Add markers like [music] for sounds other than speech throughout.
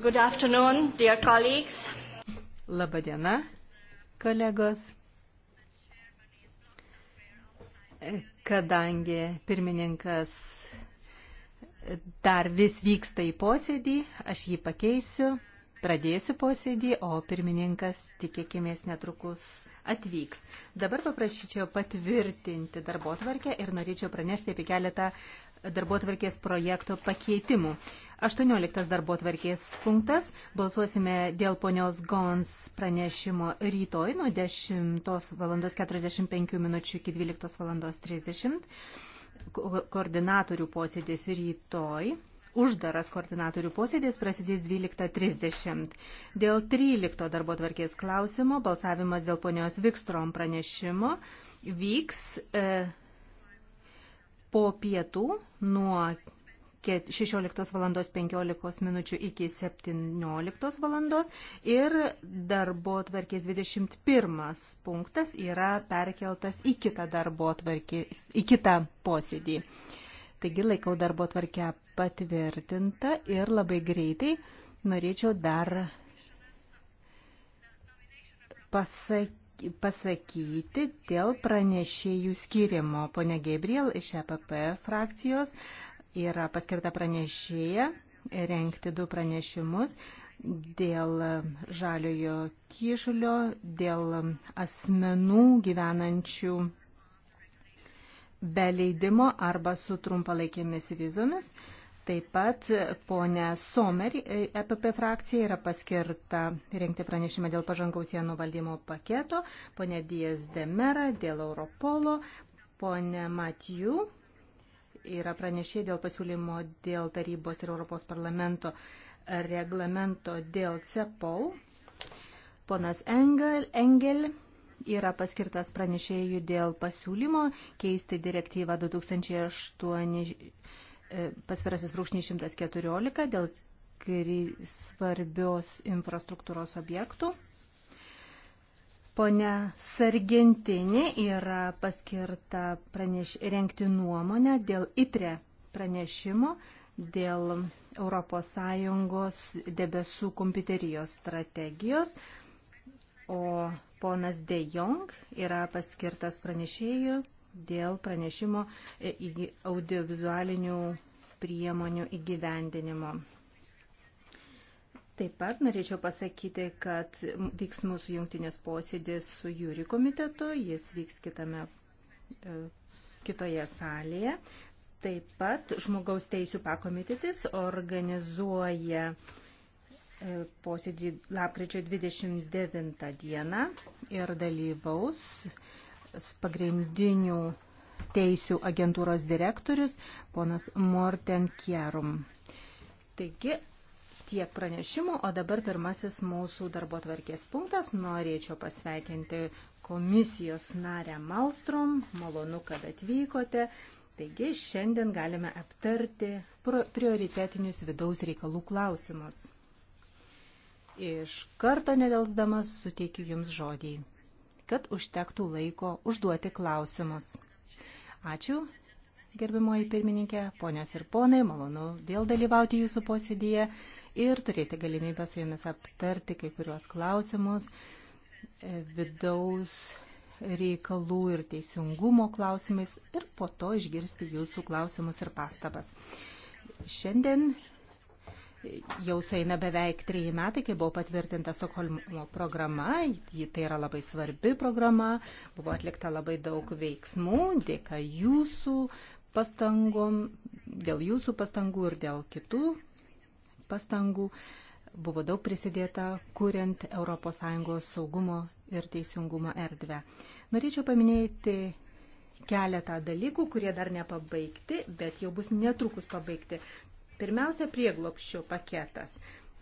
Good afternoon, dear colleagues. Labadiena, kolegos. Kadangi pirmininkas dar vis vyksta į posėdį, aš jį pakeisiu, pradėsiu posėdį, o pirmininkas, tikėkime, netrukus atvyks. Dabar paprašyčiau patvirtinti darbo tvarkę ir norėčiau pranešti apie keletą darbo tvarkės projekto pakeitimų. 18 darbo tvarkės punktas. Balsuosime dėl ponios Gons pranešimo rytoj nuo 10 val. 45 min. iki 12 val. 30. Ko koordinatorių posėdės rytoj Uždaras koordinatorių posėdis prasidės 12.30. Dėl 13 darbo tvarkės klausimo balsavimas dėl ponios Vikstrom pranešimo vyks e, po pietų nuo 16 val. 15 min. iki 17 val. ir darbo tvarkės 21 punktas yra perkeltas į kitą darbo tvarkės, į kitą posėdį. Taigi laikau darbo tvarkę patvirtintą ir labai greitai norėčiau dar pasakyti pasakyti dėl pranešėjų skirimo. Pone Gabriel iš EPP frakcijos yra paskirta pranešėja renkti du pranešimus dėl žaliojo kyšulio, dėl asmenų gyvenančių be leidimo arba su trumpalaikėmis vizomis. Taip pat e, ponė Somer, EPP e frakcija yra paskirta rengti pranešimą dėl pažangaus sienų valdymo paketo, ponė Dijas Demera dėl Europolo, ponė Matijų yra pranešė dėl pasiūlymo dėl tarybos ir Europos parlamento reglamento dėl CEPOL. Ponas Engel, Engel yra paskirtas pranešėjų dėl pasiūlymo keisti direktyvą 2008 pasvirasis brūkšnys 114 dėl svarbios infrastruktūros objektų. Pone Sargentinė yra paskirta praneš, renkti nuomonę dėl ITRE pranešimo dėl ES debesų kompiuterijos strategijos, o ponas De Jong yra paskirtas pranešėjų dėl pranešimo audiovizualinių priemonių įgyvendinimo. Taip pat norėčiau pasakyti, kad vyks mūsų jungtinės posėdis su jūri komitetu, jis vyks kitame, e, kitoje salėje. Taip pat žmogaus teisų pakomitetis organizuoja e, posėdį lapkričio 29 dieną ir dalyvaus pagrindinių teisių agentūros direktorius, ponas Morten Kierum. Taigi, tiek pranešimų, o dabar pirmasis mūsų darbo tvarkės punktas. Norėčiau pasveikinti komisijos narę Malstrom. Malonu, kad atvykote. Taigi šiandien galime aptarti prioritetinius vidaus reikalų klausimus. Iš karto nedelsdamas suteikiu Jums žodį kad užtektų laiko užduoti klausimus. Ačiū, gerbimoji pirmininkė, ponios ir ponai, malonu vėl dalyvauti jūsų posėdėje ir turėti galimybę su jumis aptarti kai kuriuos klausimus e, vidaus reikalų ir teisingumo klausimais ir po to išgirsti jūsų klausimus ir pastabas. Šiandien jau sueina beveik treji metai, kai buvo patvirtinta Stokholmo programa. Ji tai yra labai svarbi programa, buvo atlikta labai daug veiksmų, dėka jūsų pastangom, dėl jūsų pastangų ir dėl kitų pastangų buvo daug prisidėta, kuriant ES saugumo ir teisingumo erdvę. Norėčiau paminėti keletą dalykų, kurie dar nepabaigti, bet jau bus netrukus pabaigti. Pirmiausia, prieglopščio paketas.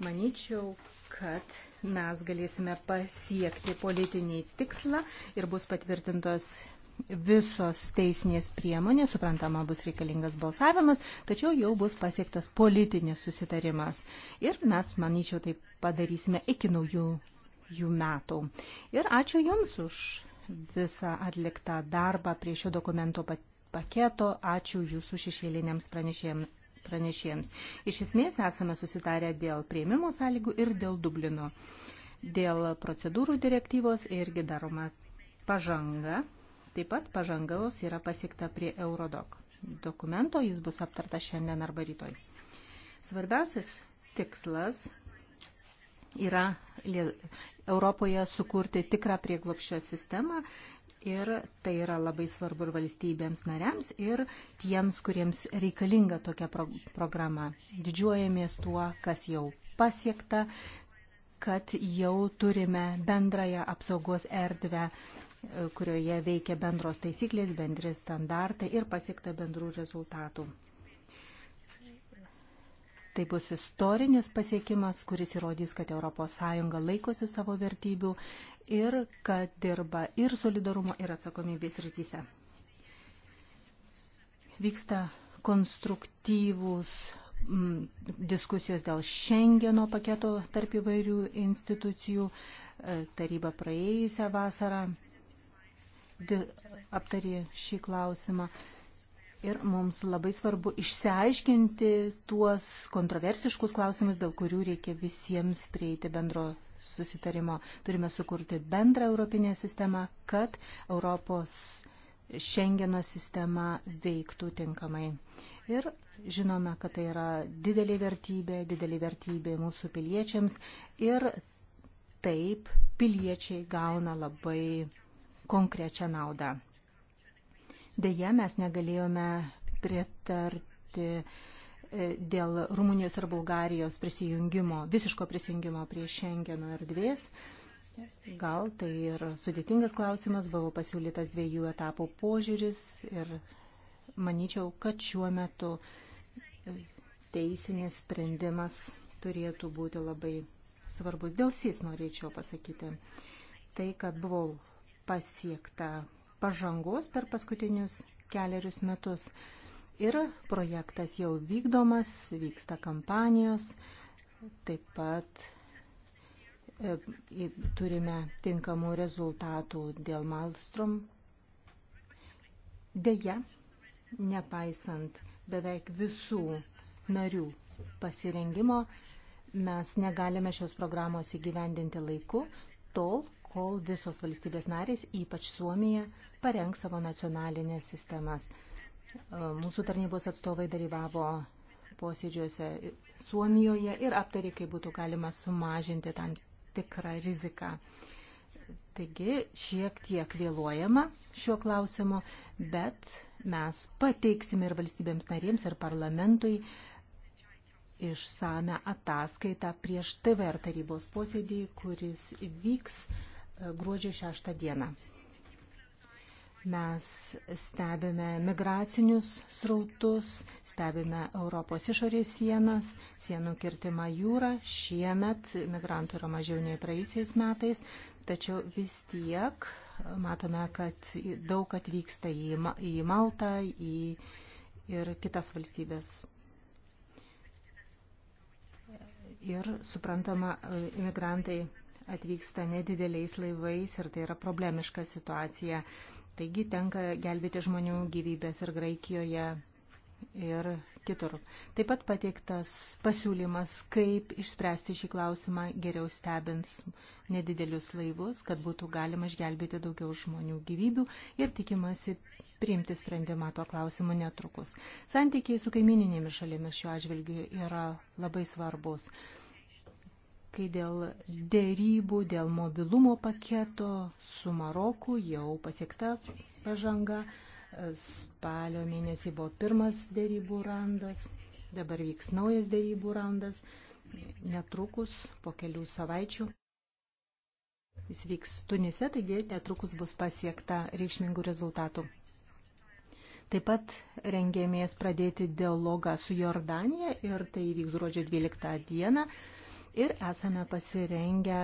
Maničiau, kad mes galėsime pasiekti politinį tikslą ir bus patvirtintos visos teisinės priemonės, suprantama, bus reikalingas balsavimas, tačiau jau bus pasiektas politinis susitarimas. Ir mes, manyčiau, tai padarysime iki naujų jų metų. Ir ačiū Jums už visą atliktą darbą prie šio dokumento paketo. Ačiū Jūsų šešėliniams pranešėjams pranešėjams. Iš esmės esame susitarę dėl prieimimo sąlygų ir dėl Dublino. Dėl procedūrų direktyvos irgi daroma pažanga. Taip pat pažangaus yra pasiekta prie Eurodoc dokumento, jis bus aptartas šiandien arba rytoj. Svarbiausias tikslas yra Europoje sukurti tikrą prieglopščio sistemą ir tai yra labai svarbu ir valstybėms nariams, ir tiems, kuriems reikalinga tokia pro programa. Didžiuojamės tuo, kas jau pasiekta, kad jau turime bendrąją apsaugos erdvę kurioje veikia bendros taisyklės, bendri standartai ir pasiekta bendrų rezultatų. Tai bus istorinis pasiekimas, kuris įrodys, kad ES laikosi savo vertybių ir kad dirba ir solidarumo, ir atsakomybės rytise. Vyksta konstruktyvūs m, mm, diskusijos dėl Šengeno paketo tarp įvairių institucijų. E, taryba praėjusią vasarą aptarė šį klausimą. Ir mums labai svarbu išsiaiškinti tuos kontroversiškus klausimus, dėl kurių reikia visiems prieiti bendro susitarimo. Turime sukurti bendrą europinę sistemą, kad Europos Šengeno sistema veiktų tinkamai. Ir žinome, kad tai yra didelė vertybė, didelė vertybė mūsų piliečiams. Ir taip piliečiai gauna labai konkrečią naudą. Deja, mes negalėjome pritarti e, dėl Rumunijos ir Bulgarijos prisijungimo, visiško prisijungimo prie Schengeno erdvės. Gal tai ir sudėtingas klausimas, buvo pasiūlytas dviejų etapų požiūris ir manyčiau, kad šiuo metu teisinis sprendimas turėtų būti labai svarbus. Dėl SIS norėčiau pasakyti. Tai, kad buvo pasiekta pažangos per paskutinius keliarius metus. Ir projektas jau vykdomas, vyksta kampanijos, taip pat e, turime tinkamų rezultatų dėl Malstrom. Deja, nepaisant beveik visų narių pasirengimo, mes negalime šios programos įgyvendinti laiku, tol, kol visos valstybės narės, ypač Suomija, parengs savo nacionalinės sistemas. E, mūsų tarnybos atstovai dalyvavo posėdžiuose Suomijoje ir aptarė, kaip būtų galima sumažinti tam tikrą riziką. Taigi šiek tiek vėluojama šiuo klausimu, bet mes pateiksime ir valstybėms narėms, ir parlamentui išsame ataskaitą prieš TVR tarybos posėdį, kuris vyks e, gruodžio 6 dieną. Mes stebime migracinius srautus, stebime Europos išorės sienas, sienų kirtimą jūrą. Šiemet migrantų yra mažiau nei praėjusiais metais, tačiau vis tiek matome, kad daug atvyksta į, į Maltą į, ir kitas valstybės ir, suprantama, imigrantai atvyksta nedideliais laivais ir tai yra problemiška situacija. Taigi tenka gelbėti žmonių gyvybės ir Graikijoje, ir kitur. Taip pat pateiktas pasiūlymas, kaip išspręsti šį klausimą geriau stebint nedidelius laivus, kad būtų galima išgelbėti daugiau žmonių gyvybių ir tikimasi priimti sprendimą tuo klausimu netrukus. Santykiai su kaimininėmis šalimis šiuo atžvilgiu yra labai svarbus kai dėl dėrybų, dėl mobilumo paketo su Maroku jau pasiekta pažanga. Spalio mėnesį buvo pirmas dėrybų randas, dabar vyks naujas dėrybų randas, netrukus po kelių savaičių. Jis vyks Tunise, taigi netrukus bus pasiekta reikšmingų rezultatų. Taip pat rengėmės pradėti dialogą su Jordanija ir tai vyks gruodžio 12 dieną ir esame pasirengę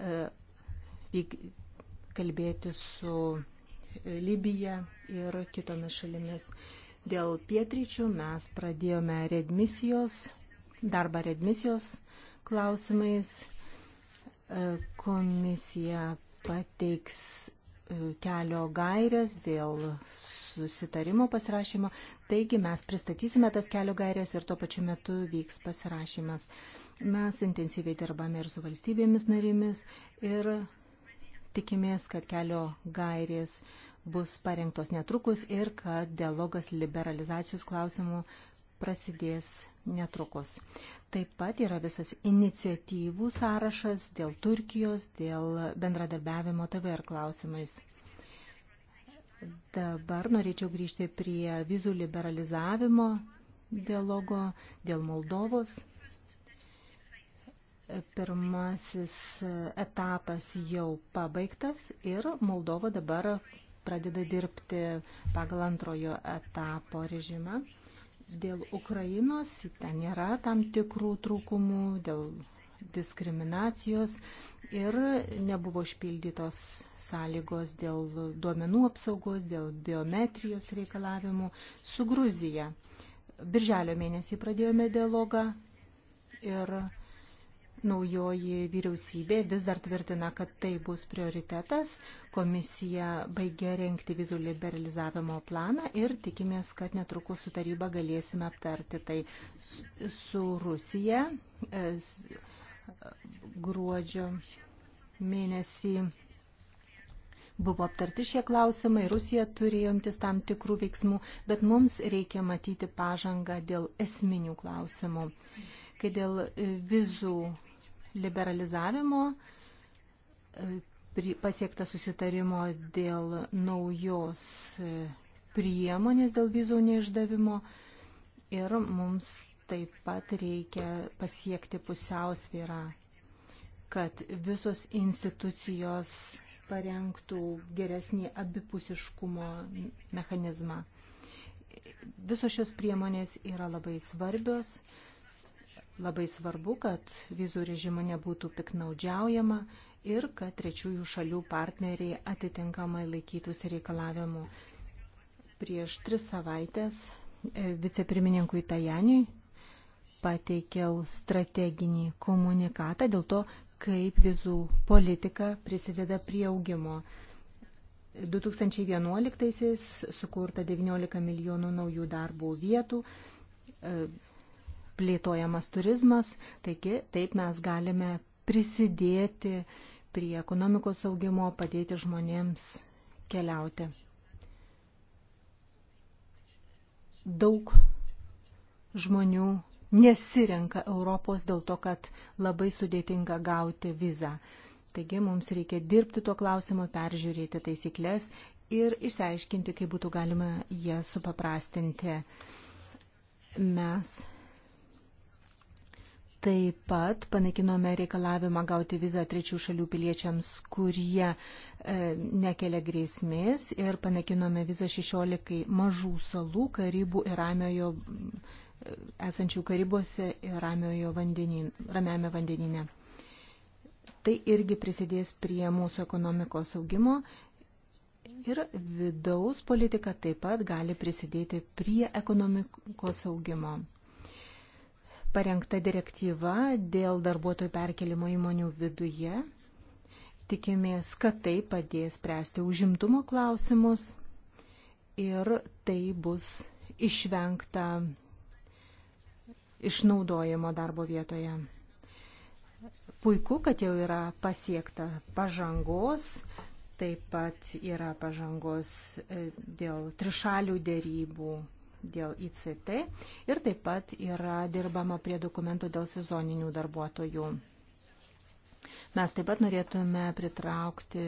e, kalbėti su e, Libija ir kitomis šalimis. Dėl pietryčių mes pradėjome redmisijos, darbą redmisijos klausimais. E, komisija pateiks kelio gairės dėl susitarimo pasirašymo. Taigi mes pristatysime tas kelio gairės ir tuo pačiu metu vyks pasirašymas. Mes intensyviai dirbame ir su valstybėmis narėmis ir tikimės, kad kelio gairės bus parengtos netrukus ir kad dialogas liberalizacijos klausimų prasidės netrukus. Taip pat yra visas iniciatyvų sąrašas dėl Turkijos, dėl bendradarbiavimo TVR klausimais. Dabar norėčiau grįžti prie vizų liberalizavimo dialogo dėl Moldovos. Pirmasis etapas jau pabaigtas ir Moldova dabar pradeda dirbti pagal antrojo etapo režimą. Dėl Ukrainos ten nėra tam tikrų trūkumų, dėl diskriminacijos ir nebuvo išpildytos sąlygos dėl duomenų apsaugos, dėl biometrijos reikalavimų su Gruzija. Birželio mėnesį pradėjome dialogą ir Naujoji vyriausybė vis dar tvirtina, kad tai bus prioritetas. Komisija baigė renkti vizų liberalizavimo planą ir tikimės, kad netrukus su taryba galėsime aptarti tai su Rusija gruodžio mėnesį buvo aptarti šie klausimai, Rusija turėjo imtis tam tikrų veiksmų, bet mums reikia matyti pažangą dėl esminių klausimų. Kai dėl vizų liberalizavimo e, pasiekta susitarimo dėl naujos e, priemonės dėl vizų neišdavimo ir mums taip pat reikia pasiekti pusiausvyrą, kad visos institucijos parengtų geresnį abipusiškumo mechanizmą. Visos šios priemonės yra labai svarbios, Labai svarbu, kad vizų režimo nebūtų piknaudžiaujama ir kad trečiųjų šalių partneriai atitinkamai laikytųsi reikalavimų. Prieš tris savaitės e, vicepirmininkui Tajaniui pateikiau strateginį komunikatą dėl to, kaip vizų politika prisideda prie augimo. 2011-aisiais sukurta 19 milijonų naujų darbų vietų, e, plėtojamas turizmas, taigi taip mes galime prisidėti prie ekonomikos augimo, padėti žmonėms keliauti. Daug žmonių nesirenka Europos dėl to, kad labai sudėtinga gauti vizą. Taigi mums reikia dirbti tuo klausimu, peržiūrėti taisyklės ir išsiaiškinti, kaip būtų galima jas supaprastinti. Mes Taip pat panaikinome reikalavimą gauti vizą trečių šalių piliečiams, kurie e, nekelia grėsmės ir panaikinome vizą 16 mažų salų Karibų ir Ramiojo, e, esančių Karibuose ir Ramiojo vandenin, Ramiame vandeninė. Tai irgi prisidės prie mūsų ekonomikos augimo ir vidaus politika taip pat gali prisidėti prie ekonomikos augimo parengta direktyva dėl darbuotojų perkelimo įmonių viduje. Tikimės, kad tai padės spręsti užimtumo klausimus ir tai bus išvengta išnaudojimo darbo vietoje. Puiku, kad jau yra pasiekta pažangos, taip pat yra pažangos e, dėl trišalių dėrybų dėl ICT ir taip pat yra dirbama prie dokumento dėl sezoninių darbuotojų. Mes taip pat norėtume pritraukti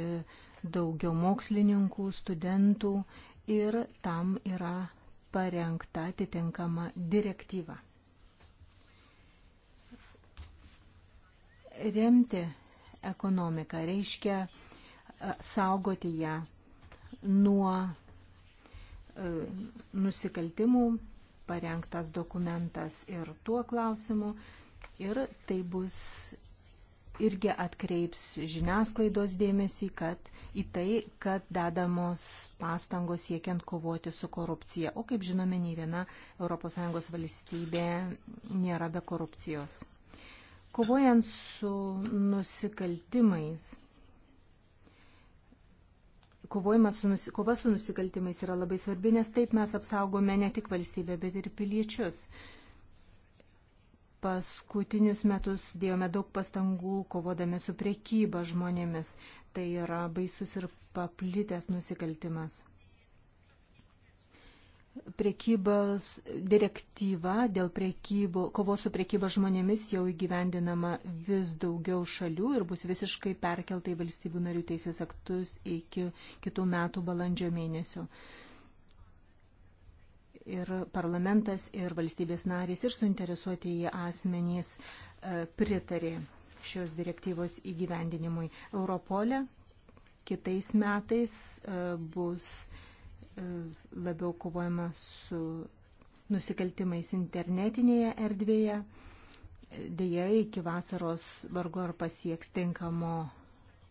daugiau mokslininkų, studentų ir tam yra parengta atitinkama direktyva. Remti ekonomiką reiškia saugoti ją nuo E, nusikaltimų parengtas dokumentas ir tuo klausimu. Ir tai bus irgi atkreips žiniasklaidos dėmesį kad, į tai, kad dedamos pastangos siekiant kovoti su korupcija. O kaip žinome, nei viena ES valstybė nėra be korupcijos. Kovojant su nusikaltimais su nusi, kova su nusikaltimais yra labai svarbi, nes taip mes apsaugome ne tik valstybę, bet ir piliečius. Paskutinius metus dėjome daug pastangų kovodami su priekyba žmonėmis. Tai yra baisus ir paplitęs nusikaltimas. Priekybos direktyva dėl priekybo, kovos su priekyba žmonėmis jau įgyvendinama vis daugiau šalių ir bus visiškai perkelta į valstybių narių teisės aktus iki kitų metų balandžio mėnesio. Ir parlamentas, ir valstybės narys, ir suinteresuotieji asmenys e, pritarė šios direktyvos įgyvendinimui. Europolė kitais metais e, bus labiau kovojama su nusikaltimais internetinėje erdvėje. Deja, iki vasaros vargu ar pasieks tinkamo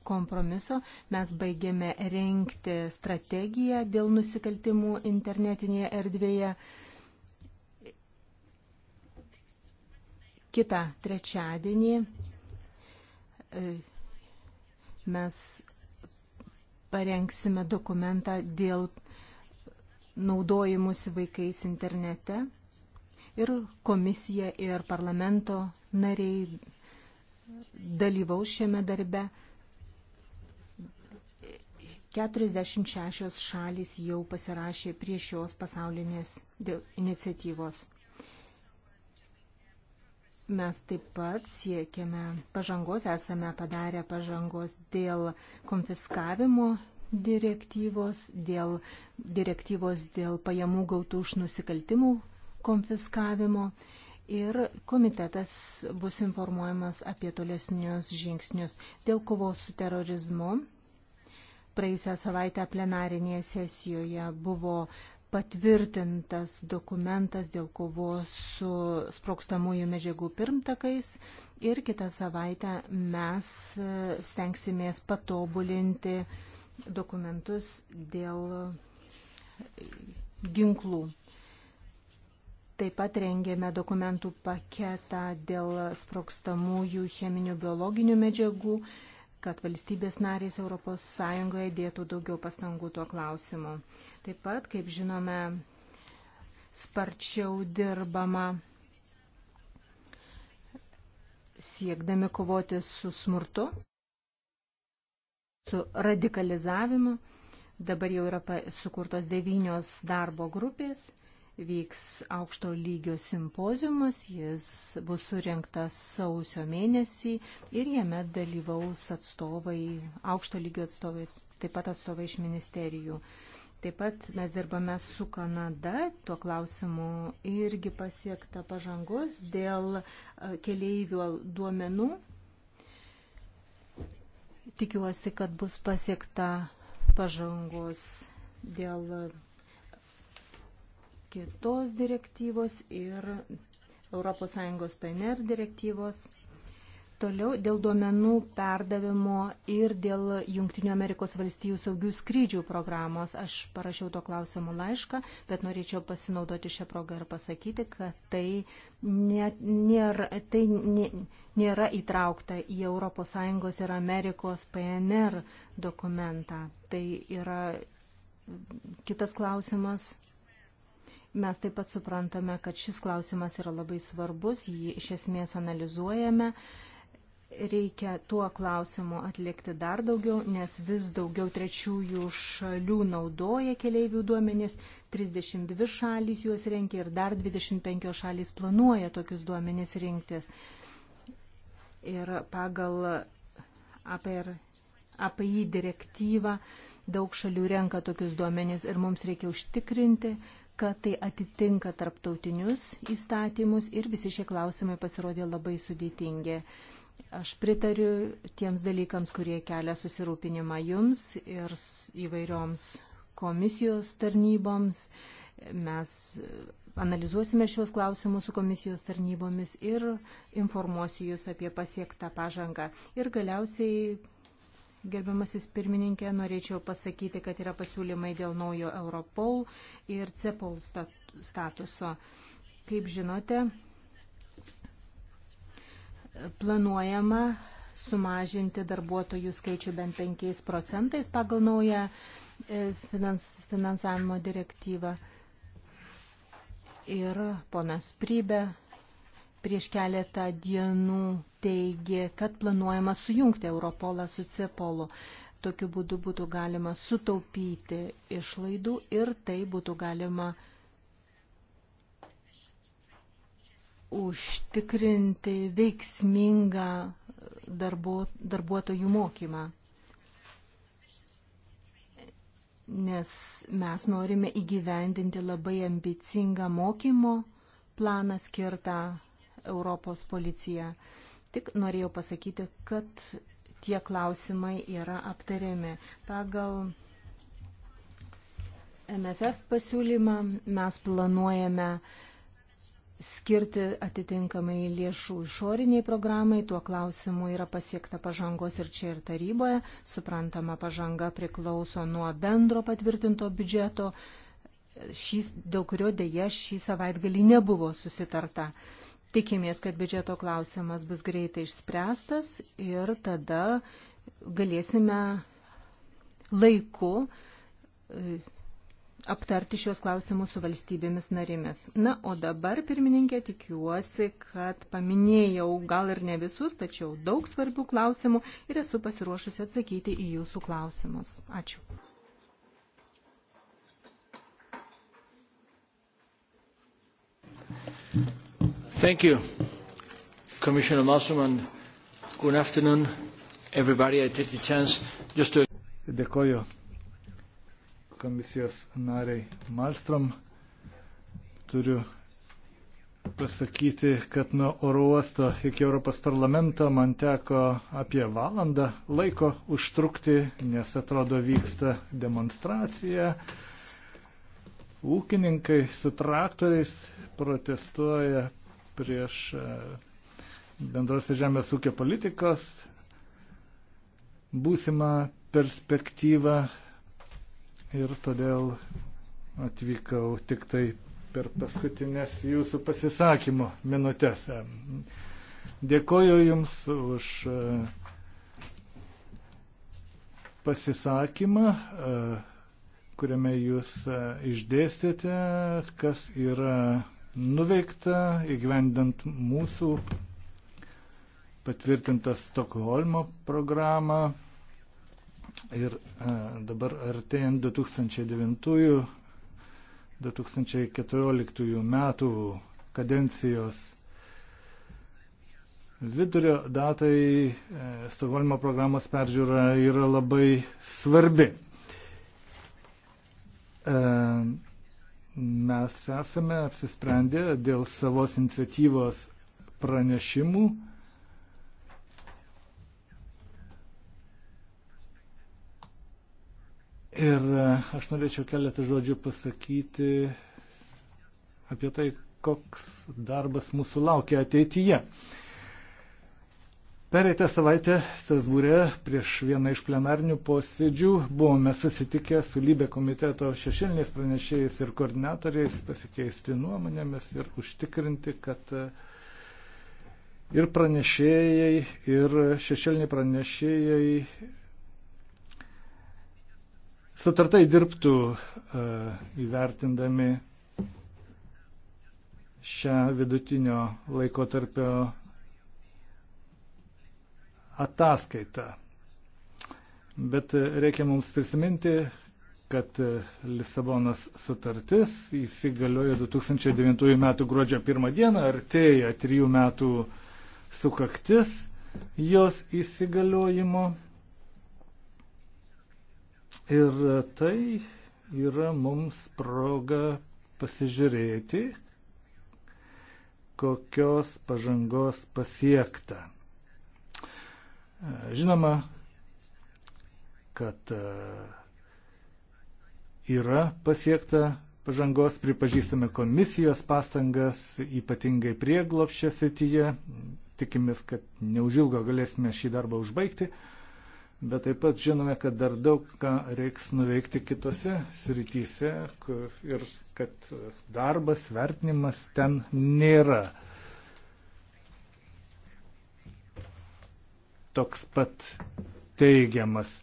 kompromiso. Mes baigėme renkti strategiją dėl nusikaltimų internetinėje erdvėje. Kita trečiadienį e, mes parengsime dokumentą dėl uh, naudojimus vaikais internete. Ir komisija ir parlamento nariai dalyvaus šiame darbe. 46 šalis jau pasirašė prie šios pasaulinės iniciatyvos. Mes taip pat siekiame pažangos, esame padarę pažangos dėl konfiskavimo direktyvos, dėl direktyvos dėl pajamų gautų už nusikaltimų konfiskavimo ir komitetas bus informuojamas apie tolesnius žingsnius dėl kovos su terorizmu. Praėjusią savaitę plenarinėje sesijoje buvo patvirtintas dokumentas dėl kovos su sprokstamųjų medžiagų pirmtakais ir kitą savaitę mes stengsimės patobulinti uh, dokumentus dėl ginklų. Taip pat rengėme dokumentų paketą dėl sprokstamųjų cheminių biologinių medžiagų, kad valstybės narės ES dėtų daugiau pastangų tuo klausimu. Taip pat, kaip žinome, sparčiau dirbama siekdami kovoti su smurtu su radikalizavimu. Dabar jau yra sukurtos devynios darbo grupės, vyks aukšto lygio simpozijumas, jis bus surinktas sausio mėnesį ir jame dalyvaus atstovai, aukšto lygio atstovai, taip pat atstovai iš ministerijų. Taip pat mes dirbame su Kanada, tuo klausimu irgi pasiekta pažangos dėl keleivių duomenų Tikiuosi, kad bus pasiekta pažangos dėl kitos direktyvos ir ES PNR direktyvos. Toliau dėl duomenų perdavimo ir dėl Junktinių Amerikos valstijų saugių skrydžių programos. Aš parašiau to klausimų laišką, bet norėčiau pasinaudoti šią progą ir pasakyti, kad tai, ne, nėra, tai nė, nėra įtraukta į ES ir Amerikos PNR dokumentą. Tai yra kitas klausimas, Mes taip pat suprantame, kad šis klausimas yra labai svarbus, jį iš esmės analizuojame reikia tuo klausimu atlikti dar daugiau, nes vis daugiau trečiųjų šalių naudoja keleivių duomenys, 32 šalys juos renkia ir dar 25 šalys planuoja tokius duomenys rinktis. Ir pagal APR, API direktyvą daug šalių renka tokius duomenys ir mums reikia užtikrinti, kad tai atitinka tarptautinius įstatymus ir visi šie klausimai pasirodė labai sudėtingi. Aš pritariu tiems dalykams, kurie kelia susirūpinimą jums ir įvairioms komisijos tarnyboms. Mes e, analizuosime šios klausimus su komisijos tarnybomis ir informuosiu jūs apie pasiektą pažangą. Ir galiausiai, gerbiamasis pirmininkė, norėčiau pasakyti, kad yra pasiūlymai dėl naujo Europol ir CEPOL statuso. Kaip žinote, planuojama sumažinti darbuotojų skaičių bent 5 procentais pagal naują e, finans, finansavimo direktyvą. Ir ponas Prybė prieš keletą dienų teigė, kad planuojama sujungti Europolą su Cepolu. Tokiu būdu būtų galima sutaupyti išlaidų ir tai būtų galima uh, užtikrinti veiksmingą darbo, darbuotojų mokymą. Nes mes norime įgyvendinti labai ambicingą mokymo planą skirtą Europos policija. Tik norėjau pasakyti, kad tie klausimai yra aptariami. Pagal MFF pasiūlymą mes planuojame uh, skirti atitinkamai lėšų išoriniai programai. Tuo klausimu yra pasiekta pažangos ir čia ir taryboje. Suprantama, pažanga priklauso nuo bendro patvirtinto biudžeto, šis, dėl kurio dėja šį savaitgalį nebuvo susitarta. Tikimės, kad biudžeto klausimas bus greitai išspręstas ir tada galėsime laiku e, aptarti šios klausimus su valstybėmis narėmis. Na, o dabar, pirmininkė, tikiuosi, kad paminėjau gal ir ne visus, tačiau daug svarbių klausimų ir esu pasiruošusi atsakyti į jūsų klausimus. Ačiū. Thank you, Commissioner Musselman. Good afternoon, everybody. I take the chance just to... Dėkoju komisijos nariai Malstrom. Turiu pasakyti, kad nuo oro uosto iki Europos parlamento man teko apie valandą laiko užtrukti, nes atrodo vyksta demonstracija. Ūkininkai su traktoriais protestuoja prieš e, bendrosios žemės ūkio politikos būsimą perspektyvą ir todėl atvykau tik tai per paskutinės jūsų pasisakymo minutės. Dėkoju Jums už e, pasisakymą, e, kuriame Jūs e, išdėstėte, kas yra nuveikta įgyvendant mūsų patvirtintą Stokholmo programą. Ir e, dabar artėjant 2009-2014 metų kadencijos vidurio datai e, Stokholmo programos peržiūra yra labai svarbi. E, mes esame apsisprendę dėl savos iniciatyvos pranešimų Ir e, aš norėčiau keletą žodžių pasakyti apie tai, koks darbas mūsų laukia ateityje. Pereitą savaitę Strasbūrė prieš vieną iš plenarnių posėdžių buvome susitikę su lybė komiteto šešėliniais pranešėjais ir koordinatoriais pasikeisti nuomonėmis ir užtikrinti, kad e, ir pranešėjai, ir šešėliniai pranešėjai sutartai dirbtų e, įvertindami šią vidutinio laikotarpio ataskaitą. Bet reikia mums prisiminti, kad Lisabonas sutartis įsigaliojo 2009 m. gruodžio 1 d. artėja trijų metų sukaktis jos įsigaliojimo Ir tai yra mums proga pasižiūrėti, kokios pažangos pasiekta. Žinoma, kad e, yra pasiekta pažangos, pripažįstame komisijos pastangas, ypatingai prieglopščio srityje. Tikimės, kad neužilgo galėsime šį darbą užbaigti bet taip pat žinome, kad dar daug ką reiks nuveikti kitose srityse ir kad darbas, vertinimas ten nėra toks pat teigiamas.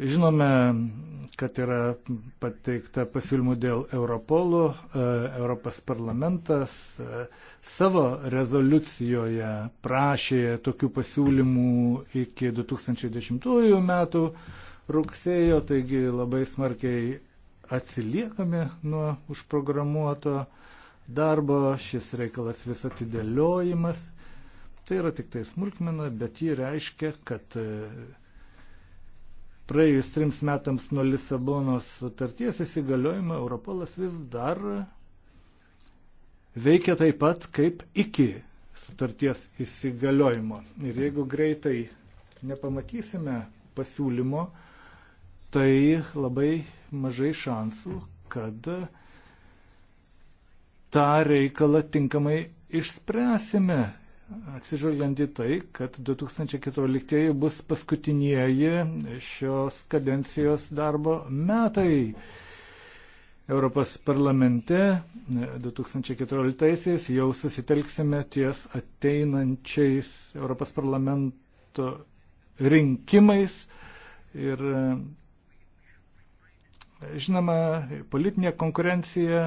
Žinome, kad yra pateikta pasiūlymų dėl Europolų. E, Europos parlamentas e, savo rezoliucijoje prašė tokių pasiūlymų iki 2010 metų rugsėjo, taigi labai smarkiai atsiliekame nuo užprogramuoto darbo, šis reikalas vis atidėliojimas. Tai yra tik tai smulkmena, bet ji reiškia, kad e, praėjus trims metams nuo Lisabonos sutarties įsigaliojimo Europolas vis dar veikia taip pat kaip iki sutarties įsigaliojimo. Ir jeigu greitai nepamatysime pasiūlymo, tai labai mažai šansų, kad tą reikalą tinkamai išspręsime atsižvelgiant į tai, kad 2014 bus paskutinieji šios kadencijos darbo metai. Europos parlamente 2014-aisiais jau susitelksime ties ateinančiais Europos parlamento rinkimais ir Žinoma, politinė konkurencija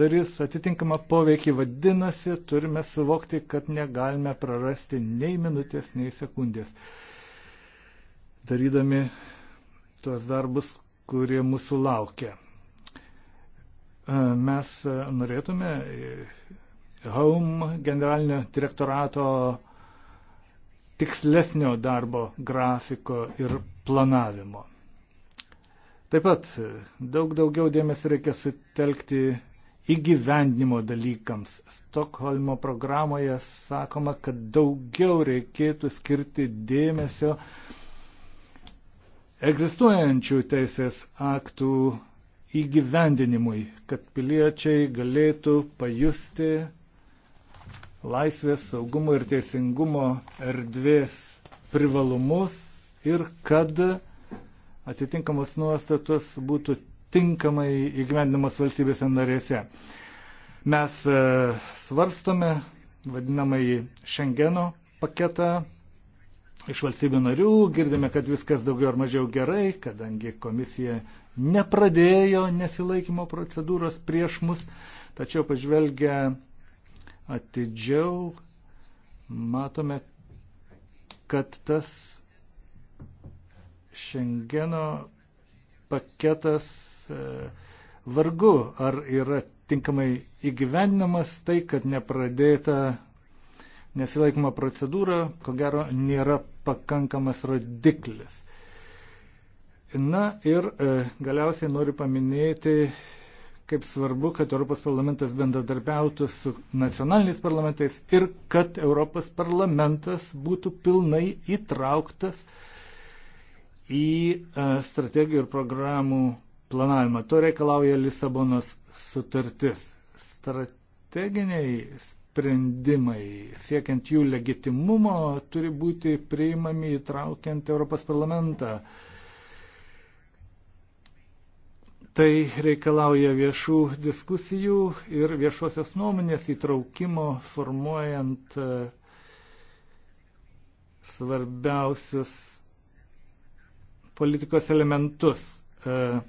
darys atitinkamą poveikį, vadinasi, turime suvokti, kad negalime prarasti nei minutės, nei sekundės, darydami tuos darbus, kurie mūsų laukia. E, mes norėtume Home generalinio direktorato tikslesnio darbo grafiko ir planavimo. Taip pat e, daug daugiau dėmesio reikia sutelkti įgyvendinimo dalykams. Stokholmo programoje sakoma, kad daugiau reikėtų skirti dėmesio egzistuojančių teisės aktų įgyvendinimui, kad piliečiai galėtų pajusti laisvės, saugumo ir teisingumo erdvės privalumus ir kad atitinkamos nuostatos būtų tinkamai įgyvendinamos valstybėse narėse. Mes e, svarstome vadinamąjį Šengeno paketą iš valstybių narių, girdime, kad viskas daugiau ar mažiau gerai, kadangi komisija nepradėjo nesilaikymo procedūros prieš mus, tačiau pažvelgia atidžiau, matome, kad tas Šengeno paketas e, vargu ar yra tinkamai įgyvendinamas tai, kad nepradėta nesilaikoma procedūra, ko gero, nėra pakankamas rodiklis. Na ir e, galiausiai noriu paminėti kaip svarbu, kad Europos parlamentas bendradarbiautų su nacionaliniais parlamentais ir kad Europos parlamentas būtų pilnai įtrauktas į e, strategijų ir programų planavimą. To reikalauja Lisabonos sutartis. Strateginiai sprendimai siekiant jų legitimumo turi būti priimami įtraukiant Europos parlamentą. Tai reikalauja viešų diskusijų ir viešosios nuomonės įtraukimo formuojant e, svarbiausius politikos elementus. E,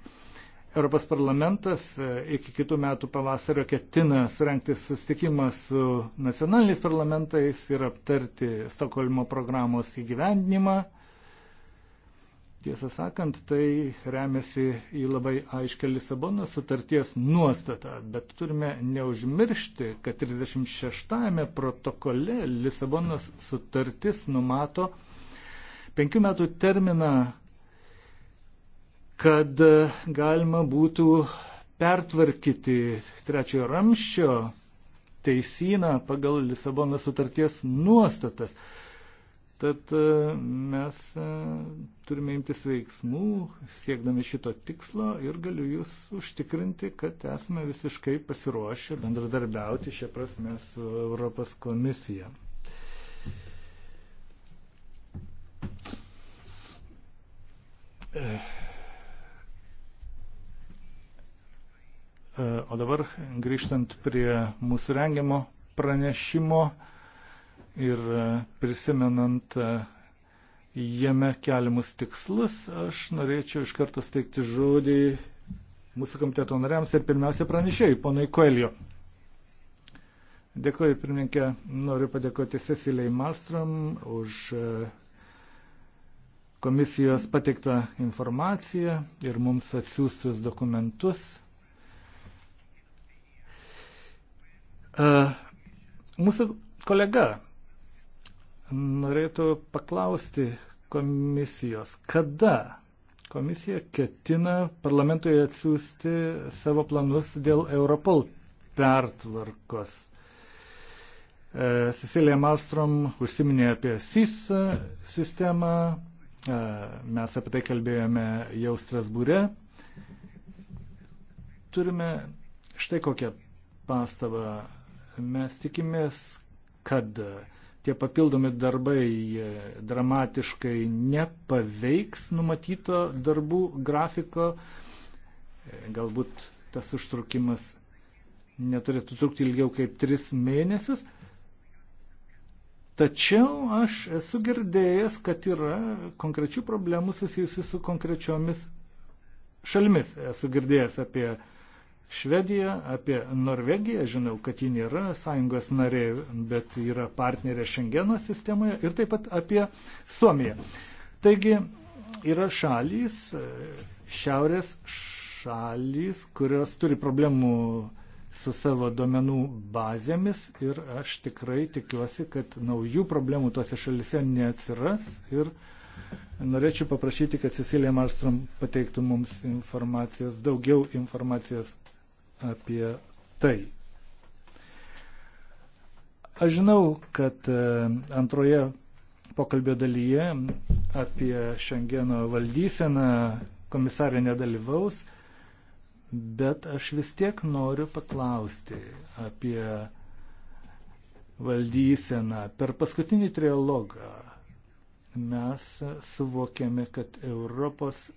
Europos parlamentas e, iki kitų metų pavasario ketina surenkti sustikimą su nacionaliniais parlamentais ir aptarti Stokholmo programos įgyvendinimą. Tiesą sakant, tai remiasi į labai aiškę Lisabono sutarties nuostatą, bet turime neužmiršti, kad 36-ame protokole Lisabonos sutartis numato penkių metų terminą kad e, galima būtų pertvarkyti trečiojo ramščio teisyną pagal Lisabono sutarties nuostatas. Tad e, mes e, turime imtis veiksmų, siekdami šito tikslo ir galiu Jūs užtikrinti, kad esame visiškai pasiruošę bendradarbiauti šią prasme su Europos komisija. Uh. E, o dabar grįžtant prie mūsų rengiamo pranešimo ir e, prisimenant e, jame keliamus tikslus, aš norėčiau iš karto steigti žodį mūsų komiteto nariams ir pirmiausia pranešėjai, ponai Koelio. Dėkuoju, pirmininkė, noriu padėkoti Cecilijai Malstrom už komisijos pateiktą informaciją ir mums atsiųstus dokumentus. E, mūsų kolega norėtų paklausti komisijos, kada komisija ketina parlamentui atsiųsti savo planus dėl Europol pertvarkos. E, Cecilija Malstrom užsiminė apie SIS sistemą, e, mes apie tai kalbėjome jau Strasbūre. Turime štai kokią pastabą Mes tikimės, kad tie papildomi darbai dramatiškai nepaveiks numatyto darbų grafiko. Galbūt tas užtrukimas neturėtų trukti ilgiau kaip tris mėnesius. Tačiau aš esu girdėjęs, kad yra konkrečių problemų susijusių su konkrečiomis šalimis. Esu girdėjęs apie Švediją, apie Norvegiją. Žinau, kad ji nėra sąjungos narė, bet yra partnerė Šengeno sistemoje ir taip pat apie Suomiją. Taigi yra šalys, šiaurės šalys, kurios turi problemų su savo duomenų bazėmis ir aš tikrai tikiuosi, kad naujų problemų tuose šalise neatsiras ir norėčiau paprašyti, kad Cecilija Marstrom pateiktų mums informacijos, daugiau informacijos apie tai. Aš žinau, kad e, antroje pokalbio dalyje apie Šengeno valdyseną komisarė nedalyvaus, bet aš vis tiek noriu paklausti apie valdyseną. Per paskutinį trialogą mes suvokėme, kad Europos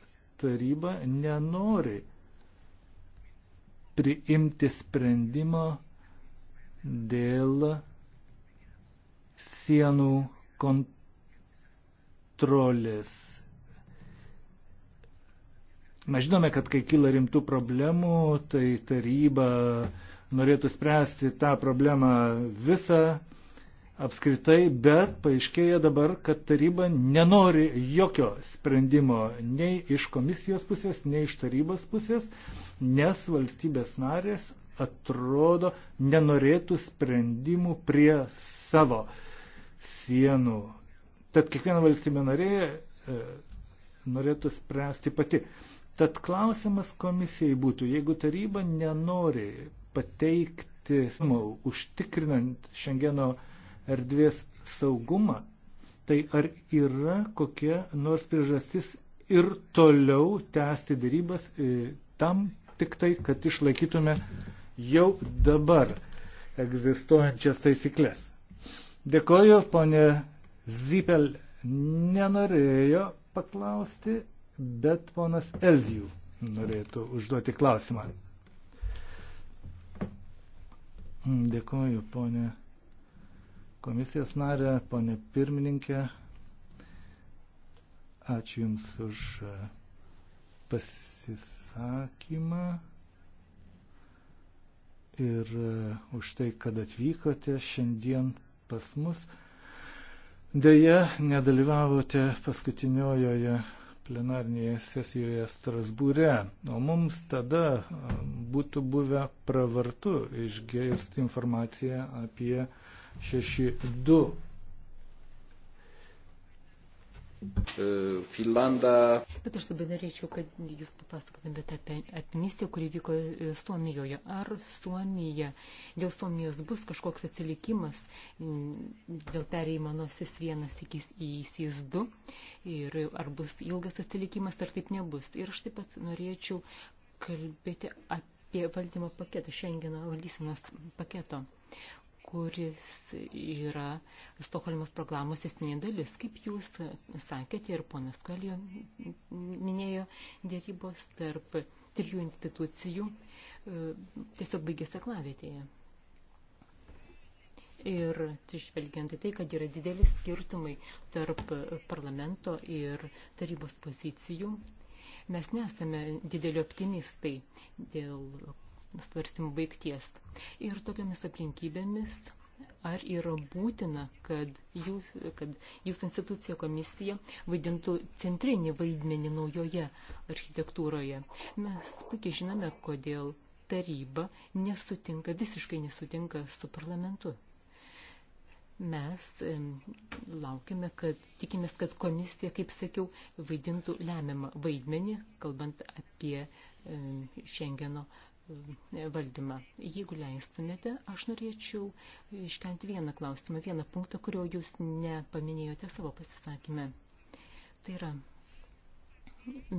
taryba nenori priimti sprendimą dėl sienų kontrolės. Mes žinome, kad kai kyla rimtų problemų, tai taryba norėtų spręsti tą problemą visą apskritai, bet paaiškėja dabar, kad taryba nenori jokio sprendimo nei iš komisijos pusės, nei iš tarybos pusės, nes valstybės narės atrodo nenorėtų sprendimų prie savo sienų. Tad kiekviena valstybė narė e, norėtų spręsti pati. Tad klausimas komisijai būtų, jeigu taryba nenori pateikti, užtikrinant Šengeno e, erdvės saugumą, tai ar yra kokia nors priežastis ir toliau tęsti dėrybas e, tam tik tai, kad išlaikytume jau dabar egzistuojančias taisyklės. Dėkoju, ponė Zipel nenorėjo paklausti, bet ponas Elzijų norėtų užduoti klausimą. Dėkoju, ponė komisijos narę, ponė pirmininkė. Ačiū Jums už e, pasisakymą ir e, už tai, kad atvykote šiandien pas mus. Deja, nedalyvavote paskutiniojoje plenarnėje sesijoje Strasbūre, o mums tada e, būtų buvę pravartu išgirsti informaciją apie 62. E, Finlanda. Bet aš labai norėčiau, kad jūs papasakotumėte apie, apie misiją, kuri vyko Suomijoje. Ar Suomija, dėl Suomijos bus kažkoks atsilikimas dėl pereimo nuo SIS1 iki į SIS2? Ir ar bus ilgas atsilikimas, ar taip nebus? Ir aš taip pat norėčiau kalbėti apie valdymo paketą, Schengeno valdysenos paketo kuris yra Stokholmos programos esminė dalis. Kaip jūs sakėte ir ponas Kalio minėjo dėrybos tarp trijų institucijų, e, tiesiog baigėsi aklavietėje. Ir atsižvelgiant į tai, kad yra didelis skirtumai tarp parlamento ir tarybos pozicijų, mes nesame dideli optimistai dėl svarstymų baigties. Ir tokiamis aplinkybėmis, ar yra būtina, kad, jūs, kad jūsų institucija komisija vaidintų centrinį vaidmenį naujoje architektūroje. Mes puikiai žinome, kodėl taryba nesutinka, visiškai nesutinka su parlamentu. Mes laukime, kad tikimės, kad komisija, kaip sakiau, vaidintų lemiamą vaidmenį, kalbant apie Šengeno e, valdymą. Jeigu leistumėte, aš norėčiau iškelti vieną klausimą, vieną punktą, kurio jūs nepaminėjote savo pasisakymę. Tai yra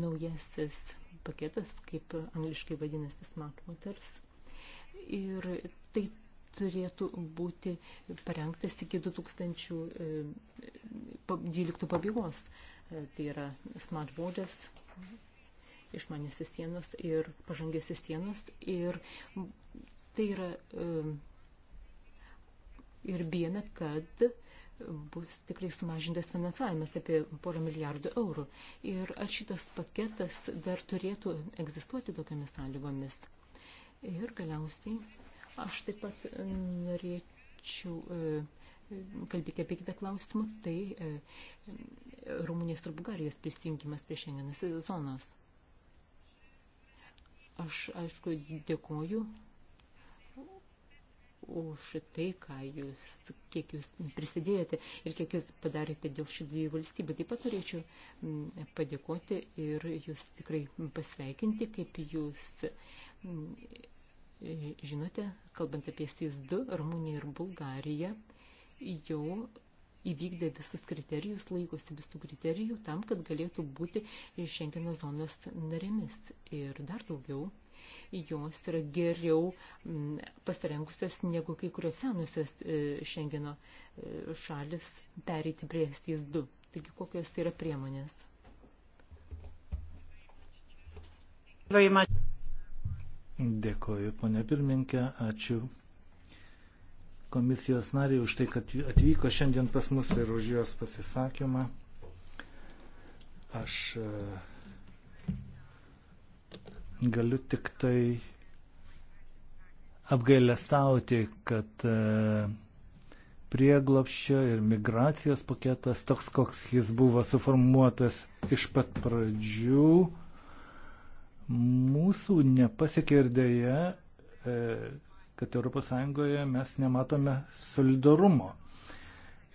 naujasis paketas, kaip angliškai vadinasi Smart Waters. Ir tai turėtų būti parengtas iki 2012 e, pabaigos. E, tai yra Smart Waters išmaniosios sienos ir pažangiosios sienos. Ir tai yra um, ir bijome, kad bus tikrai sumažintas finansavimas apie porą milijardų eurų. Ir ar šitas paketas dar turėtų egzistuoti tokiamis sąlygomis? Ir galiausiai aš taip pat norėčiau uh, kalbėti apie kitą klausimą, tai uh, Rumunijos ir Bulgarijos prisijungimas prie šiandienos zonos. Aš, aišku, dėkoju už tai, ką jūs, kiek jūs prisidėjote ir kiek jūs padarėte dėl šių dviejų valstybių. Taip pat norėčiau mm, padėkoti ir jūs tikrai pasveikinti, kaip jūs mm, žinote, kalbant apie SIS 2, Rumuniją ir Bulgariją, jau įvykdė visus kriterijus, laikosi visų kriterijų tam, kad galėtų būti Šengeno zonos narėmis. Ir dar daugiau, jos yra geriau mm, pasirengusios negu kai kurios senusios e, Šengeno e, šalis pereiti prie Estijos 2. Taigi kokios tai yra priemonės? Dėkoju, ponia pirminkė, ačiū komisijos nariai už tai, kad atvyko šiandien pas mus ir už jos pasisakymą. Aš e, galiu tik tai apgailestauti, kad e, prieglopščio ir migracijos paketas, toks koks jis buvo suformuotas iš pat pradžių, mūsų nepasiekė ir dėja e, kad ES mes nematome solidarumo.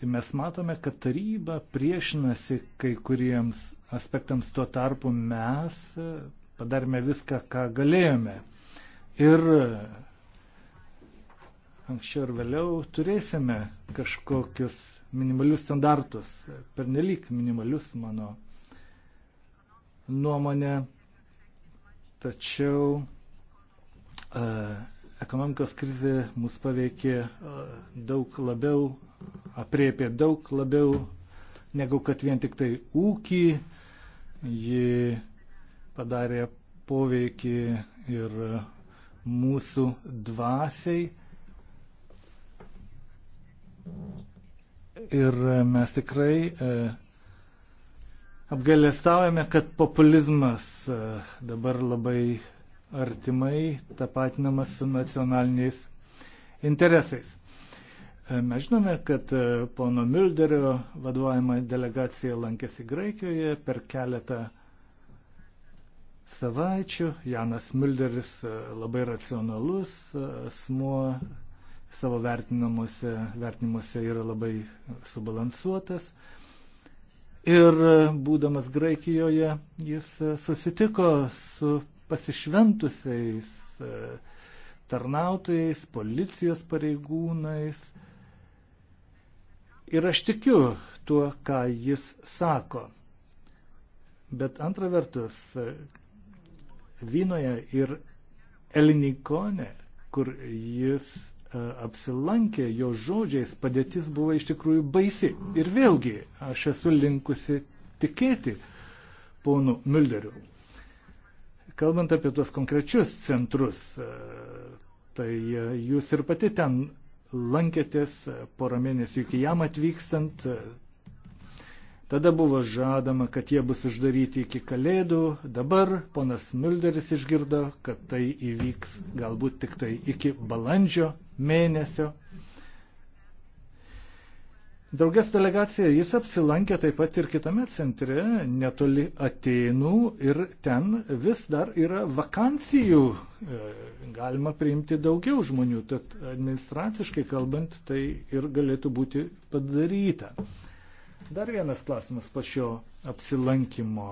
Ir mes matome, kad taryba priešinasi kai kuriems aspektams, tuo tarpu mes padarėme viską, ką galėjome. Ir anksčiau ir vėliau turėsime kažkokius minimalius standartus, pernelyg minimalius mano nuomonė. Tačiau uh, Ekonomikos krizė mus paveikė e, daug labiau, apriepė daug labiau negu kad vien tik tai ūkį. Ji padarė poveikį ir mūsų dvasiai. Ir mes tikrai e, apgailestaujame, kad populizmas e, dabar labai artimai tapatinamas su nacionaliniais interesais. E, mes žinome, kad e, pono Milderio vadovaujama delegacija lankėsi Graikijoje per keletą savaičių. Janas Milderis e, labai racionalus asmuo, savo vertinimuose, vertinimuose yra labai subalansuotas. Ir būdamas Graikijoje jis susitiko su pasišventusiais e, tarnautojais, policijos pareigūnais. Ir aš tikiu tuo, ką jis sako. Bet antra vertus, Vynoje ir Elinikone, kur jis e, apsilankė, jo žodžiais padėtis buvo iš tikrųjų baisi. Ir vėlgi, aš esu linkusi tikėti ponu Mülderiu. Kalbant apie tuos konkrečius centrus, e, tai e, jūs ir pati ten lankėtės e, porą mėnesių iki jam atvykstant. Tada buvo žadama, kad jie bus uždaryti iki kalėdų. Dabar ponas Mulderis išgirdo, kad tai įvyks galbūt tik tai iki balandžio mėnesio. Draugės delegacija jis apsilankė taip pat ir kitame centre, netoli Atenų ir ten vis dar yra vakancijų. E, galima priimti daugiau žmonių, tad administraciškai kalbant tai ir galėtų būti padaryta. Dar vienas klausimas po šio apsilankimo.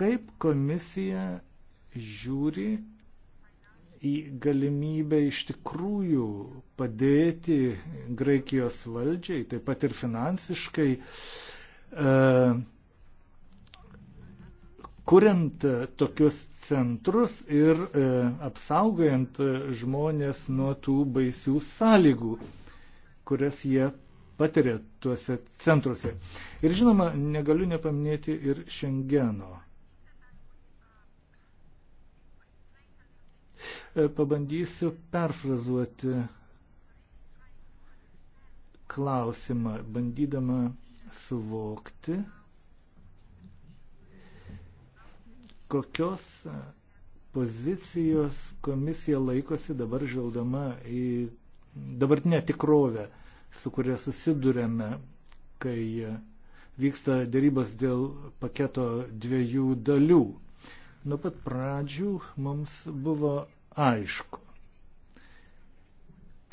Kaip komisija žiūri į galimybę iš tikrųjų padėti Graikijos valdžiai, taip pat ir finansiškai, e, kuriant tokius centrus ir e, apsaugojant žmonės nuo tų baisių sąlygų, kurias jie patiria tuose centruose. Ir žinoma, negaliu nepaminėti ir Šengeno E, pabandysiu perfrazuoti klausimą, bandydama suvokti, kokios pozicijos komisija laikosi dabar žvelgdama į dabartinę tikrovę, su kuria susidurėme, kai vyksta dėrybas dėl paketo dviejų dalių Nuo pat pradžių mums buvo aišku,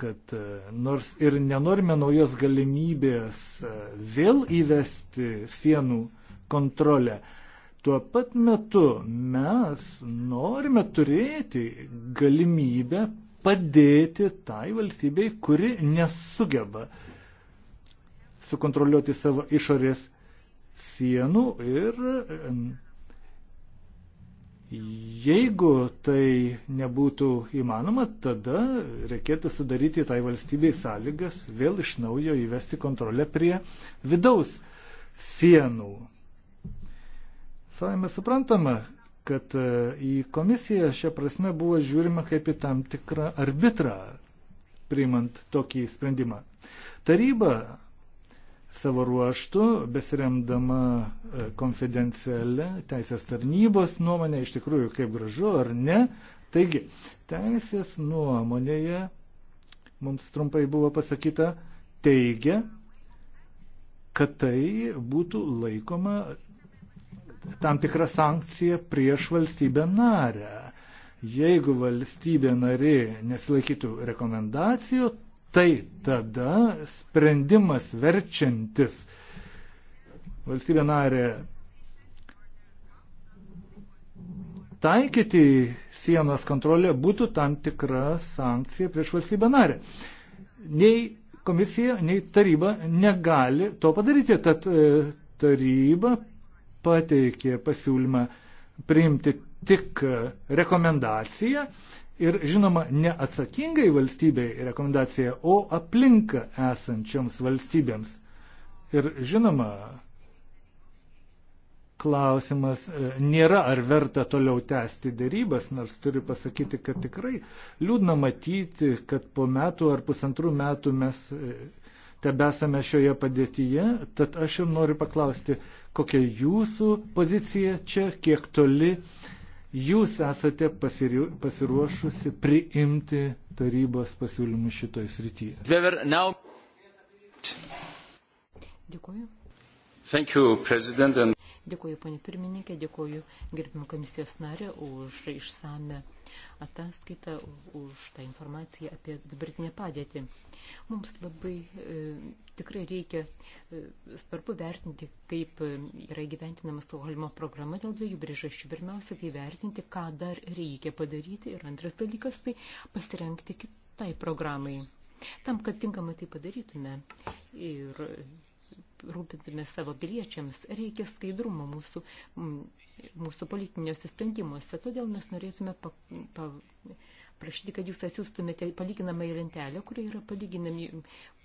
kad e, nors ir nenorime naujos galimybės e, vėl įvesti sienų kontrolę, tuo pat metu mes norime turėti galimybę padėti tai valstybei, kuri nesugeba sukontroliuoti savo išorės sienų ir e, Jeigu tai nebūtų įmanoma, tada reikėtų sudaryti tai valstybei sąlygas vėl iš naujo įvesti kontrolę prie vidaus sienų. Savame suprantama, kad e, į komisiją šią prasme buvo žiūrima kaip į tam tikrą arbitrą, priimant tokį sprendimą. Taryba Savo ruoštų, besiremdama e, konfidencialią teisės tarnybos nuomonę, iš tikrųjų kaip gražu ar ne. Taigi, teisės nuomonėje mums trumpai buvo pasakyta, teigia, kad tai būtų laikoma tam tikra sankcija prieš valstybę narę. Jeigu valstybė narė nesilaikytų rekomendacijų, tai tada sprendimas verčiantis valstybę narę taikyti sienos kontrolę būtų tam tikra sankcija prieš valstybę narę. Nei komisija, nei taryba negali to padaryti, tad e, taryba pateikė pasiūlymą priimti tik rekomendaciją ir žinoma ne atsakingai valstybei rekomendacija, o aplinka esančioms valstybėms. Ir žinoma, klausimas e, nėra, ar verta toliau tęsti dėrybas, nors turiu pasakyti, kad tikrai liūdna matyti, kad po metų ar pusantrų metų mes e, tebesame šioje padėtyje, tad aš ir noriu paklausti, kokia jūsų pozicija čia, kiek toli jūs esate pasiruošusi priimti tarybos pasiūlymus šitoj srityje. Dėkuoju. Thank you, President. Dėkuoju, ponė pirmininkė, dėkuoju gerbimo komisijos narė už išsame ataskaitą, už tą informaciją apie dabartinę padėtį. Mums labai e, tikrai reikia e, svarbu vertinti, kaip e, yra gyventinama Stokholmo programa dėl dviejų priežasčių. Pirmiausia, tai vertinti, ką dar reikia padaryti ir antras dalykas, tai pasirengti kitai programai. Tam, kad tinkamai tai padarytume ir rūpintume savo piliečiams, reikia skaidrumo mūsų, mūsų politiniuose sprendimuose. Todėl mes norėtume pa, pa, prašyti, kad jūs atsiųstumėte palyginamą į lentelę, kurioje yra palyginami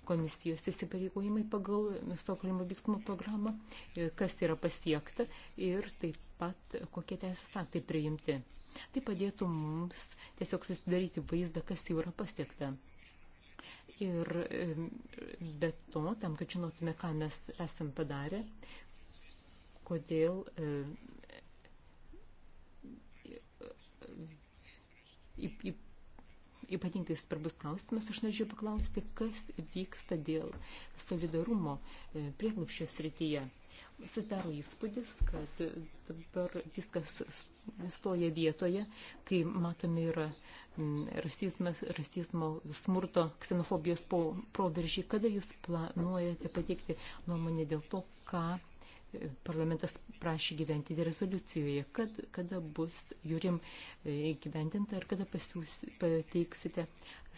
komisijos įsipareigojimai pagal Stokholmo veiksmų programą, e, kas yra pasiekta ir taip pat e, kokie teisės aktai priimti. Tai padėtų mums tiesiog susidaryti vaizdą, kas jau yra pasiekta. Ir be to, tam, kad žinotume, ką mes esam padarę, kodėl ypatingai svarbus klausimas, aš norėčiau paklausti, kas vyksta dėl solidarumo prieglupščio srityje susidaro įspūdis, kad dabar viskas stoja vietoje, kai matomi yra mm, rasizmas, rasizmo, smurto, ksenofobijos proveržį. Kada jūs planuojate pateikti nuomonę dėl to, ką e, parlamentas prašė gyventi rezoliucijoje, kad, kada bus jurim e, gyventinta ir kada pasiūs, pateiksite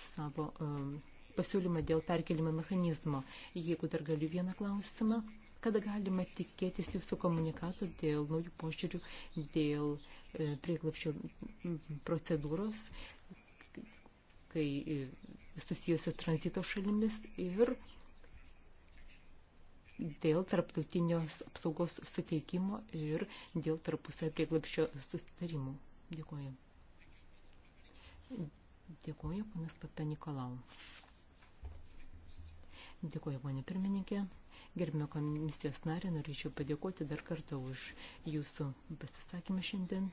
savo um, pasiūlymą dėl perkelimo mechanizmo. Jeigu dar galiu vieną klausimą. Um, kada galima tikėtis jūsų komunikato dėl naujų požiūrių, dėl e, prieglapščio procedūros, kai e, susijusio tranzito šalimis ir dėl tarptautinios apsaugos suteikimo ir dėl tarpusavio prieglapščio susitarimų. Dėkuoju. Dėkuoju, panas Papa Nikolau. Dėkuoju, ponė pirmininkė. Gerbime komisijos narė, norėčiau padėkoti dar kartą už jūsų pasisakymą šiandien.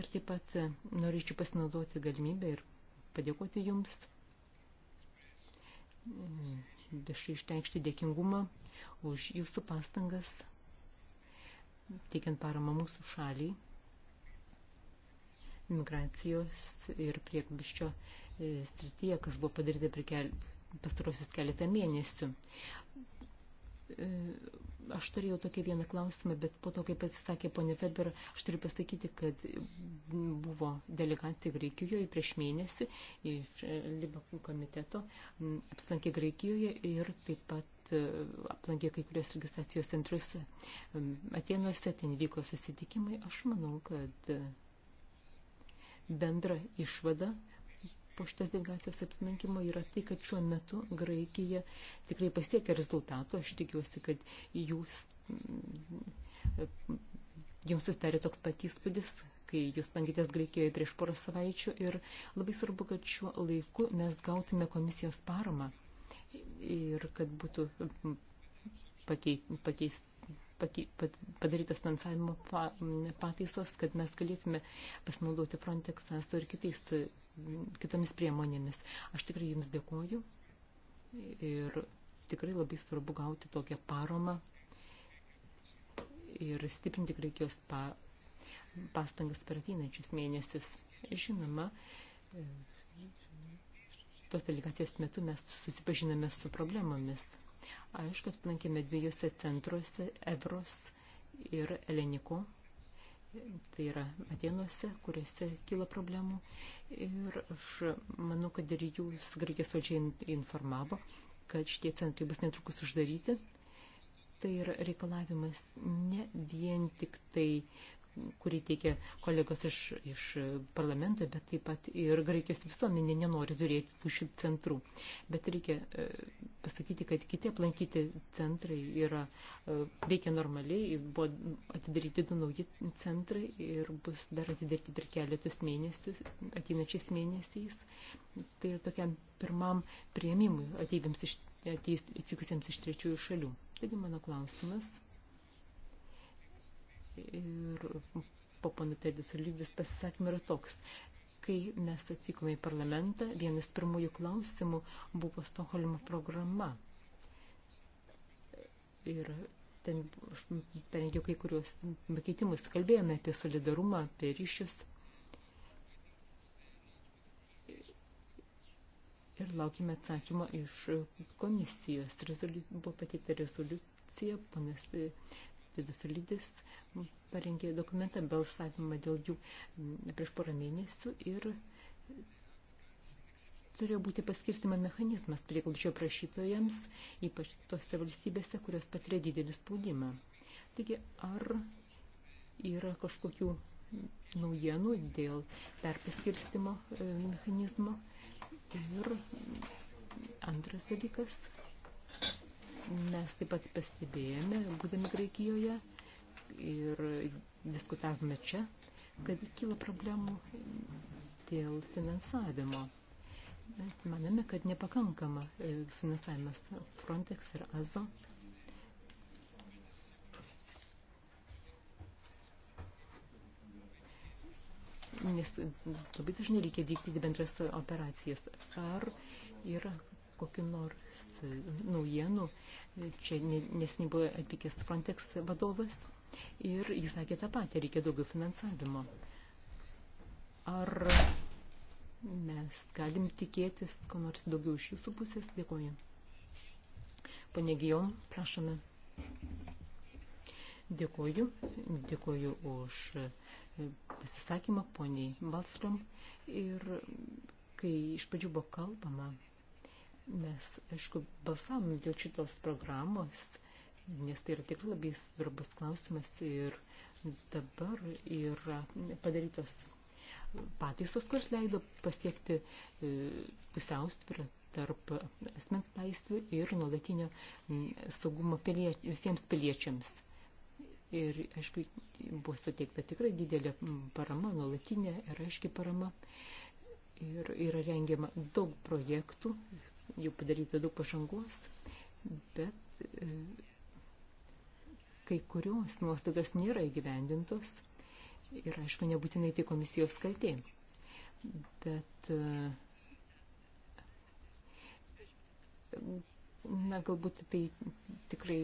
Ir taip pat e, norėčiau pasinaudoti galimybę ir padėkoti jums, viešai išteikšti dėkingumą už jūsų pastangas, teikiant paramą mūsų šaliai, migracijos ir priekbiščio e, srityje, kas buvo padaryta per kel... pastarosius keletą mėnesių. E, aš turėjau tokį vieną klausimą, bet po to, kaip pasisakė ponė Weber, aš turiu pasakyti, kad buvo delegacija Graikijoje prieš mėnesį iš e, Libakų komiteto, apsilankė Graikijoje ir taip pat e, aplankė kai kurias registracijos centrus Atenuose, ten vyko susitikimai. Aš manau, kad bendra išvada po šitos delegacijos apsilankimo yra tai, kad šiuo metu Graikija tikrai pasiekia rezultatų. Aš tikiuosi, kad jūs, mm, jums susidarė toks pat įspūdis, kai jūs lankėtės Graikijoje prieš porą savaičių ir labai svarbu, kad šiuo laiku mes gautume komisijos paramą ir kad būtų mm, pakei, pakeist padarytas finansavimo mm, pataisos, kad mes galėtume pasinaudoti Frontex esu ir kitais kitomis priemonėmis. Aš tikrai Jums dėkoju ir tikrai labai svarbu gauti tokią paromą ir stiprinti Graikijos pa, pastangas per ateinančius mėnesius. Žinoma, e, tos delegacijos metu mes susipažiname su problemomis. Aišku, aplankėme dviejose centruose Evros ir Eleniko tai yra Atenuose, kuriuose kyla problemų. Ir aš manau, kad ir jūs Graikijos valdžiai informavo, kad šitie centrai bus netrukus uždaryti. Tai yra reikalavimas ne vien tik tai kurį teikia kolegos iš, iš parlamento, bet taip pat ir graikijos visuomenė nenori turėti tų šių centrų. Bet reikia e, pasakyti, kad kiti aplankyti centrai yra, e, veikia normaliai, buvo atidaryti du nauji centrai ir bus dar atidaryti per keletus mėnesius, ateinačiais mėnesiais. Tai yra tokiam pirmam prieimimui ateiviams iš, atvykusiems iš trečiųjų šalių. Taigi mano klausimas ir po panutėdis lygdis pasisakymė yra toks. Kai mes atvykome į parlamentą, vienas pirmųjų klausimų buvo Stoholmo programa. Ir ten perengiau kai kuriuos pakeitimus. Kalbėjome apie solidarumą, apie ryšius. Ir laukime atsakymą iš komisijos. Rezoliu... Buvo pateikta rezoliucija, panas Vidufilidis parengė dokumentą balsavimą dėl jų mm, prieš porą mėnesių ir turėjo būti paskirstimo mechanizmas prieglobčio prašytojams, ypač tose valstybėse, kurios patiria didelį spaudimą. Taigi, ar yra kažkokių naujienų dėl perpaskirstimo e, mechanizmo? Ir antras dalykas, mes taip pat pastebėjome, būdami Graikijoje ir diskutavome čia, kad kyla problemų dėl finansavimo. Maname, kad nepakankama e, finansavimas Frontex ir Azo. Nes labai dažnai reikia vykdyti bendras operacijas. Ar yra kokiu nors e, naujienų. Čia nesiniai buvo atvykęs Frontex vadovas ir jis sakė tą patį, reikia daugiau finansavimo. Ar mes galim tikėtis, ko nors daugiau iš jūsų pusės? Dėkuoju. Pane Gijom, prašome. Dėkuoju. Dėkuoju už e, pasisakymą poniai Balstrom. Ir kai iš pradžių buvo kalbama Mes, aišku, balsavome dėl šitos programos, nes tai yra tikrai labai svarbus klausimas ir dabar yra padarytos pataisos, kurios leido pasiekti e, pusiausvyrą tarp asmens laisvių ir nuolatinio saugumo pilie, visiems piliečiams. Ir, aišku, buvo suteikta tikrai didelė parama, nuolatinė ir aiški parama. Ir yra rengiama daug projektų, jau padaryta daug pažangos, bet e, kai kurios nuostatos nėra įgyvendintos ir, aišku, nebūtinai tai komisijos kaltė. Bet, e, na, galbūt tai tikrai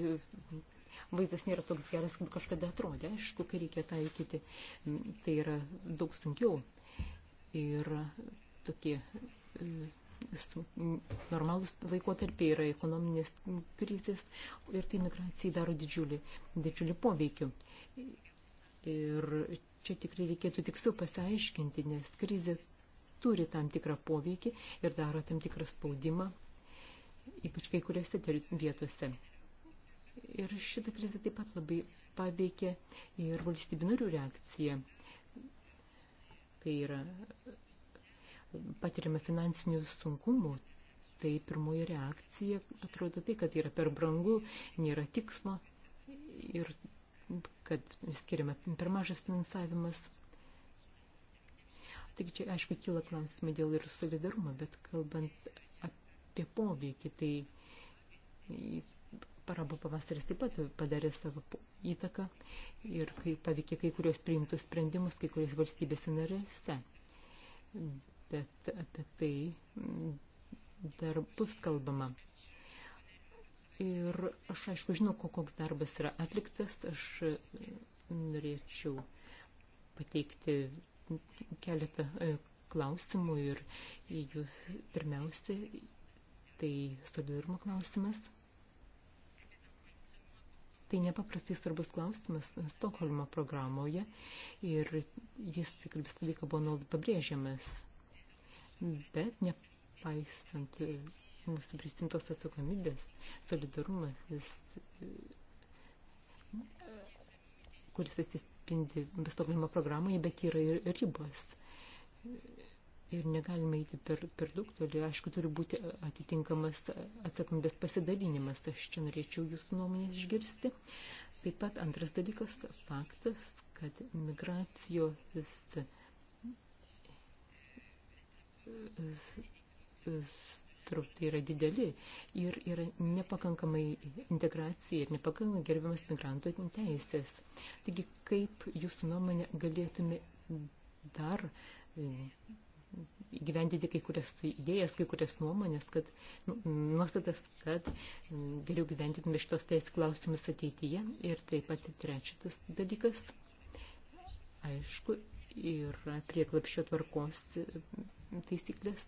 vaizdas nėra toks geras, kaip kažkada atrodė. Aišku, kai reikia taikyti, tai yra daug sunkiau. Ir tokie e, normalus laikotarpiai yra ekonominės krizės ir tai migracijai daro didžiulį, didžiulį poveikį. Ir čia tikrai reikėtų tiksliau pasiaiškinti, nes krizė turi tam tikrą poveikį ir daro tam tikrą spaudimą, ypač kai kuriuose vietose. Ir šita krizė taip pat labai paveikė ir valstybinarių reakciją. Tai yra patiriame finansinių sunkumų, tai pirmoji reakcija atrodo tai, kad yra per brangu, nėra tikslo ir kad skiriame per mažas finansavimas. Taigi čia, aišku, kyla klausimai dėl ir solidarumo, bet kalbant apie poveikį, tai parabo pavasaris taip pat padarė savo įtaką ir kai paveikė kai kurios priimtus sprendimus kai kurios valstybės narėse bet apie tai dar bus kalbama. Ir aš aišku žinau, koks darbas yra atliktas, aš e, norėčiau pateikti keletą e, klausimų ir jūs pirmiausia, tai solidarumo klausimas. Tai nepaprastai svarbus klausimas Stokholmo programoje ir jis, kaip visą laiką, buvo nuolat pabrėžiamas bet nepaistant mūsų prisimtos atsakomybės, solidarumas, kuris atsispindi Stokholmo programoje, bet yra ir ribos. Ir negalime eiti per, per daug toli, aišku, turi būti atitinkamas atsakomybės pasidalinimas, aš čia norėčiau jūsų nuomonės išgirsti. Taip pat antras dalykas, faktas, kad migracijos trukti yra dideli ir yra nepakankamai integracija ir nepakankamai gerbiamas migrantų teisės. Taigi, kaip jūsų nuomonė galėtume dar e, įgyvendyti kai kurias tai idėjas, kai kurias nuomonės, kad nu, nuostatas, kad e, geriau gyventytume šitos teisės klausimus ateityje. Ir taip pat trečias dalykas, aišku, yra prieklapščio tvarkos taisyklės.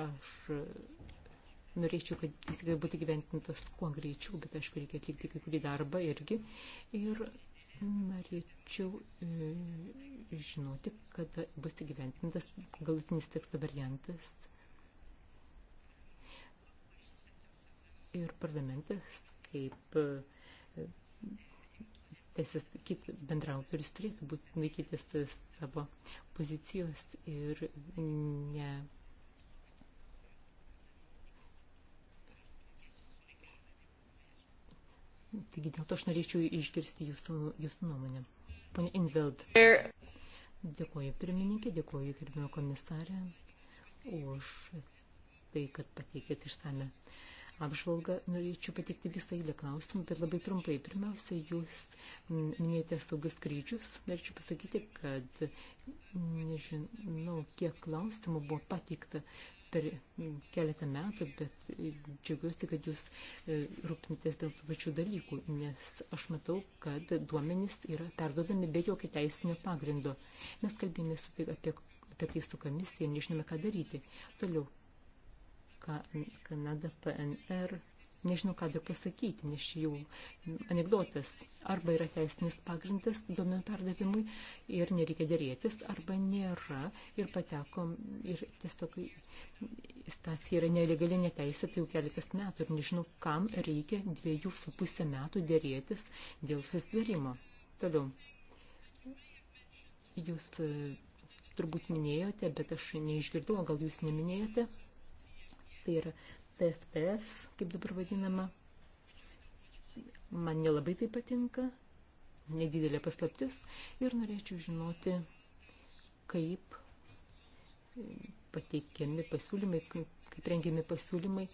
Aš norėčiau, kad taisyklės būtų gyventintas kuo greičiau, bet aišku, reikia atlikti kai kurį darbą irgi. Ir norėčiau e, žinoti, kada bus gyventintas galutinis teksto variantas. Ir parlamentas kaip e, teisės bendrautoris turėtų būti laikytis savo pozicijos ir ne. Taigi dėl to aš norėčiau išgirsti jūsų, jūsų nuomonę. Pone Inveld. Dėkuoju pirmininkė, dėkuoju gerbėjo komisarė už tai, kad pateikėt išsame apžvalgą. Norėčiau patikti visą eilę klausimų, bet labai trumpai. Pirmiausia, jūs minėjote saugius skrydžius. Norėčiau pasakyti, kad nežinau, kiek klausimų buvo patikta per keletą metų, bet džiaugiuosi, kad jūs e, rūpintės dėl tų pačių dalykų, nes aš matau, kad duomenys yra perdodami be jokio teisinio pagrindo. Mes kalbėjome apie, apie tai su komisija ir nežinome, ką daryti. Toliau, Kanada, PNR. Nežinau, ką dar pasakyti, nes jau anegdotas. Arba yra teisinis pagrindas duomenų perdavimui ir nereikia dėrėtis, arba nėra ir patekom ir tiesiog stacija yra nelegali neteisė, tai jau keletas metų ir nežinau, kam reikia dviejų su pusę metų dėrėtis dėl susidarimo. Toliau. Jūs e, turbūt minėjote, bet aš neišgirdau, gal jūs neminėjote tai yra TFTS, kaip dabar vadinama. Man nelabai tai patinka, nedidelė paslaptis ir norėčiau žinoti, kaip pateikiami pasiūlymai, kaip rengiami pasiūlymai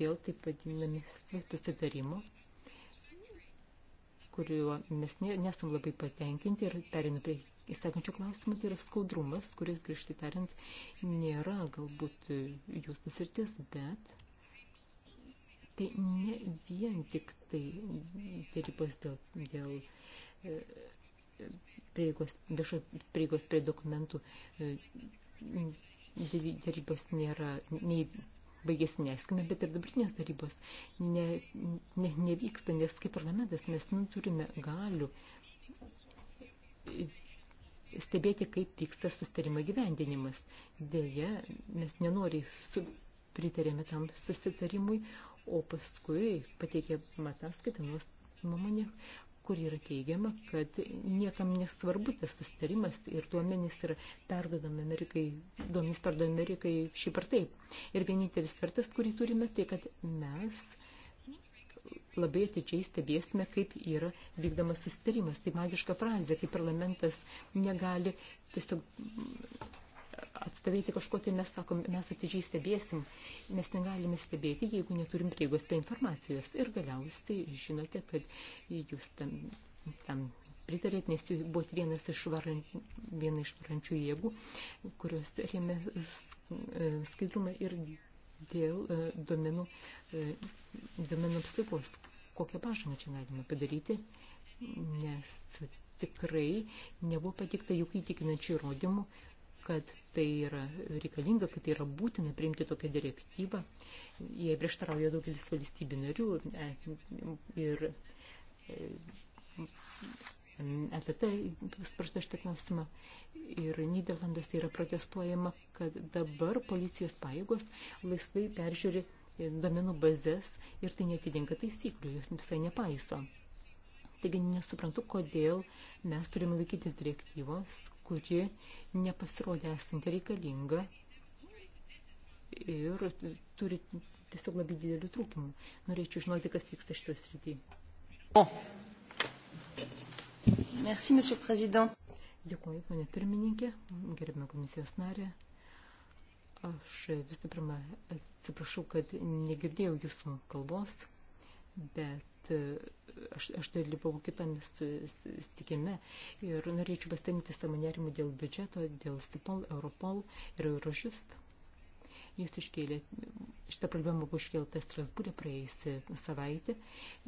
dėl taip vadinami susitarimo, kuriuo mes nesam labai patenkinti ir perinu prie įsakančių klausimų, tai yra skaudrumas, kuris, grįžtai tariant, nėra galbūt jūsų sritis, bet tai ne vien tik tai dėrybos dėl, dėl e, prieigos, viešo prieigos prie dokumentų e, dėrybos nėra, nei baigėsi neskime, bet ir dabartinės darybos ne, ne, nevyksta, nes kaip parlamentas mes nu, turime galių stebėti, kaip vyksta sustarimo gyvendinimas. Deja, mes nenoriai su, pritarėme tam susitarimui, o paskui pateikė ataskaitą nuomonę, kur yra teigiama, kad niekam nesvarbu tas sustarimas ir duomenys yra perdodami Amerikai, duomenys perdodami Amerikai šiaip ar taip. Ir vienintelis svertas, kurį turime, tai kad mes labai atidžiai stebėsime, kaip yra vykdomas susitarimas. Tai magiška frazė, kai parlamentas negali tiesiog atstovėti kažko, tai mes sakom, mes atidžiai stebėsim, mes negalime stebėti, jeigu neturim prieigos prie informacijos. Ir galiausiai žinote, kad jūs tam, tam pritarėt, nes jūs buvot vienas iš varan, viena iš varančių jėgų, kurios rėmė skaidrumą ir dėl e, duomenų, e, duomenų apsaugos, kokią pažangą čia galima padaryti, nes tikrai nebuvo patikta jokių įtikinančių įrodymų, kad tai yra reikalinga, kad tai yra būtina priimti tokią direktyvą. Jie prieštarauja daugelis valstybių narių e, ir EPT tai svarsto šitą klausimą. Ir Niderlanduose yra protestuojama, kad dabar policijos pajėgos laisvai peržiūri domenų bazės ir tai netidinka taisyklių, jos visai nepaiso. Taigi nesuprantu, kodėl mes turime laikytis direktyvos, kuri nepasirodė esanti reikalinga ir turi tiesiog labai didelių trūkumų. Norėčiau žinoti, kas vyksta šitoje srityje. Oh. Merci, Monsieur le Président. Dėkuoju, ponė pirmininkė, gerbime komisijos narė. Aš visų pirma atsiprašau, kad negirdėjau jūsų kalbos, bet e, aš, aš dalyvau kitomis stikime ir norėčiau pasirinkti savo nerimų dėl biudžeto, dėl Stipol, Europol ir Eurožist. Jūs iškėlė, šitą problemą buvo iškelta Strasbūrė praėjusi savaitę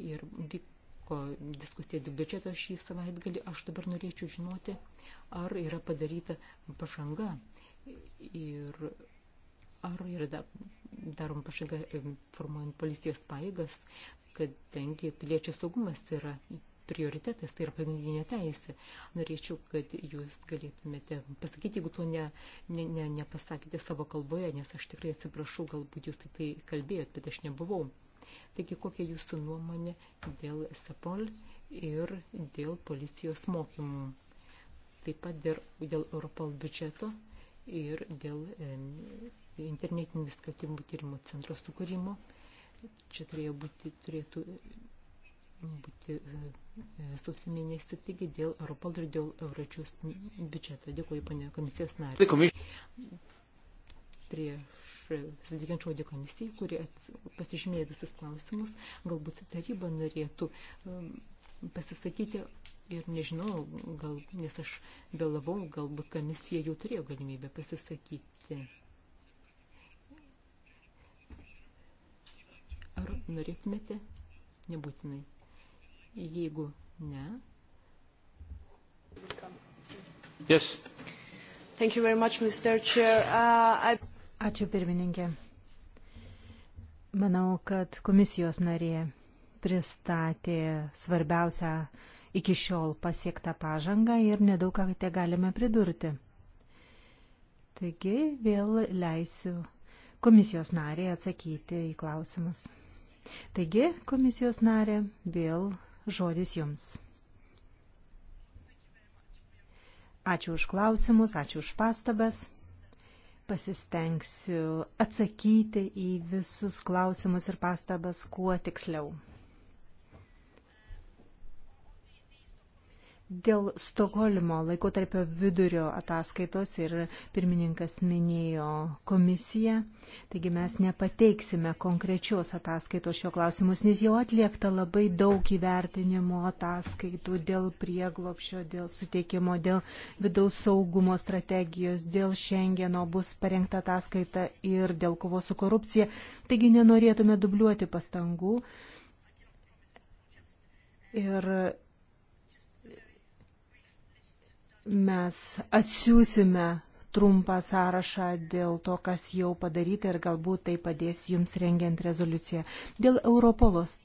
ir vyko diskusija dėl biudžeto šį savaitgalį. Aš dabar norėčiau žinoti, ar yra padaryta pažanga ir ar yra dar, darom pažanga e, formuojant policijos paėgas, kadangi piliečių saugumas yra prioritetas, tai yra pagrindinė teisė. Norėčiau, kad jūs galėtumėte pasakyti, jeigu to ne, ne, ne, nepasakėte savo kalboje, nes aš tikrai atsiprašau, galbūt jūs tik tai kalbėjot, bet aš nebuvau. Taigi, kokia jūsų nuomonė dėl SEPOL ir dėl policijos mokymų? Taip pat dėl, dėl Europol biudžeto ir dėl e, internetinių nusikaltimų tyrimų centro sukūrimo. Čia turėjo būti, turėtų būti e, e, sausio mėnesį, taigi dėl Europol ir dėl Euračius biudžeto. Dėkuoju, panė komisijos narė. Prieš e, susitikėčiau dė komisijai, kuri pasižymėjo visus klausimus, galbūt taryba norėtų pasisakyti ir nežinau, gal, nes aš vėlavau, galbūt komisija jau turėjo galimybę pasisakyti. Ar norėtumėte? Nebūtinai. Jeigu ne. Yes. Thank you very much, Mr. Chair. Uh, I... Ačiū pirmininkė. Manau, kad komisijos narė pristatė svarbiausią iki šiol pasiektą pažangą ir nedaug ką te galime pridurti. Taigi vėl leisiu komisijos nariai atsakyti į klausimus. Taigi, komisijos narė, vėl žodis jums. Ačiū už klausimus, ačiū už pastabas. Pasistengsiu atsakyti į visus klausimus ir pastabas kuo tiksliau. Dėl Stokholmo laikotarpio vidurio ataskaitos ir pirmininkas minėjo komisiją, taigi mes nepateiksime konkrečios ataskaitos šio klausimus, nes jau atliekta labai daug įvertinimo ataskaitų dėl prieglopšio, dėl suteikimo, dėl vidaus saugumo strategijos, dėl Šengeno bus parengta ataskaita ir dėl kovos su korupcija, taigi nenorėtume dubliuoti pastangų. Ir Mes atsiūsime trumpą sąrašą dėl to, kas jau padaryta ir galbūt tai padės jums rengiant rezoliuciją. Dėl Europolos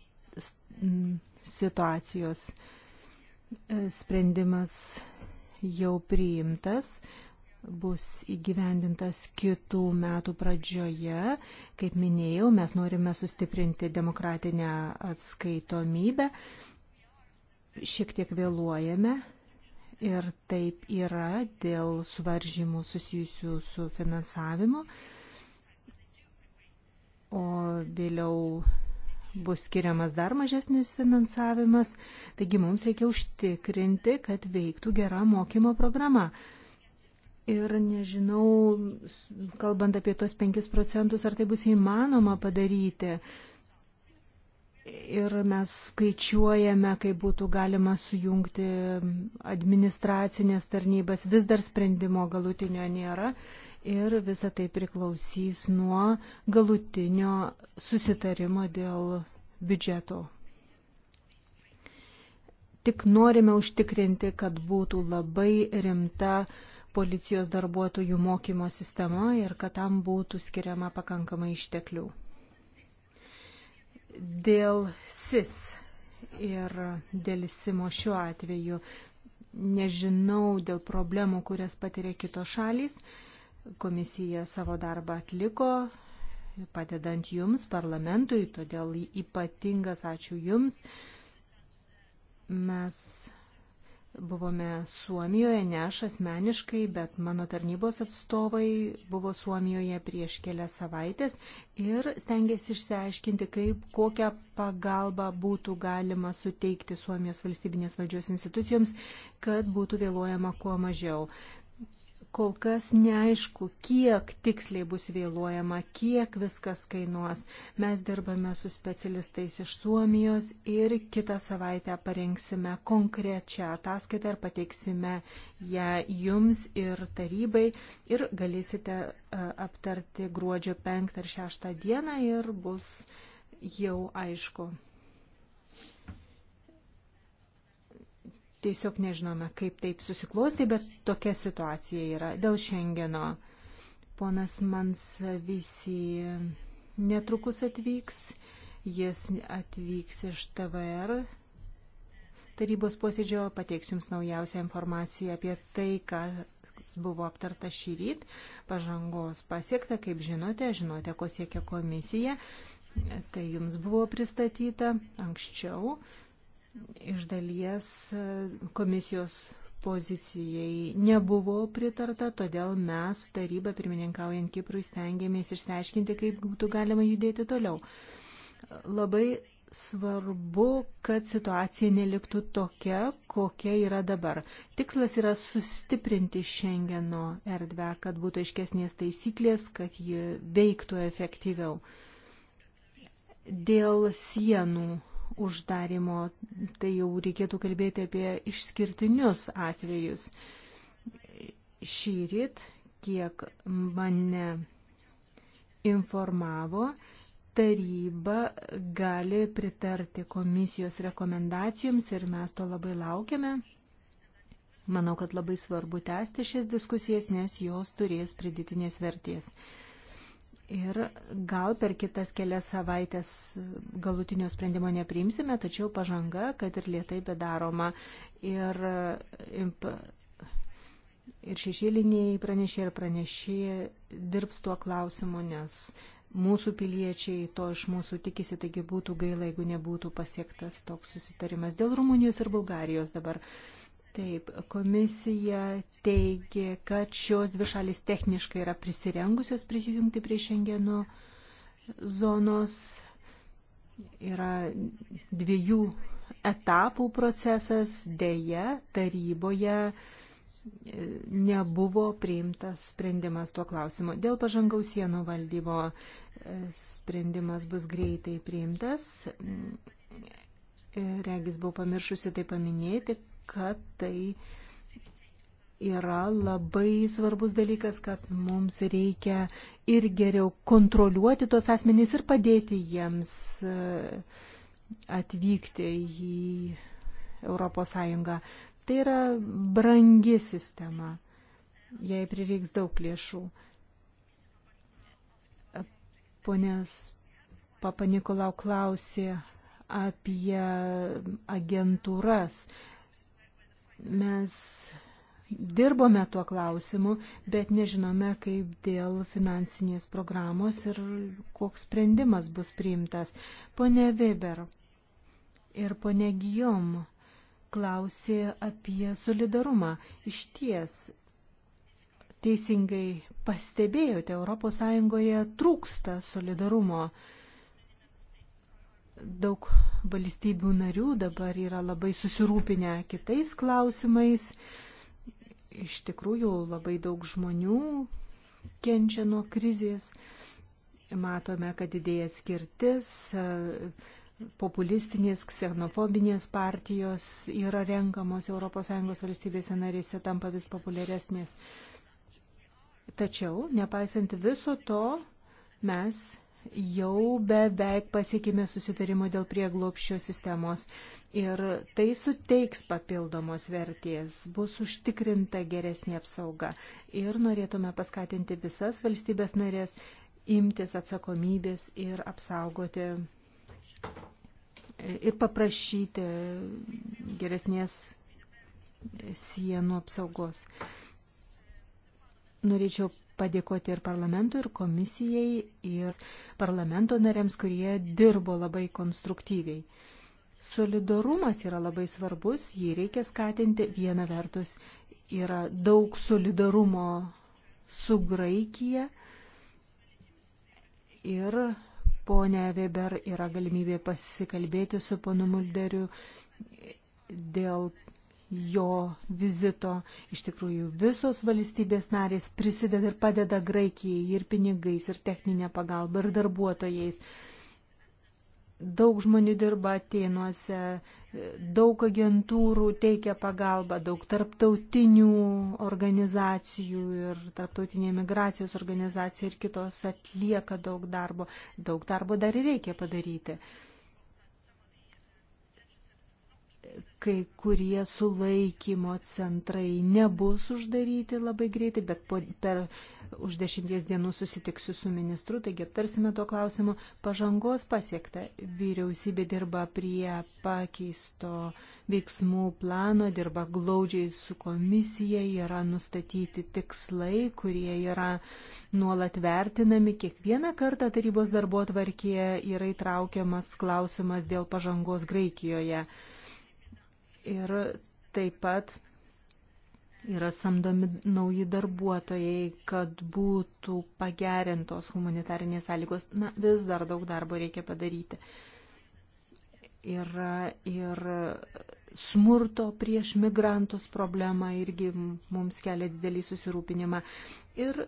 situacijos e, sprendimas jau priimtas, bus įgyvendintas kitų metų pradžioje. Kaip minėjau, mes norime sustiprinti demokratinę atskaitomybę. Šiek tiek vėluojame, ir taip yra dėl suvaržymų susijusių su finansavimu, o vėliau bus skiriamas dar mažesnis finansavimas, taigi mums reikia užtikrinti, kad veiktų gera mokymo programa. Ir nežinau, kalbant apie tos 5 procentus, ar tai bus įmanoma padaryti. Uh, ir mes skaičiuojame, kaip būtų galima sujungti administracinės tarnybas. Vis dar sprendimo galutinio nėra ir visa tai priklausys nuo galutinio susitarimo dėl biudžeto. Tik norime užtikrinti, kad būtų labai rimta policijos darbuotojų mokymo sistema ir kad tam būtų skiriama pakankamai išteklių dėl SIS ir dėl SIMO šiuo atveju. Nežinau dėl problemų, kurias patiria kitos šalys. Komisija savo darbą atliko, padedant jums, parlamentui, todėl ypatingas ačiū jums. Mes Buvome Suomijoje, ne aš asmeniškai, bet mano tarnybos atstovai buvo Suomijoje prieš kelias savaitės ir stengiasi išsiaiškinti, kaip, kokią pagalbą būtų galima suteikti Suomijos valstybinės valdžios institucijoms, kad būtų vėluojama kuo mažiau kol kas neaišku, kiek tiksliai bus vėluojama, kiek viskas kainuos. Mes dirbame su specialistais iš Suomijos ir kitą savaitę parengsime konkrečią ataskaitą ir pateiksime ją jums ir tarybai ir galėsite e, aptarti gruodžio 5 ar 6 dieną ir bus jau aišku. Tiesiog nežinome, kaip taip susiklosti, bet tokia situacija yra dėl Šengeno. Ponas Mans visi netrukus atvyks. Jis atvyks iš TVR tarybos posėdžio. Pateiksiu Jums naujausią informaciją apie tai, ką kas buvo aptarta šį ryt, pažangos pasiekta, kaip žinote, žinote, ko siekia komisija, tai jums buvo pristatyta anksčiau, Iš dalies e, komisijos pozicijai nebuvo pritarta, todėl mes su taryba pirmininkaujant Kiprui stengiamės išsiaiškinti, kaip būtų galima judėti toliau. Labai svarbu, kad situacija neliktų tokia, kokia yra dabar. Tikslas yra sustiprinti Šengeno erdvę, kad būtų aiškesnės taisyklės, kad ji veiktų efektyviau. Dėl sienų uždarimo, tai jau reikėtų kalbėti apie išskirtinius atvejus. Šyrit, kiek mane informavo, taryba gali pritarti komisijos rekomendacijoms ir mes to labai laukiame. Manau, kad labai svarbu tęsti šias diskusijas, nes jos turės pridėtinės vertės. Ir gal per kitas kelias savaitės galutinio sprendimo nepriimsime, tačiau pažanga, kad ir lietai bedaroma. Ir, ir šešėliniai pranešė ir pranešė dirbs tuo klausimu, nes mūsų piliečiai to iš mūsų tikisi, taigi būtų gaila, jeigu nebūtų pasiektas toks susitarimas dėl Rumunijos ir Bulgarijos dabar. Uh, Taip, komisija teigia, kad šios dvi šalis techniškai yra prisirengusios prisijungti prie Šengeno zonos. Yra dviejų etapų procesas, dėja taryboje e, nebuvo priimtas sprendimas tuo klausimu. Dėl pažangaus sienų valdymo e, sprendimas bus greitai priimtas. E, regis buvo pamiršusi tai paminėti, kad tai yra labai svarbus dalykas, kad mums reikia ir geriau kontroliuoti tos asmenys ir padėti jiems e, atvykti į ES. Tai yra brangi sistema, jai prireiks daug lėšų. Ponės Papanikolau klausė apie agentūras. Mes dirbome tuo klausimu, bet nežinome, kaip dėl finansinės programos ir koks sprendimas bus priimtas. Pone Weber ir pone Gijom klausė apie solidarumą. Iš ties, teisingai pastebėjote, ES trūksta solidarumo daug valstybių narių dabar yra labai susirūpinę kitais klausimais. Iš tikrųjų labai daug žmonių kenčia nuo krizės. Matome, kad didėja skirtis, populistinės, ksenofobinės partijos yra renkamos ES valstybėse narėse, tampa vis populiaresnės. Tačiau, nepaisant viso to, mes jau beveik pasiekime susitarimo dėl prieglopščio sistemos. Ir tai suteiks papildomos vertės, bus užtikrinta geresnė apsauga. Ir norėtume paskatinti visas valstybės narės imtis atsakomybės ir apsaugoti ir paprašyti geresnės sienų apsaugos. Norėčiau padėkoti ir parlamentui, ir komisijai, ir parlamento nariams, kurie dirbo labai konstruktyviai. Solidarumas yra labai svarbus, jį reikia skatinti. Viena vertus yra daug solidarumo su Graikija ir ponia Weber yra galimybė pasikalbėti su ponu Mulderiu dėl jo vizito. Iš tikrųjų, visos valstybės narės prisideda ir padeda Graikijai ir pinigais, ir techninė pagalba, ir darbuotojais. Daug žmonių dirba Atenuose, daug agentūrų teikia pagalbą, daug tarptautinių organizacijų ir tarptautinė migracijos organizacija ir kitos atlieka daug darbo. Daug darbo dar ir reikia padaryti. Uh, kai kurie sulaikymo centrai nebus uždaryti labai greitai, bet po, per už dešimties dienų susitiksiu su ministru, taigi aptarsime to klausimu. Pažangos pasiekta. Vyriausybė dirba prie pakeisto veiksmų plano, dirba glaudžiai su komisija, yra nustatyti tikslai, kurie yra nuolat vertinami. Kiekvieną kartą tarybos darbo tvarkėje yra įtraukiamas klausimas dėl pažangos Graikijoje. Yeah ir taip pat yra samdomi nauji darbuotojai, kad būtų pagerintos humanitarinės sąlygos. Na, vis dar daug darbo reikia padaryti. Yra ir smurto prieš migrantus problema irgi mums kelia didelį susirūpinimą. Ir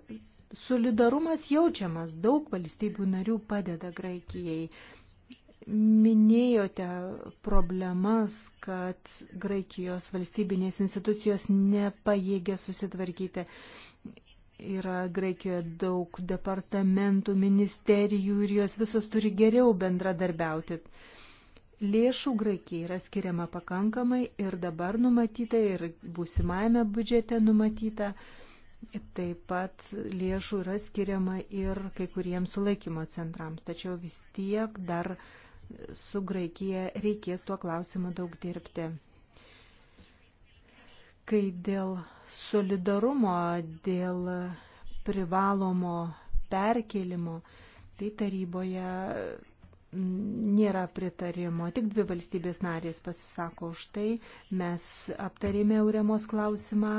solidarumas jaučiamas, daug valstybių narių padeda Graikijai minėjote problemas, kad Graikijos valstybinės institucijos nepajėgė susitvarkyti. Yra Graikijoje daug departamentų, ministerijų ir jos visos turi geriau bendradarbiauti. Lėšų Graikijai yra skiriama pakankamai ir dabar numatyta ir būsimajame biudžete numatyta. Taip pat lėšų yra skiriama ir kai kuriems sulaikymo centrams, tačiau vis tiek dar uh, su Graikija reikės tuo klausimu daug dirbti. Kai dėl solidarumo, dėl privalomo perkelimo, tai taryboje nėra pritarimo. Tik dvi valstybės narės pasisako už tai. Mes aptarėme Euremos klausimą.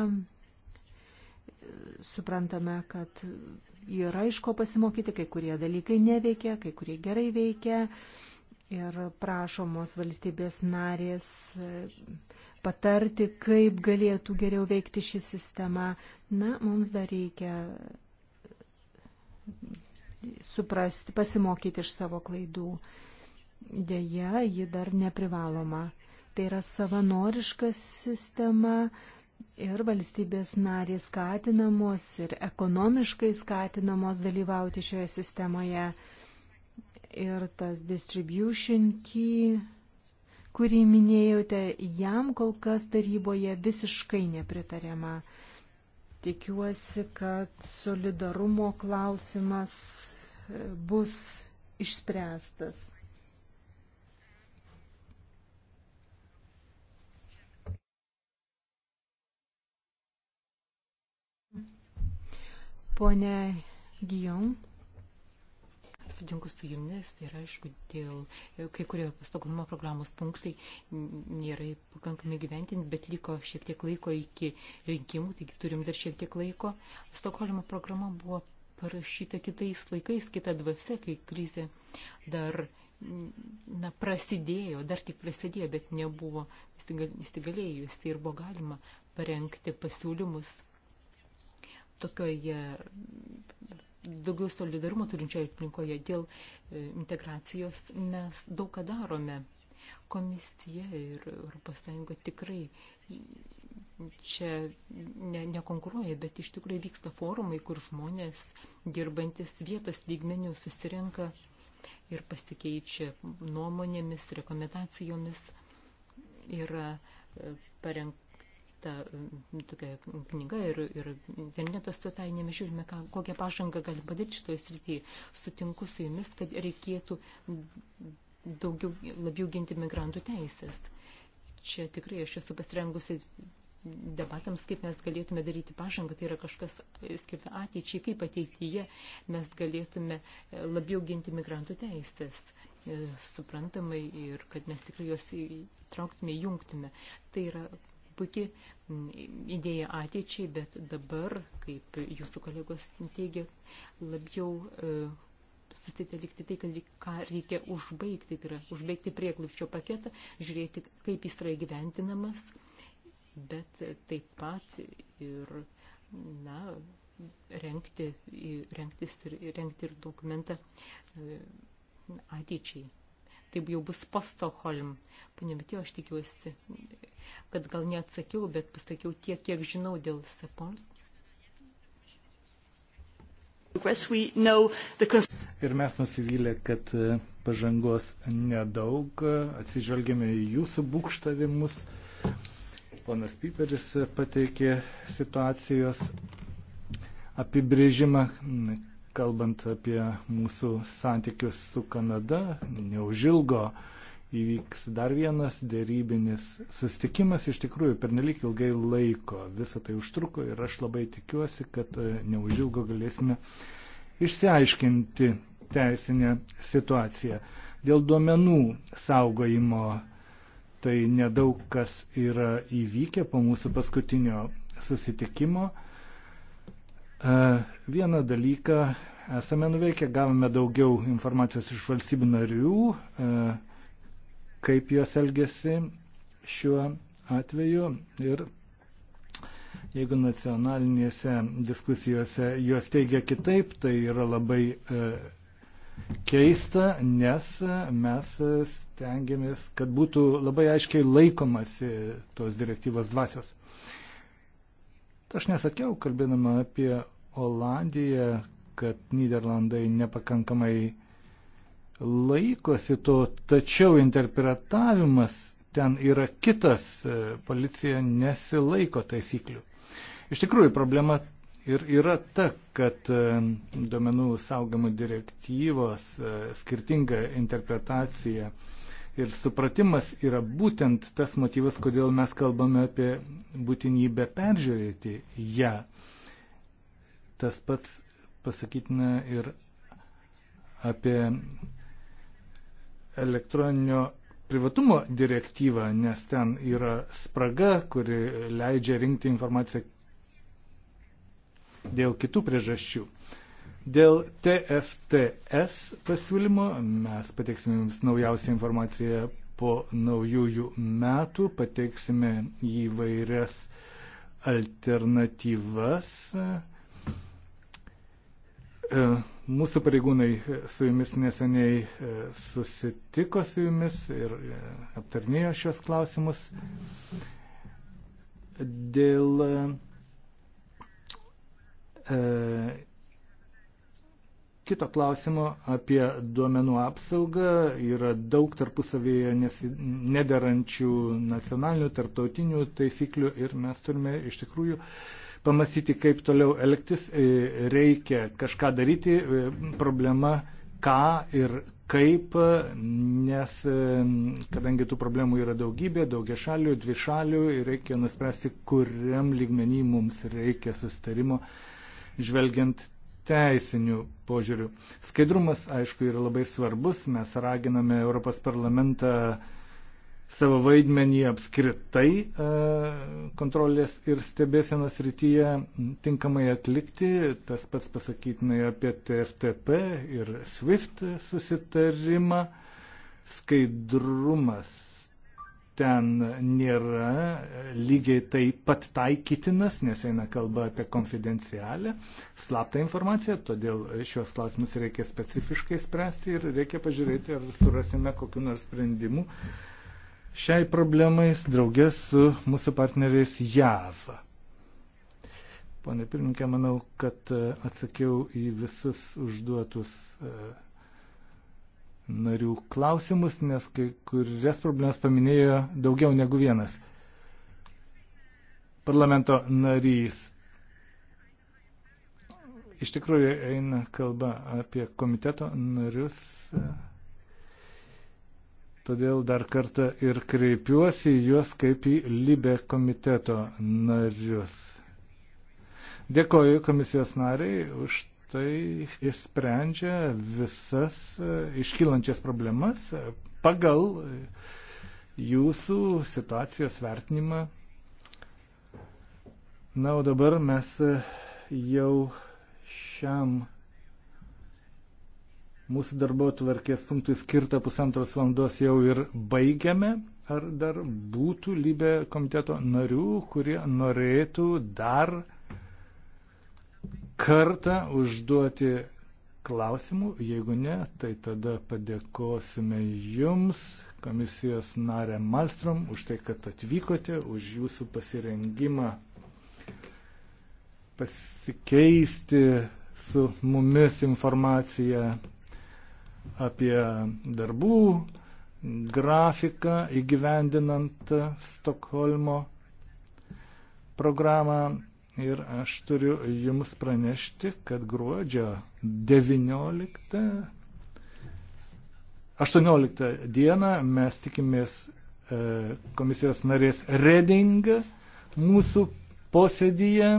Suprantame, kad yra iš ko pasimokyti, kai kurie dalykai neveikia, kai kurie gerai veikia. Uh, ir prašomos valstybės narės e, patarti, kaip galėtų geriau veikti ši sistema. Na, mums dar reikia suprasti, pasimokyti iš savo klaidų. Deja, ji dar neprivaloma. Tai yra savanoriška sistema ir valstybės narės skatinamos ir ekonomiškai skatinamos dalyvauti šioje sistemoje ir tas distribution key, kurį minėjote, jam kol kas taryboje visiškai nepritariama. Tikiuosi, kad solidarumo klausimas e, bus išspręstas. Pone Gijom sutinku su jumis ir aišku, dėl e, kai kurio Stokholmo programos punktai nėra pakankamai gyventinti, bet liko šiek tiek laiko iki rinkimų, taigi turim dar šiek tiek laiko. Stokholmo programa buvo parašyta kitais laikais, kita dvasia, kai krizė dar na, prasidėjo, dar tik prasidėjo, bet nebuvo įsigalėjusi tai ir buvo galima parengti pasiūlymus tokioje daugiau solidarumo turinčioje aplinkoje, dėl e, integracijos mes daug ką darome. Komisija ir ES tikrai čia ne, nekonkuruoja, bet iš tikrųjų vyksta forumai, kur žmonės dirbantis vietos lygmenių susirenka ir pasikeičia nuomonėmis, rekomendacijomis. Yra e, parengta ta tokia knyga ir, ir interneto svetainėme žiūrime, ką, kokią pažangą galim padaryti šitoje srityje. Sutinku su jumis, kad reikėtų daugiau, labiau ginti migrantų teisės. Čia tikrai aš esu pasirengusi debatams, kaip mes galėtume daryti pažangą, tai yra kažkas skirta ateičiai, kaip ateityje mes galėtume labiau ginti migrantų teisės e, suprantamai ir kad mes tikrai juos įtrauktume, jungtume. Tai yra puikiai idėja ateičiai, bet dabar, kaip jūsų kolegos teigia, labiau e, susitelkti tai, kad ką reikia užbaigti, tai yra užbaigti prieklupščio paketą, žiūrėti, kaip jis yra įgyventinamas, bet taip pat ir, na, renkti, renktis ir, renkti ir dokumentą e, ateičiai tai jau bus po Stokholm. Pane Bitio, aš tikiuosi, kad gal neatsakiau, bet pasakiau tiek, kiek žinau dėl SEPOL. Ir mes nusivylę, kad e, pažangos nedaug, atsižvelgėme į jūsų būkštavimus. Ponas Piperis pateikė situacijos apibrėžimą, kalbant apie mūsų santykius su Kanada, neužilgo įvyks dar vienas dėrybinis sustikimas, iš tikrųjų pernelyg ilgai laiko visą tai užtruko ir aš labai tikiuosi, kad e, neužilgo galėsime išsiaiškinti teisinę situaciją. Dėl duomenų saugojimo tai nedaug kas yra įvykę po mūsų paskutinio susitikimo. E, vieną dalyką esame nuveikę, gavome daugiau informacijos iš valstybių narių, e, kaip jos elgesi šiuo atveju ir jeigu nacionalinėse diskusijose juos teigia kitaip, tai yra labai e, keista, nes mes stengiamės, kad būtų labai aiškiai laikomasi tos direktyvos dvasios. Aš nesakiau, kalbėdama apie Olandija, kad Niderlandai nepakankamai laikosi to, tačiau interpretavimas ten yra kitas, e, policija nesilaiko taisyklių. Iš tikrųjų, problema ir yra ta, kad e, duomenų saugomų direktyvos e, skirtinga interpretacija ir supratimas yra būtent tas motyvas, kodėl mes kalbame apie būtinybę peržiūrėti ją. Ja. Tas pats pasakytina ir apie elektroninio privatumo direktyvą, nes ten yra spraga, kuri leidžia rinkti informaciją dėl kitų priežasčių. Dėl TFTS pasiūlymo mes pateiksime jums naujausią informaciją po naujųjų metų, pateiksime įvairias alternatyvas. Uh, E, mūsų pareigūnai su jumis neseniai e, susitiko su jumis ir e, aptarnėjo šios klausimus. Dėl e, kito klausimo apie duomenų apsaugą yra daug tarpusavėje nederančių nacionalinių, tarptautinių taisyklių ir mes turime iš tikrųjų e, pamastyti, kaip toliau elgtis, e, reikia kažką daryti, e, problema ką ir kaip, nes e, kadangi tų problemų yra daugybė, daugia šalių, dvi šalių, reikia nuspręsti, kuriam lygmenį mums reikia sustarimo, žvelgiant teisinių požiūrių. Skaidrumas, aišku, yra labai svarbus, mes raginame Europos parlamentą uh, savo vaidmenį apskritai e, kontrolės ir stebėsenos rytyje tinkamai atlikti. Tas pats pasakytinai apie TFTP ir SWIFT susitarimą. Skaidrumas ten nėra lygiai taip pat taikytinas, nes eina kalba apie konfidencialę, slaptą informaciją, todėl šios klausimus reikia specifiškai spręsti ir reikia pažiūrėti, ar surasime kokiu nors sprendimu šiai problemais draugės su mūsų partneriais JAZA. Pone pirmininkė, manau, kad e, atsakiau į visus užduotus e, narių klausimus, nes kai kurias problemas paminėjo daugiau negu vienas parlamento narys. Iš tikrųjų eina kalba apie komiteto narius. Mhm Todėl dar kartą ir kreipiuosi į juos kaip į Libe komiteto narius. Dėkoju komisijos nariai už tai, jis sprendžia visas iškylančias problemas pagal jūsų situacijos vertinimą. Na, o dabar mes jau šiam Mūsų darbo tvarkės punktui skirtą pusantros valandos jau ir baigiame. Ar dar būtų lybė komiteto narių, kurie norėtų dar kartą užduoti klausimų? Jeigu ne, tai tada padėkosime Jums, komisijos narė Malstrom, už tai, kad atvykote, už Jūsų pasirengimą pasikeisti su mumis informaciją apie darbų grafiką įgyvendinant Stokholmo programą. Ir aš turiu Jums pranešti, kad gruodžio 19, 18 dieną mes tikimės e, komisijos narės Reding mūsų posėdyje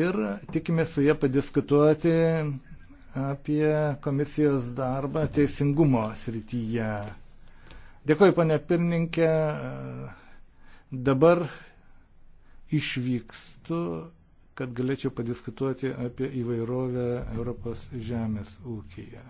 ir tikimės su jie padiskutuoti apie komisijos darbą teisingumo srityje. Dėkoju, ponė pirmininkė. Dabar išvykstu, kad galėčiau padiskutuoti apie įvairovę Europos žemės ūkiją.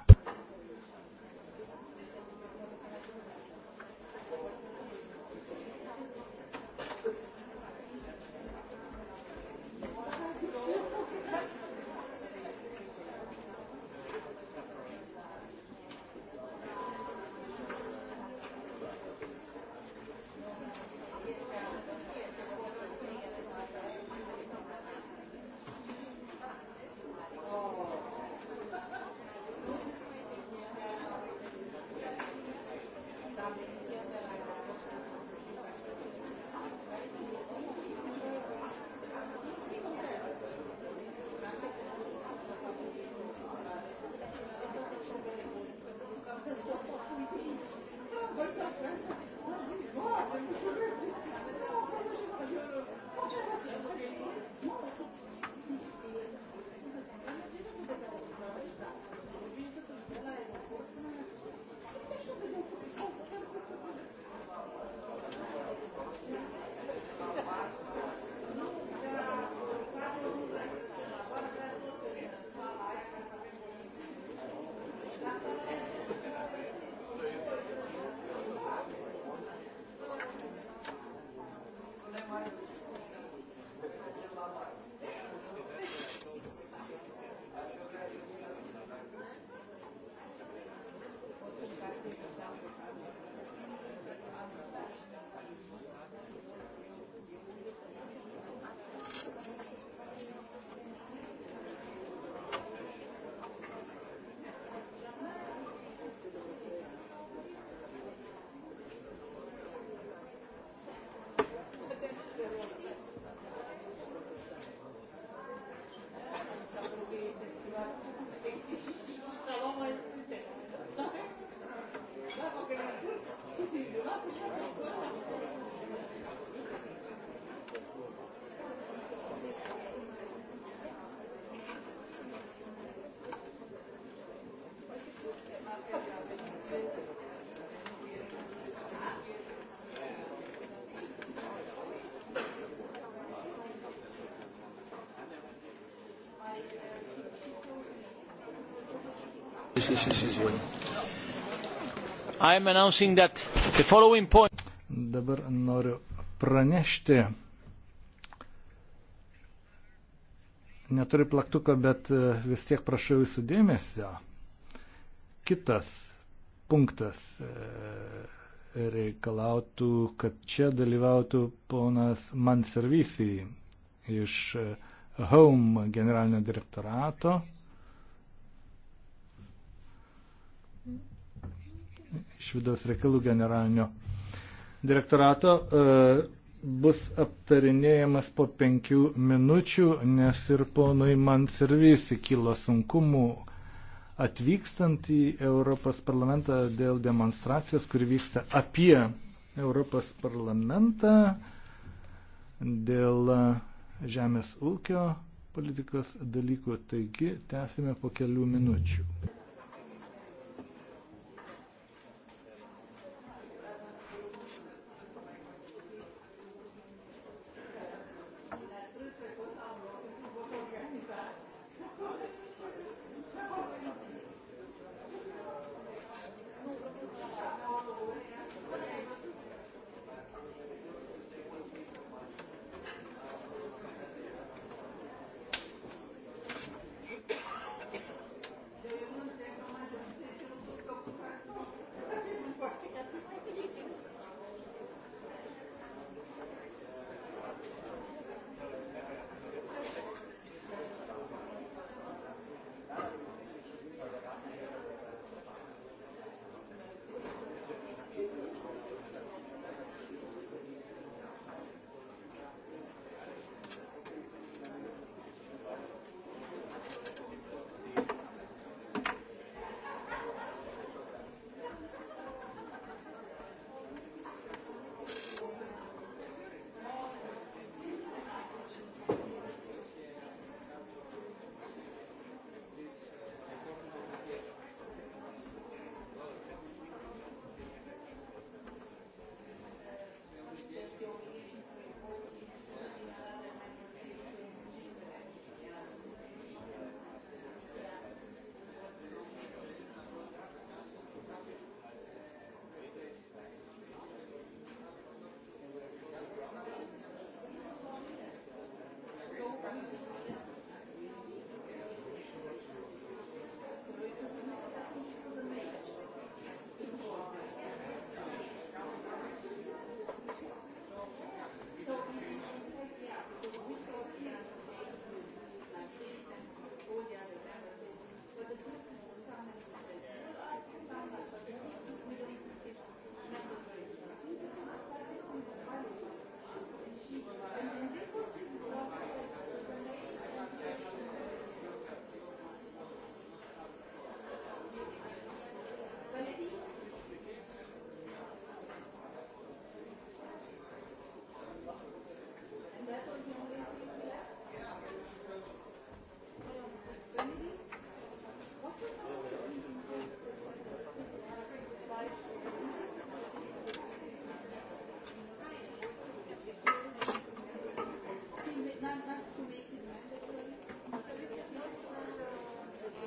Mrs. Mrs. Wynn. I am announcing that the following point. Dabar noriu pranešti. Neturiu plaktuko, bet e, vis tiek prašau jūsų dėmesio. Kitas punktas e, reikalautų, kad čia dalyvautų ponas Manservisi iš e, Home generalinio direktorato iš vidaus reikalų generalinio direktorato e, bus aptarinėjamas po penkių minučių, nes ir ponui man servisi kilo sunkumų atvykstant į Europos parlamentą dėl demonstracijos, kuri vyksta apie Europos parlamentą, dėl žemės ūkio politikos dalykų. Taigi, tęsime po kelių minučių.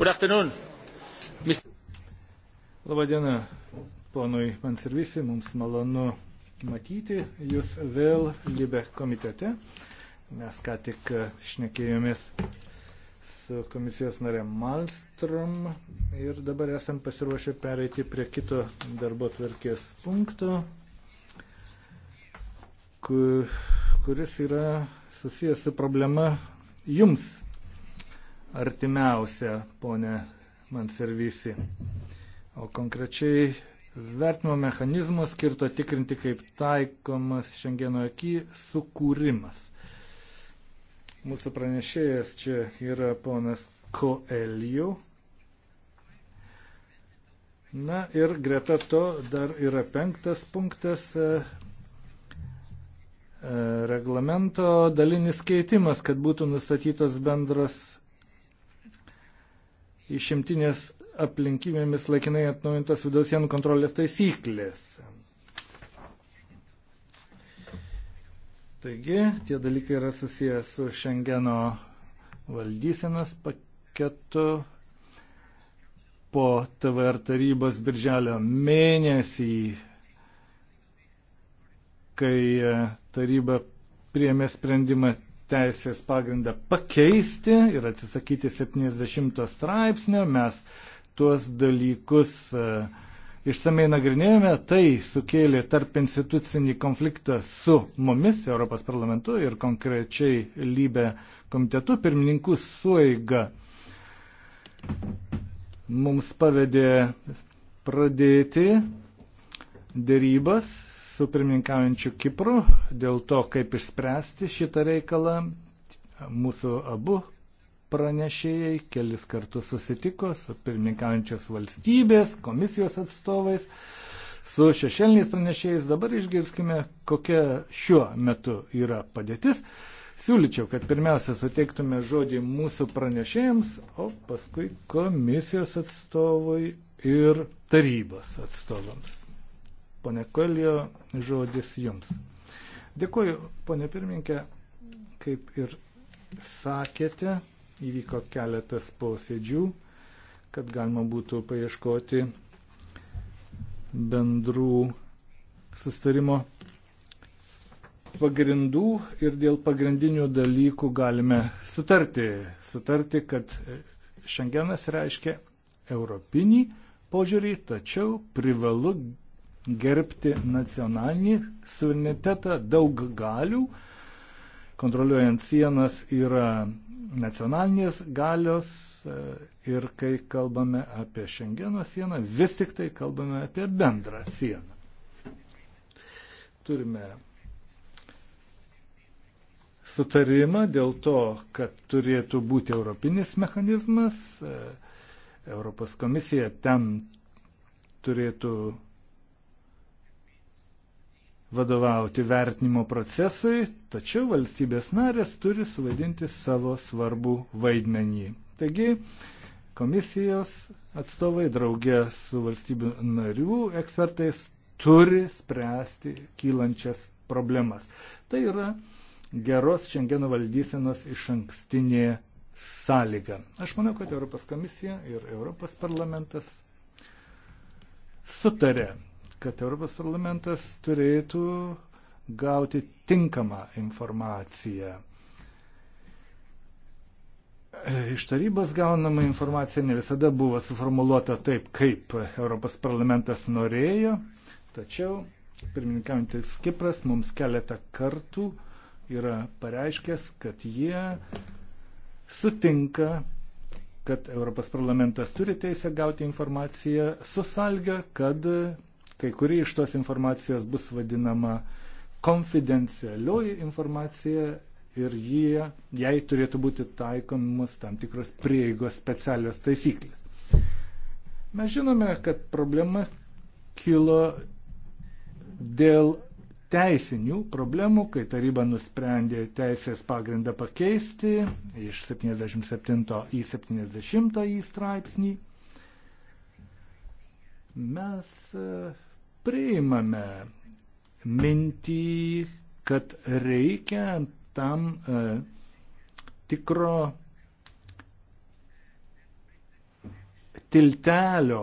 Good afternoon. Mis... Labadiena, ponui Manservisi, mums malonu matyti jūs vėl Libe komitete. Mes ką tik e, šnekėjomės su komisijos narė Malstrom ir dabar esam pasiruošę pereiti prie kito darbo tvarkės punkto, kuris yra susijęs su problema jums artimiausia, ponė Manservisi. O konkrečiai vertimo mechanizmo skirto tikrinti, kaip taikomas šiandieno akį sukūrimas. Mūsų pranešėjas čia yra ponas Koelijų. Na ir greta to dar yra penktas punktas e, e, reglamento dalinis keitimas, kad būtų nustatytos bendros išimtinės aplinkybėmis laikinai atnaujintos vidaus sienų kontrolės taisyklės. Taigi, tie dalykai yra susijęs su Šengeno valdysenas paketu. Po TVR tarybos birželio mėnesį, kai taryba priėmė sprendimą teisės pagrindą pakeisti ir atsisakyti 70 straipsnio. Mes tuos dalykus e, išsamei nagrinėjome. Tai sukėlė tarp institucinį konfliktą su mumis, Europos parlamentu ir konkrečiai lybė komitetu pirmininkų suiga. Mums pavedė pradėti dėrybas su pirmininkaujančiu Kipru dėl to, kaip išspręsti šitą reikalą. Mūsų abu pranešėjai kelis kartus susitiko su pirmininkaujančios valstybės, komisijos atstovais, su šešėliniais pranešėjais. Dabar išgirskime, kokia šiuo metu yra padėtis. Siūlyčiau, kad pirmiausia suteiktume žodį mūsų pranešėjams, o paskui komisijos atstovui ir tarybos atstovams. Pone Kolio, žodis jums. Dėkuoju, ponė pirmininkė, kaip ir sakėte, įvyko keletas posėdžių, kad galima būtų paieškoti bendrų sustarimo pagrindų ir dėl pagrindinių dalykų galime sutarti. Sutarti, kad šiandienas reiškia europinį požiūrį, tačiau privalu gerbti nacionalinį suverenitetą, daug galių, kontroliuojant sienas yra nacionalinės galios e, ir kai kalbame apie Šengeno sieną, vis tik tai kalbame apie bendrą sieną. Turime sutarimą dėl to, kad turėtų būti europinis mechanizmas, e, Europos komisija ten turėtų vadovauti vertinimo procesui, tačiau valstybės narės turi suvaidinti savo svarbų vaidmenį. Taigi, komisijos atstovai draugė su valstybių narių ekspertais turi spręsti kylančias problemas. Tai yra geros šiandieno valdysenos iš ankstinė sąlyga. Aš manau, kad Europos komisija ir Europos parlamentas sutarė kad Europos parlamentas turėtų gauti tinkamą informaciją. Iš tarybos gaunama informacija ne visada buvo suformuoluota taip, kaip Europos parlamentas norėjo, tačiau pirmininkaujantis Kipras mums keletą kartų yra pareiškęs, kad jie sutinka, kad Europos parlamentas turi teisę gauti informaciją su salga, kad Kai kuri iš tos informacijos bus vadinama konfidencialioji informacija ir jie, jai turėtų būti taikomas tam tikros prieigos specialios taisyklės. Mes žinome, kad problema kilo dėl teisinių problemų, kai taryba nusprendė teisės pagrindą pakeisti iš 77 į 70 į straipsnį. Mes priimame mintį, kad reikia tam e, tikro tiltelio,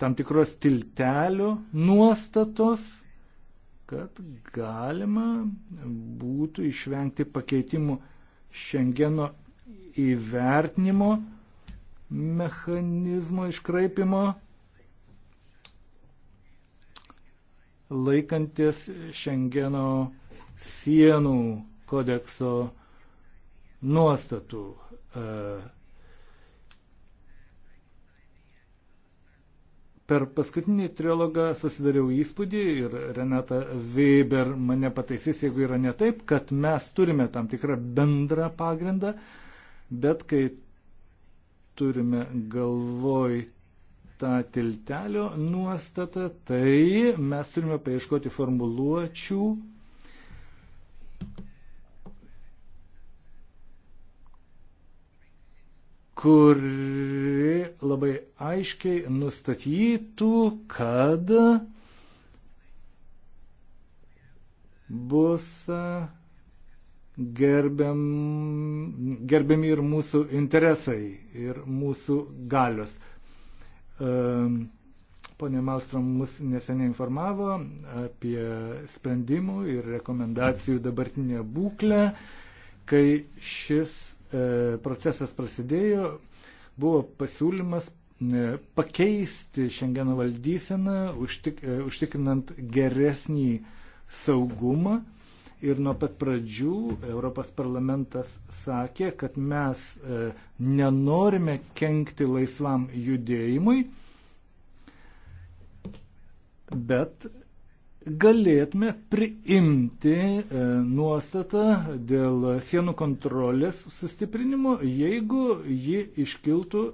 tam tikros tiltelio nuostatos, kad galima būtų išvengti pakeitimų Šengeno įvertinimo mechanizmo iškraipimo laikantis Šengeno sienų kodekso nuostatų. E, per paskutinį trilogą susidariau įspūdį ir Renata Weber mane pataisys, jeigu yra ne taip, kad mes turime tam tikrą bendrą pagrindą, bet kai turime galvoj tą tiltelio nuostatą, tai mes turime paieškoti formuluočių. kuri labai aiškiai nustatytų, kad bus gerbiam, gerbiami ir mūsų interesai, ir mūsų galios. Pone Malstrom mus neseniai informavo apie sprendimų ir rekomendacijų dabartinę būklę. Kai šis e, procesas prasidėjo, buvo pasiūlymas e, pakeisti šiandieną valdyseną, užtik, e, užtikrinant geresnį saugumą ir nuo pat pradžių Europos parlamentas sakė, kad mes e, nenorime kenkti laisvam judėjimui, bet galėtume priimti e, nuostatą dėl sienų kontrolės sustiprinimo, jeigu ji iškiltų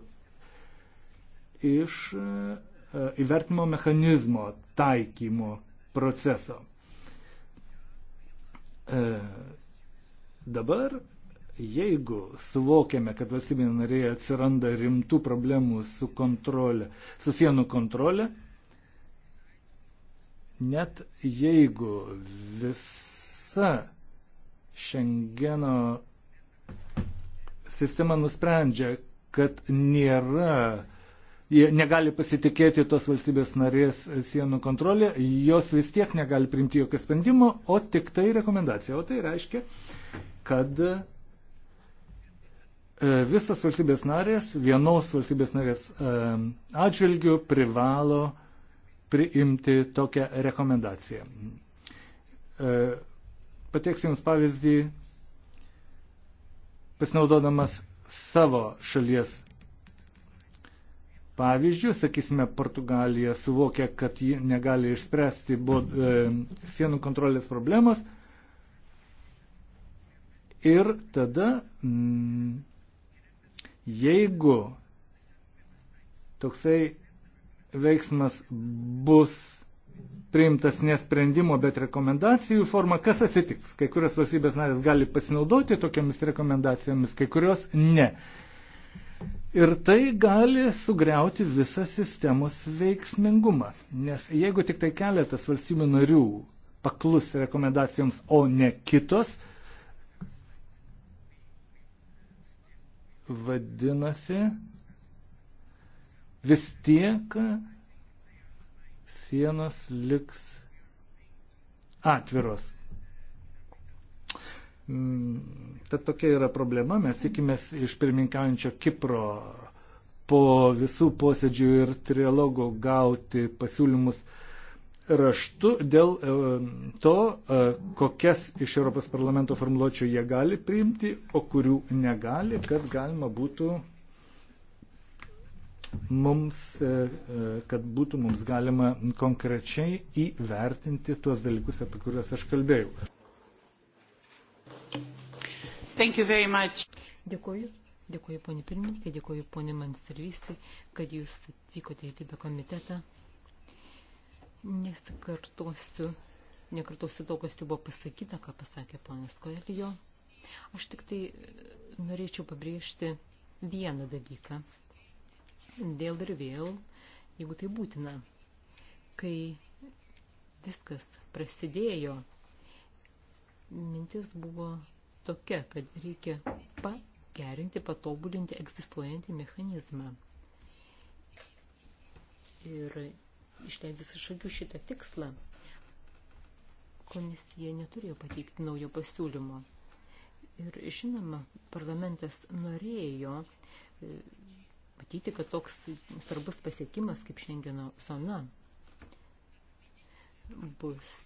iš e, įvertimo mechanizmo taikymo proceso. E, dabar, jeigu suvokiame, kad valstybėje narėje atsiranda rimtų problemų su, kontrolė, su sienų kontrolė, net jeigu visa Šengeno sistema nusprendžia, kad nėra jie negali pasitikėti tos valstybės narės sienų kontrolė, jos vis tiek negali priimti jokio sprendimo, o tik tai rekomendacija. O tai reiškia, kad e, visas valstybės narės, vienos valstybės narės e, atžvilgių privalo priimti tokią rekomendaciją. E, pateiksiu Jums pavyzdį, pasinaudodamas savo šalies pavyzdžių, sakysime, Portugalija suvokia, kad ji negali išspręsti bod, e, sienų kontrolės problemos ir tada, mm, jeigu toksai veiksmas bus priimtas nesprendimo, bet rekomendacijų forma, kas atsitiks? Kai kurios valstybės narės gali pasinaudoti tokiamis rekomendacijomis, kai kurios ne. E, Ir tai gali sugriauti visą sistemos veiksmingumą. Nes jeigu tik tai keletas valstybių narių paklus rekomendacijoms, o ne kitos, vadinasi, vis tiek sienos liks atviros. Mm, Tad tokia yra problema. Mes tikimės iš pirmininkaujančio Kipro po visų posėdžių ir trialogų gauti pasiūlymus raštu dėl e, to, e, kokias iš Europos parlamento formuluočių jie gali priimti, o kurių negali, kad galima būtų mums, e, kad būtų mums galima konkrečiai įvertinti tuos dalykus, apie kuriuos aš kalbėjau. Dėkuoju. Dėkuoju, ponė pirmininkė, dėkuoju, ponė Manservysi, kad jūs atvykote į Libę komitetą. Nesikartosiu, nekartosiu to, kas jau tai buvo pasakyta, ką pasakė ponas Koelijo. Aš tik tai norėčiau pabrėžti vieną dalyką. Dėl ir vėl, jeigu tai būtina, kai viskas prasidėjo, mintis buvo tokia, kad reikia pagerinti, patobulinti egzistuojantį mechanizmą. Ir išleidus iš akių šitą tikslą, komisija neturėjo pateikti naujo pasiūlymo. Ir žinoma, parlamentas norėjo e, matyti, kad toks svarbus pasiekimas kaip Šengeno zona bus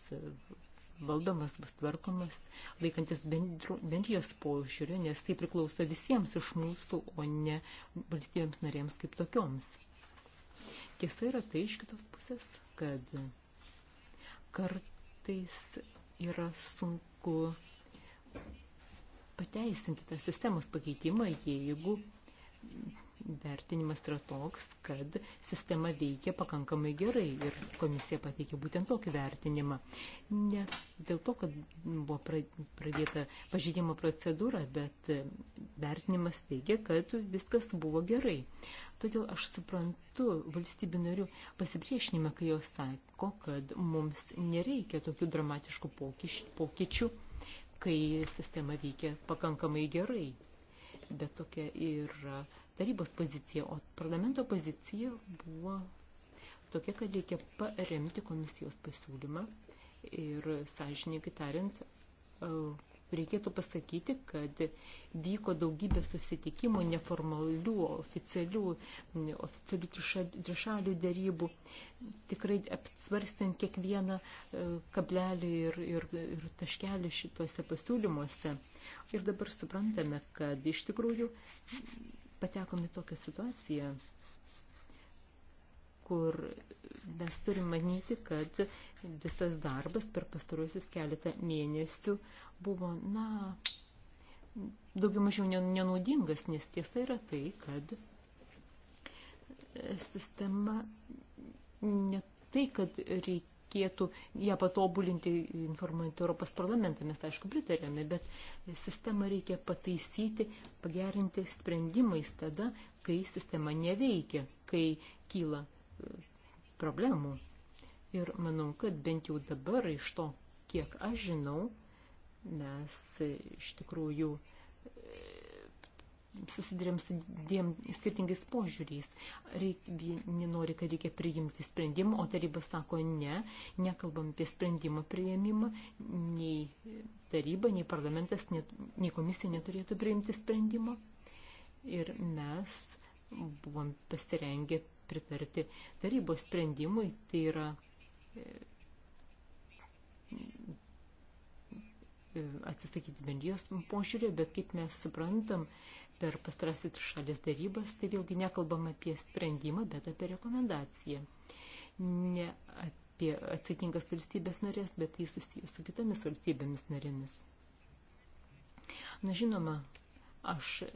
valdomas, bus tvarkomas, laikantis bendru, bendrijos požiūrių, nes tai priklauso visiems iš mūsų, o ne valstybėms narėms kaip tokioms. Tiesa yra tai iš kitos pusės, kad kartais yra sunku pateisinti tą sistemos pakeitimą, jeigu vertinimas yra toks, kad sistema veikia pakankamai gerai ir komisija pateikė būtent tokį vertinimą. Ne dėl to, kad buvo pradėta pažydimo procedūra, bet vertinimas teigia, kad viskas buvo gerai. Todėl aš suprantu valstybių narių pasipriešinimą, kai jos sako, kad mums nereikia tokių dramatiškų pokyčių, kai sistema veikia pakankamai gerai bet tokia yra tarybos pozicija, o parlamento pozicija buvo tokia, kad reikia paremti komisijos pasiūlymą ir sąžininkai tariant, e, reikėtų pasakyti, kad vyko daugybė susitikimų, neformalių, oficialių, oficialių trišalių dėrybų, tikrai apsvarstant kiekvieną e, kablelį ir, ir, ir taškelį šituose pasiūlymuose. Ir dabar suprantame, kad iš tikrųjų patekom į tokią situaciją, kur mes turim manyti, kad visas darbas per pastaruosius keletą mėnesių buvo, na, daugiau mažiau nenaudingas, nes tiesa yra tai, kad e, sistema ne tai, kad reikia reikėtų ją patobulinti informuojant Europos parlamentą. Mes, aišku, pritarėme, bet sistemą reikia pataisyti, pagerinti sprendimais tada, kai sistema neveikia, kai kyla e, problemų. Ir manau, kad bent jau dabar iš to, kiek aš žinau, mes e, iš tikrųjų susidurėm su dviem skirtingais požiūriais. Reik, vieni nori, kad reikia priimti sprendimą, o taryba sako ne, nekalbam apie sprendimo priėmimą, nei taryba, nei parlamentas, net, nei komisija neturėtų priimti sprendimo. Ir mes buvom pasirengę pritarti tarybos sprendimui, tai yra e, e, atsisakyti bendrijos požiūrį, bet kaip mes suprantam, per pastrasis šalis darybas, tai vėlgi nekalbam apie sprendimą, bet apie rekomendaciją. Ne apie atsakingas valstybės narės, bet tai susijęs su kitomis valstybėmis narėmis. Na žinoma, aš e,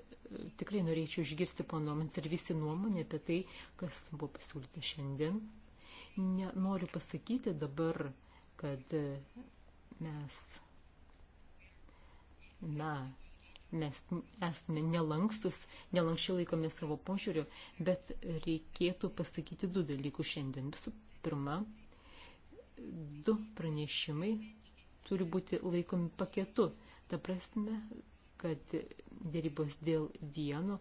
tikrai norėčiau išgirsti pono Manservisi nuomonę apie tai, kas buvo pasiūlyta šiandien. Nenoriu pasakyti dabar, kad e, mes, na, mes esame nelankstus, nelankščiai laikome savo požiūriu, bet reikėtų pasakyti du dalykus šiandien. Visų pirma, du pranešimai turi būti laikomi paketu. Ta prasme, kad dėrybos dėl vieno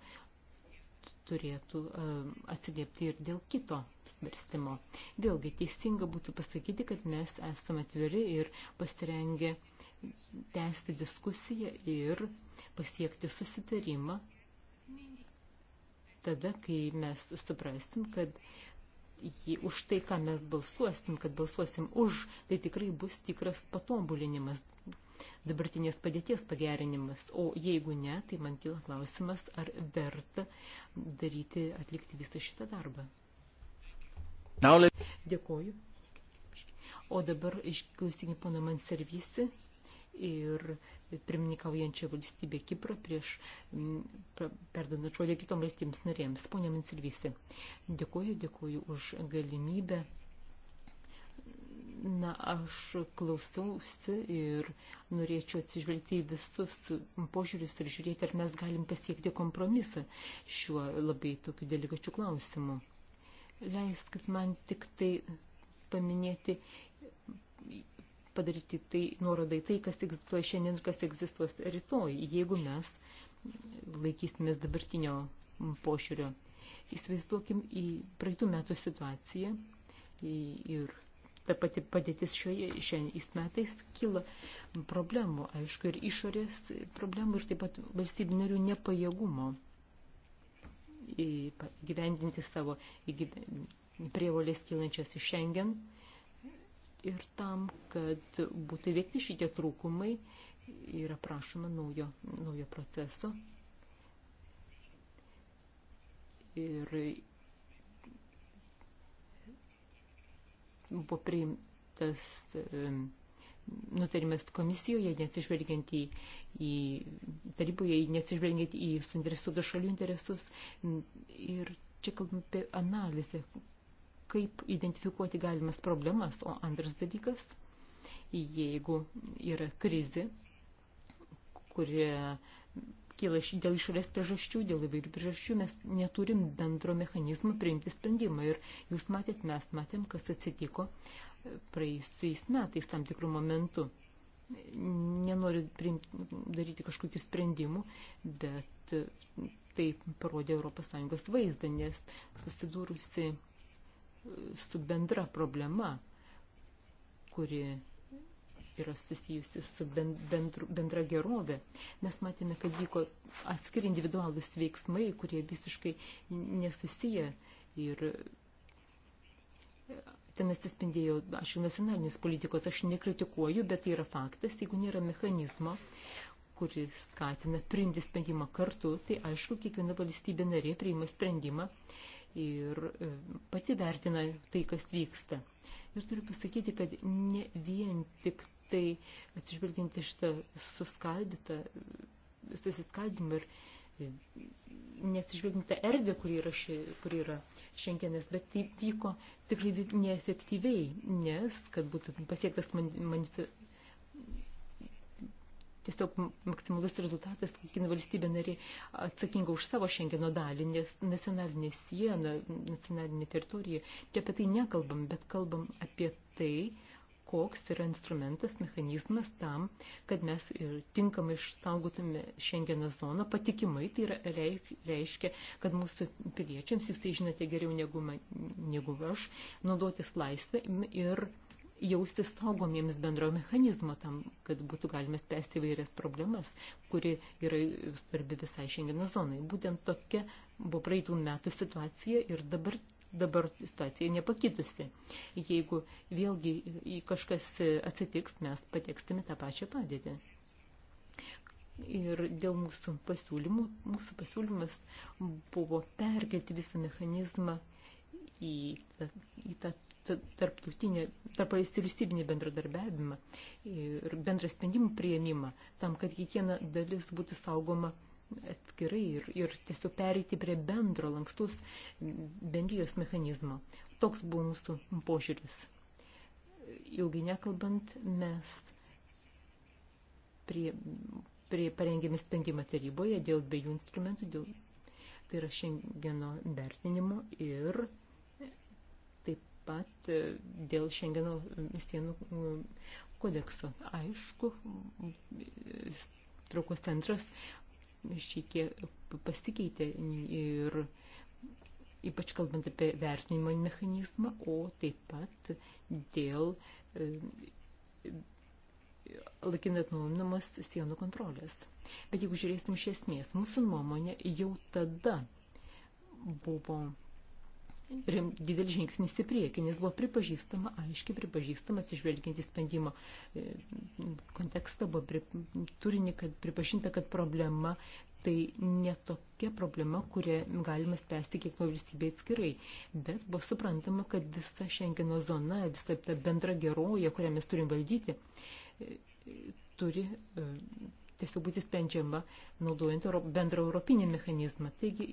turėtų e, atsiliepti ir dėl kito svarstymo. Vėlgi teisinga būtų pasakyti, kad mes esame atviri ir pasirengę uh, tęsti diskusiją ir pasiekti susitarimą tada, kai mes suprastim, kad jį, už tai, ką mes balsuosim, kad balsuosim už, tai tikrai bus tikras patobulinimas, dabartinės padėties pagerinimas. O jeigu ne, tai man kyla klausimas, ar verta daryti, atlikti visą šitą darbą. Dėkuoju. O dabar išklausykime pono man servisi ir pirmininkaujančia valstybė Kipro prieš perdonant žodį kitom valstybėms narėms. Pone Minsilvysi, dėkuoju, dėkuoju už galimybę. Na, aš klausiausi ir norėčiau atsižvelgti į visus požiūrius ir žiūrėti, ar mes galim pasiekti kompromisą šiuo labai tokiu delikačiu klausimu. Leiskit man tik tai paminėti padaryti tai nuorodai tai, kas egzistuoja šiandien ir kas egzistuos rytoj, jeigu mes laikysimės dabartinio pošiūrio. Įsivaizduokim į praeitų metų situaciją ir ta pati padėtis šioje šiandien metais kyla problemų, aišku, ir išorės problemų ir taip pat valstybinarių nepajėgumo gyvendinti savo prievolės kylančias iš šiandien Ir tam, kad būtų įveikti šitie trūkumai, yra prašoma naujo, naujo proceso. Ir buvo priimtas nutarimas komisijoje, neatsižvelgiant į, į taryboje, neatsižvelgiant į suinteresuotų šalių interesus. Ir čia kalbame apie analizę, kaip identifikuoti galimas problemas, o antras dalykas, jeigu yra krizė, kuri kyla dėl išorės priežasčių, dėl įvairių priežasčių, mes neturim bendro mechanizmo priimti sprendimą. Ir jūs matėt, mes matėm, kas atsitiko praėjusiais metais tam tikrų momentų. Nenoriu priimti, daryti kažkokių sprendimų, bet tai parodė ES vaizdą, nes susidūrusi su bendra problema, kuri yra susijusi su bendru, bendra gerovė. Mes matėme, kad vyko atskiri individualus veiksmai, kurie visiškai nesusiję ir e, ten atsispindėjo, aš jau nacionalinės politikos, aš nekritikuoju, bet tai yra faktas, jeigu nėra mechanizmo, kuris skatina priimti sprendimą kartu, tai aišku, kiekviena valstybė narė priima sprendimą ir e, pati vertina tai, kas vyksta. Ir turiu pasakyti, kad ne vien tik tai atsižvelgiant iš tą suskaldytą, susiskaldymą ir e, neatsižvelgiant tą erdvę, kur yra, ši, kur yra šiandienas, bet tai vyko tikrai neefektyviai, nes, kad būtų pasiektas man, man, tiesiog maksimalus rezultatas, kiekviena valstybė narė atsakinga už savo šengeno dalį, nes nacionalinė siena, nacionalinė teritorija, čia apie tai nekalbam, bet kalbam apie tai, koks yra instrumentas, mechanizmas tam, kad mes ir tinkamai išsaugotume Šengeno zoną patikimai, tai yra, reiškia, kad mūsų piliečiams, jūs tai žinote geriau negu, man, negu aš, naudotis laisvę ir jaustis saugomiems bendro mechanizmo tam, kad būtų galima spręsti įvairias problemas, kuri yra svarbi visai šengeno zonai. Būtent tokia buvo praeitų metų situacija ir dabar dabar situacija nepakitusi. Jeigu vėlgi kažkas atsitiks, mes pateksime tą pačią padėtį. Ir dėl mūsų pasiūlymų, mūsų pasiūlymas buvo perkelti visą mechanizmą į tą, į tą tarptautinį, tarp valstybinį bendradarbiavimą ir bendrą sprendimų prieimimą, tam, kad kiekviena dalis būtų saugoma atskirai ir, ir tiesiog pereiti prie bendro lankstus bendrijos mechanizmo. Toks buvo mūsų požiūris. Ilgai nekalbant, mes prie, prie parengėme sprendimą taryboje dėl dviejų instrumentų, dėl, tai yra šengeno vertinimo ir pat e, dėl šiandieno sienų kodekso. Aišku, traukos centras šiek tiek pasikeitė ir ypač kalbant apie vertinimo mechanizmą, o taip pat dėl e, laikinai atnaujinamos sienų kontrolės. Bet jeigu žiūrėsim iš esmės, mūsų nuomonė jau tada buvo rim, didelis žingsnis į priekį, nes buvo pripažįstama, aiškiai pripažįstama, atsižvelgiant į sprendimo e, kontekstą, buvo pri, turinį, kad pripažinta, kad problema tai netokia problema, kurią galima spręsti kiekvieno valstybė atskirai. Bet buvo suprantama, kad visa Šengeno zona, visa ta bendra geroja, kurią mes turim valdyti, e, turi e, tiesiog būti sprendžiama naudojant bendrą europinį mechanizmą. Taigi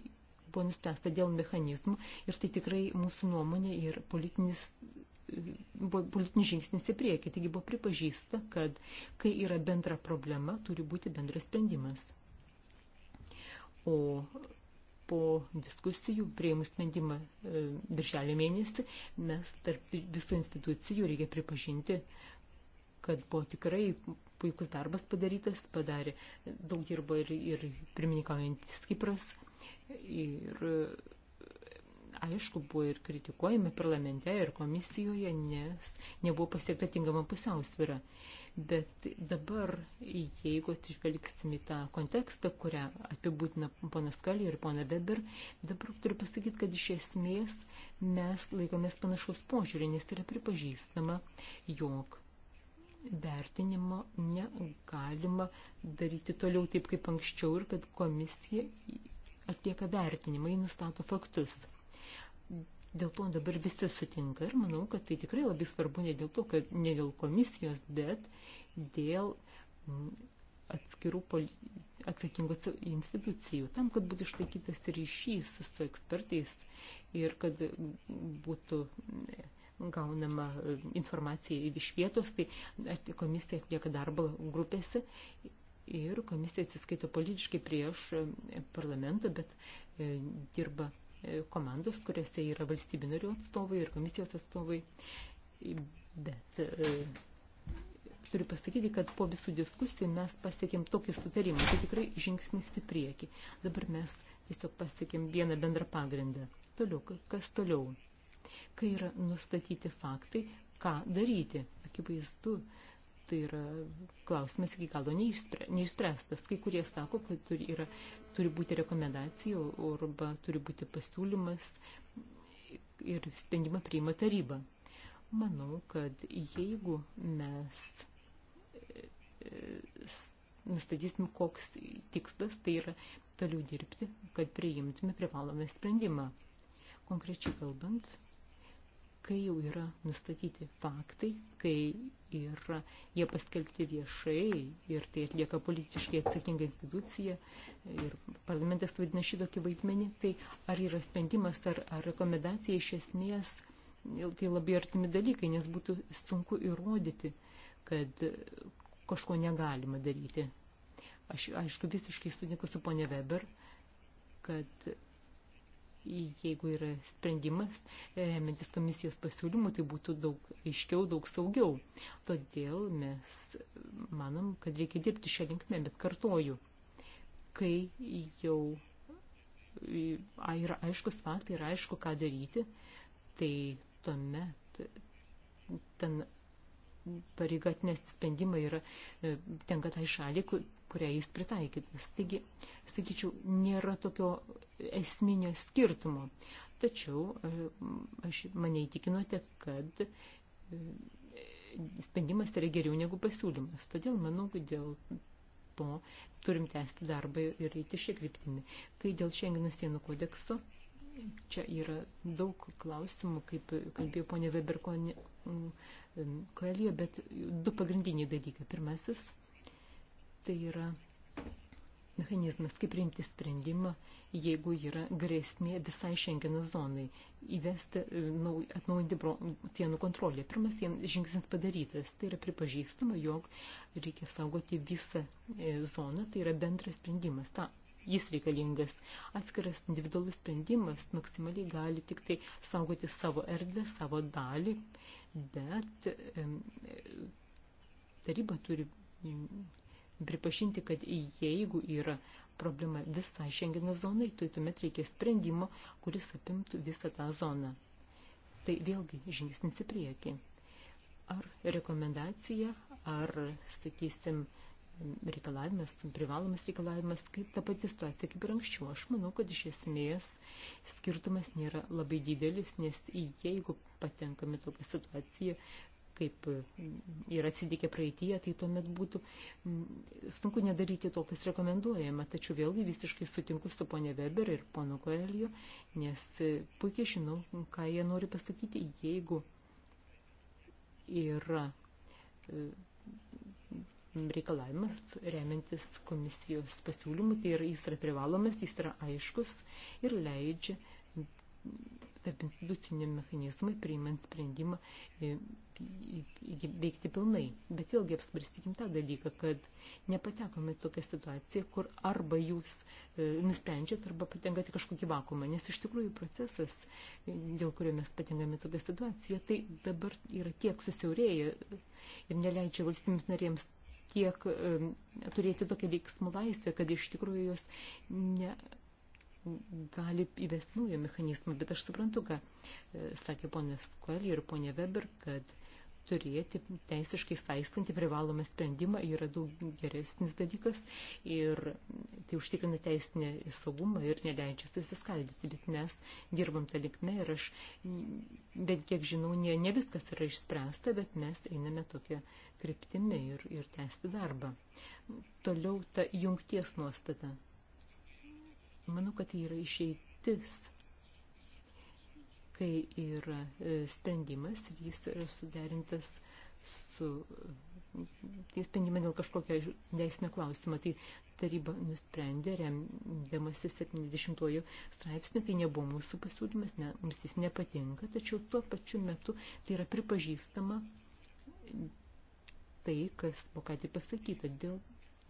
buvo nuspręsta dėl mechanizmų ir tai tikrai mūsų nuomonė ir politinis buvo politinis žingsnis į priekį, taigi buvo pripažįsta, kad kai yra bendra problema, turi būti bendras sprendimas. O po diskusijų, prieimų sprendimą e, birželio mėnesį, mes tarp visų institucijų reikia pripažinti, kad buvo tikrai puikus darbas padarytas, padarė daug dirbo ir, ir pirmininkaujantis Kipras, Ir aišku, buvo ir kritikuojami parlamente, ir komisijoje, nes nebuvo pasiekta tinkama pusiausvyrą. Bet dabar, jeigu atsižvelgsime į tą kontekstą, kurią apibūtina ponas Kalė ir pona Weber, dabar turiu pasakyti, kad iš esmės mes laikomės panašaus požiūrį, nes tai yra pripažįstama, jog vertinimo negalima daryti toliau taip kaip anksčiau ir kad komisija atlieka vertinimai, nustato faktus. Dėl to dabar visi sutinka ir manau, kad tai tikrai labai svarbu ne dėl to, kad ne dėl komisijos, bet dėl mm, atskirų atsakingų institucijų, tam, kad būtų išlaikytas ryšys su ekspertais ir kad mm, būtų mm, gaunama informacija iš vietos, tai komisija atlieka darbą grupėse ir komisija atsiskaito politiškai prieš e, parlamentą, bet e, dirba e, komandos, kuriuose yra valstybinarių atstovai ir komisijos atstovai. Bet turiu pasakyti, kad po visų diskusijų mes pasiekėm tokį sutarimą, tai tikrai žingsnis į priekį. Dabar mes tiesiog pasiekėm vieną bendrą pagrindą. Toliau, kas toliau? Kai yra nustatyti faktai, ką daryti? Akivaizdu, e, tai yra klausimas iki galo neišspręstas. Kai kurie sako, kad turi, yra, turi būti rekomendacija arba turi būti pasiūlymas ir sprendimą priima taryba. Manau, kad jeigu mes e, nustatysim, koks tikslas tai yra toliau dirbti, kad priimtume privalomą sprendimą. Konkrečiai kalbant, kai jau yra nustatyti faktai, kai yra jie paskelbti viešai ir tai atlieka politiškai atsakinga institucija ir parlamentas vadina šitokį vaidmenį, tai ar yra sprendimas ar, ar rekomendacija iš esmės, tai labai artimi dalykai, nes būtų sunku įrodyti, kad kažko negalima daryti. Aš, aišku, visiškai sutinku su ponė Weber, kad jeigu yra sprendimas, remiantis komisijos pasiūlymų, tai būtų daug aiškiau, daug saugiau. Todėl mes manom, kad reikia dirbti šią linkmę, bet kartoju, kai jau yra aiškus faktai, yra aišku, ką daryti, tai tuomet ten pareiga atnešti sprendimą yra e, tenka tai šaliai, kurią jis pritaikytas. Taigi, sakyčiau, nėra tokio esminio skirtumo. Tačiau e, aš mane įtikinote, kad e, sprendimas yra geriau negu pasiūlymas. Todėl manau, kad dėl to turim tęsti darbą ir eiti šią kryptimį. Kai dėl Šengeno sienų kodekso, čia yra daug klausimų, kaip kalbėjo ponė Weberkonė koalijo, bet du pagrindiniai dalykai. Pirmasis – tai yra mechanizmas, kaip priimti sprendimą, jeigu yra grėsmė visai Schengeno zonai, įvesti, e, atnaujinti sienų kontrolę. Pirmas žingsnis padarytas, tai yra pripažįstama, jog reikia saugoti visą e, zoną, tai yra bendras sprendimas. Ta, jis reikalingas. Atskiras individualus sprendimas maksimaliai gali tik tai saugoti savo erdvę, savo dalį, bet e, taryba turi pripažinti, kad jeigu yra problema visai šengeno zonai, tai tuomet reikia sprendimo, kuris apimtų visą tą zoną. Tai vėlgi žingsnis į priekį. Ar rekomendacija, ar, sakysim, reikalavimas, privalomas reikalavimas, kaip ta pati situacija kaip ir anksčiau. Aš manau, kad iš esmės skirtumas nėra labai didelis, nes jeigu patenkame tokią situaciją, kaip yra mm, atsitikę praeitie, tai tuomet būtų mm, sunku nedaryti to, kas rekomenduojama. Tačiau vėlgi visiškai sutinku su ponė Weber ir pono Koelio, nes e, puikiai žinau, ką jie nori pasakyti, jeigu yra e, reikalavimas remiantis komisijos pasiūlymų, tai yra, jis yra privalomas, jis yra aiškus ir leidžia tarp instituciniam mechanizmui, priimant sprendimą e, e, e, veikti pilnai. Bet vėlgi apsvarstykim tą dalyką, kad nepatekome į tokią situaciją, kur arba jūs nusprendžiat, arba patenkate kažkokį vakumą. Nes iš tikrųjų procesas, dėl kurio mes patenkame į tokią situaciją, tai dabar yra tiek susiaurėję ir neleidžia valstybėms narėms tiek turėti tokią veiksmų laisvę, kad iš tikrųjų jos ne gali įvesti naują mechanizmą, bet aš suprantu, ką e, sakė ponė Skuelė ir ponė Weber, kad turėti teisiškai saistantį privalomą sprendimą yra daug geresnis dalykas ir tai užtikrina teisinę saugumą ir neleidžia susiskaldyti, bet mes dirbam tą linkmę ir aš, bent kiek žinau, ne, ne viskas yra išspręsta, bet mes einame tokią kryptimį ir, ir tęsti darbą. Toliau ta jungties nuostata. Manau, kad tai yra išeitis, kai yra e, sprendimas ir jis yra suderintas su tai sprendimą dėl kažkokio teisinio klausimo. Tai taryba nusprendė, remdamasi 70-ojo straipsnį, tai nebuvo mūsų pasiūlymas, ne, mums jis nepatinka, tačiau tuo pačiu metu tai yra pripažįstama tai, kas buvo ką tik pasakyta. Dėl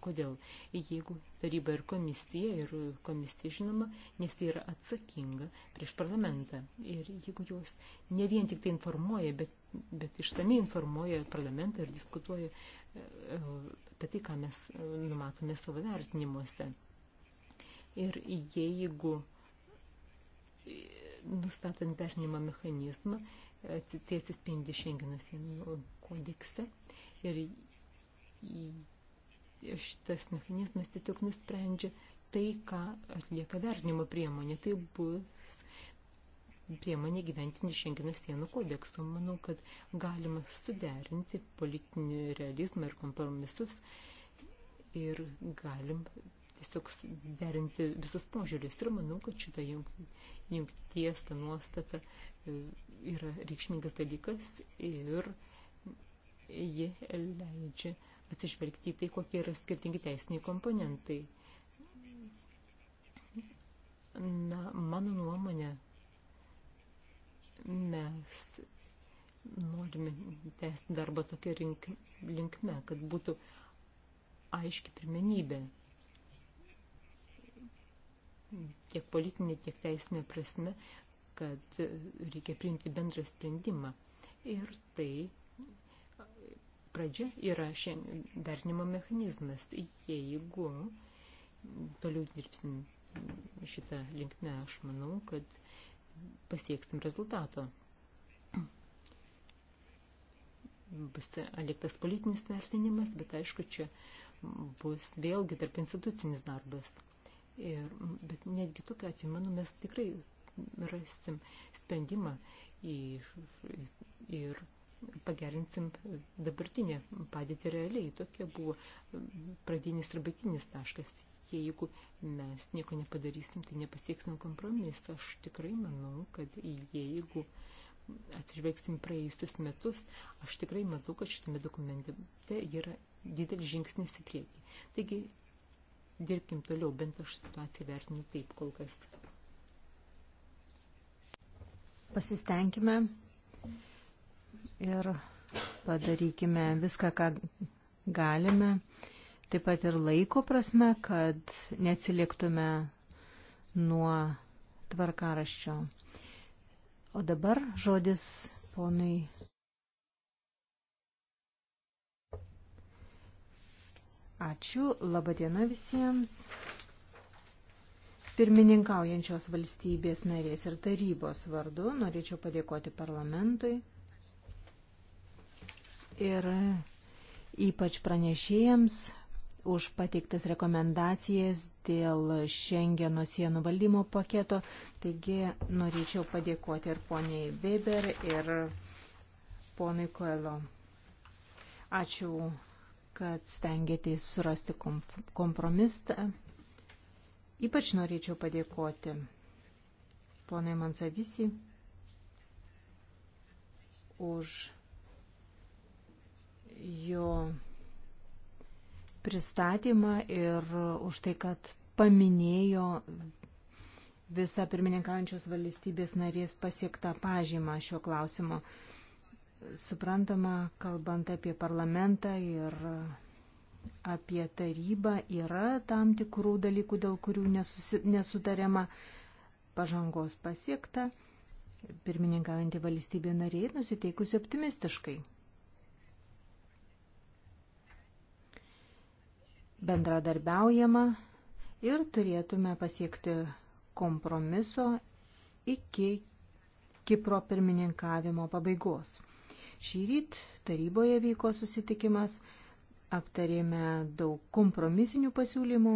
Kodėl? Jeigu taryba ir komisija, ir komisija žinoma, nes tai yra atsakinga prieš parlamentą. Ir jeigu jos ne vien tik tai informuoja, bet, bet ištami informuoja parlamentą ir diskutuoja e, apie tai, ką mes e, numatome savo vertinimuose. Ir jeigu e, nustatant vertinimo mechanizmą, tai atsispindi Šengino sienų kodekse ir šitas mechanizmas tiesiog nusprendžia tai, ką atlieka vertinimo priemonė. Tai bus priemonė gyventinį Šengino sienų kodeksą. Manau, kad galima suderinti politinį realizmą ir kompromisus ir galim tiesiog derinti visus požiūrius. Ir manau, kad šita jungties, ta nuostata e, yra reikšmingas dalykas ir ji leidžia atsižvelgti į tai, kokie yra skirtingi teisiniai komponentai. Na, mano nuomonė, mes norime tęsti darbą tokia rink, linkme, kad būtų aiški pirmenybė tiek politinė, tiek teisinė prasme, kad reikia priimti bendrą sprendimą. Ir tai pradžia yra vertinimo mechanizmas. Tai jeigu toliau dirbsim šitą linkmę, aš manau, kad pasieksim rezultato. Bus atliktas politinis vertinimas, bet aišku, čia bus vėlgi tarp institucinis darbas. Ir, bet netgi tokiu atveju, manau, mes tikrai rasim sprendimą ir, ir pagerinsim dabartinę padėtį realiai. Tokia buvo pradinis ir baigtinis taškas. Jeigu mes nieko nepadarysim, tai nepasieksim kompromisą. Aš tikrai manau, kad jeigu atsižvelgsim praėjusius metus, aš tikrai matau, kad šitame dokumente yra didelis žingsnis į priekį. Taigi, dirbkim toliau, bent aš situaciją vertinu taip kol kas. Pasistengime ir padarykime viską, ką galime, taip pat ir laiko prasme, kad neatsiliktume nuo tvarkaraščio. O dabar žodis ponui. Ačiū, labadiena visiems. Pirmininkaujančios valstybės narės ir tarybos vardu norėčiau padėkoti parlamentui ir ypač pranešėjams už pateiktas rekomendacijas dėl Šengeno sienų valdymo paketo. Taigi norėčiau padėkoti ir poniai Weber, ir ponui Koelo. Ačiū, kad stengiatės surasti kompromistą. Ypač norėčiau padėkoti ponai Mansavisi už jo pristatymą ir už tai, kad paminėjo visą pirmininkaujančios valstybės narės pasiektą pažymą šio klausimo. Suprantama, kalbant apie parlamentą ir apie tarybą, yra tam tikrų dalykų, dėl kurių nesusi, nesutariama pažangos pasiekta. Pirmininkaujantį valstybę nariai nusiteikusi optimistiškai. bendradarbiaujama ir turėtume pasiekti kompromiso iki Kipro pirmininkavimo pabaigos. Šį ryt taryboje vyko susitikimas, aptarėme daug kompromisinių pasiūlymų.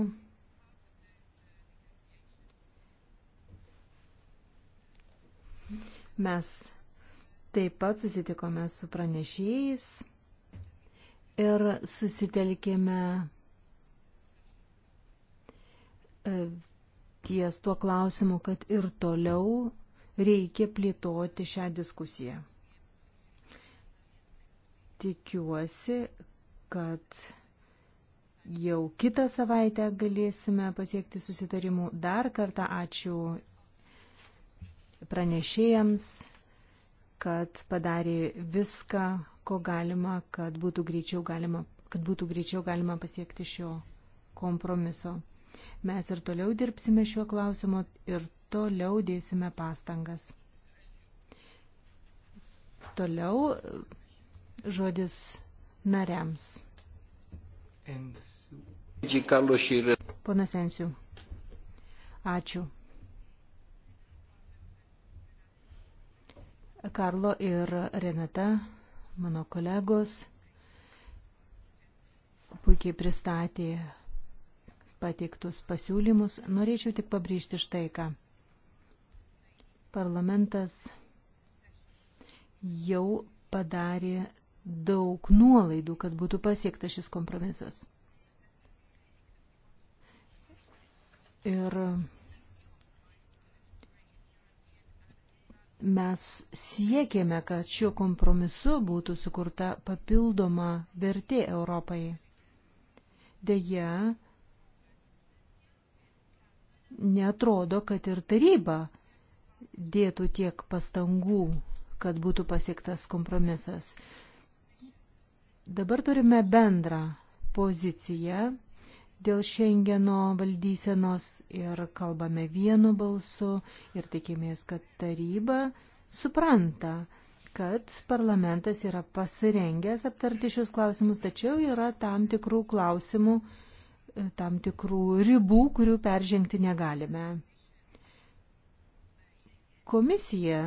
Mes taip pat susitikome su pranešėjais ir susitelkėme E, ties tuo klausimu, kad ir toliau reikia plėtoti šią diskusiją. Tikiuosi, kad jau kitą savaitę galėsime pasiekti susitarimų. Dar kartą ačiū pranešėjams, kad padarė viską, ko galima, kad būtų greičiau galima, kad būtų greičiau galima pasiekti šio kompromiso. Mes ir toliau dirbsime šiuo klausimu ir toliau dėsime pastangas. Toliau žodis nariams. Ponas Ensiu. Ačiū. Karlo ir Renata, mano kolegos, puikiai pristatė pateiktus pasiūlymus, norėčiau tik pabrėžti štai ką. Parlamentas jau padarė daug nuolaidų, kad būtų pasiektas šis kompromisas. Ir mes siekėme, kad šiuo kompromisu būtų sukurta papildoma vertė Europai. Deja, netrodo, kad ir taryba dėtų tiek pastangų, kad būtų pasiektas kompromisas. Dabar turime bendrą poziciją dėl Šengeno valdysenos ir kalbame vienu balsu ir tikimės, kad taryba supranta, kad parlamentas yra pasirengęs aptarti šios klausimus, tačiau yra tam tikrų klausimų, tam tikrų ribų, kurių peržengti negalime. Komisija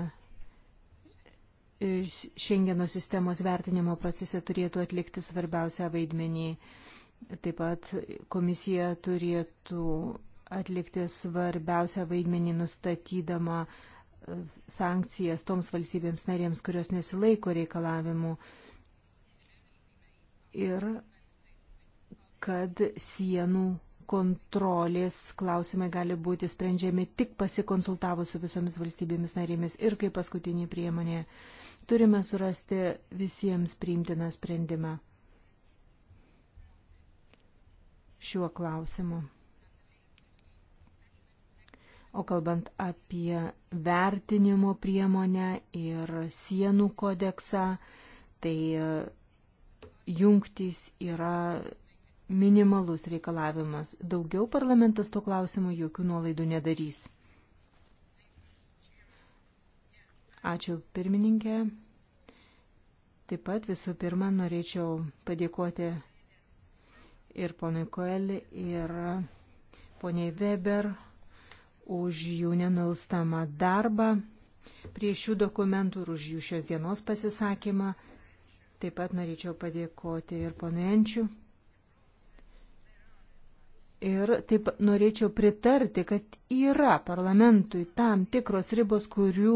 Šengeno sistemos vertinimo procese turėtų atlikti svarbiausią vaidmenį. Taip pat komisija turėtų atlikti svarbiausią vaidmenį nustatydama e, sankcijas toms valstybėms narėms, kurios nesilaiko reikalavimų. Ir kad sienų kontrolės klausimai gali būti sprendžiami tik pasikonsultavus su visomis valstybėmis narėmis ir kaip paskutinė priemonė. Turime surasti visiems priimtiną sprendimą šiuo klausimu. O kalbant apie vertinimo priemonę ir sienų kodeksą, tai jungtys yra minimalus reikalavimas. Daugiau parlamentas to klausimu jokių nuolaidų nedarys. Ačiū pirmininkė. Taip pat visų pirma norėčiau padėkoti ir ponui Koeli, ir poniai Weber už jų nenulstamą darbą prie šių dokumentų ir už jų šios dienos pasisakymą. Taip pat norėčiau padėkoti ir ponui Enčiu. Ir taip norėčiau pritarti, kad yra parlamentui tam tikros ribos, kurių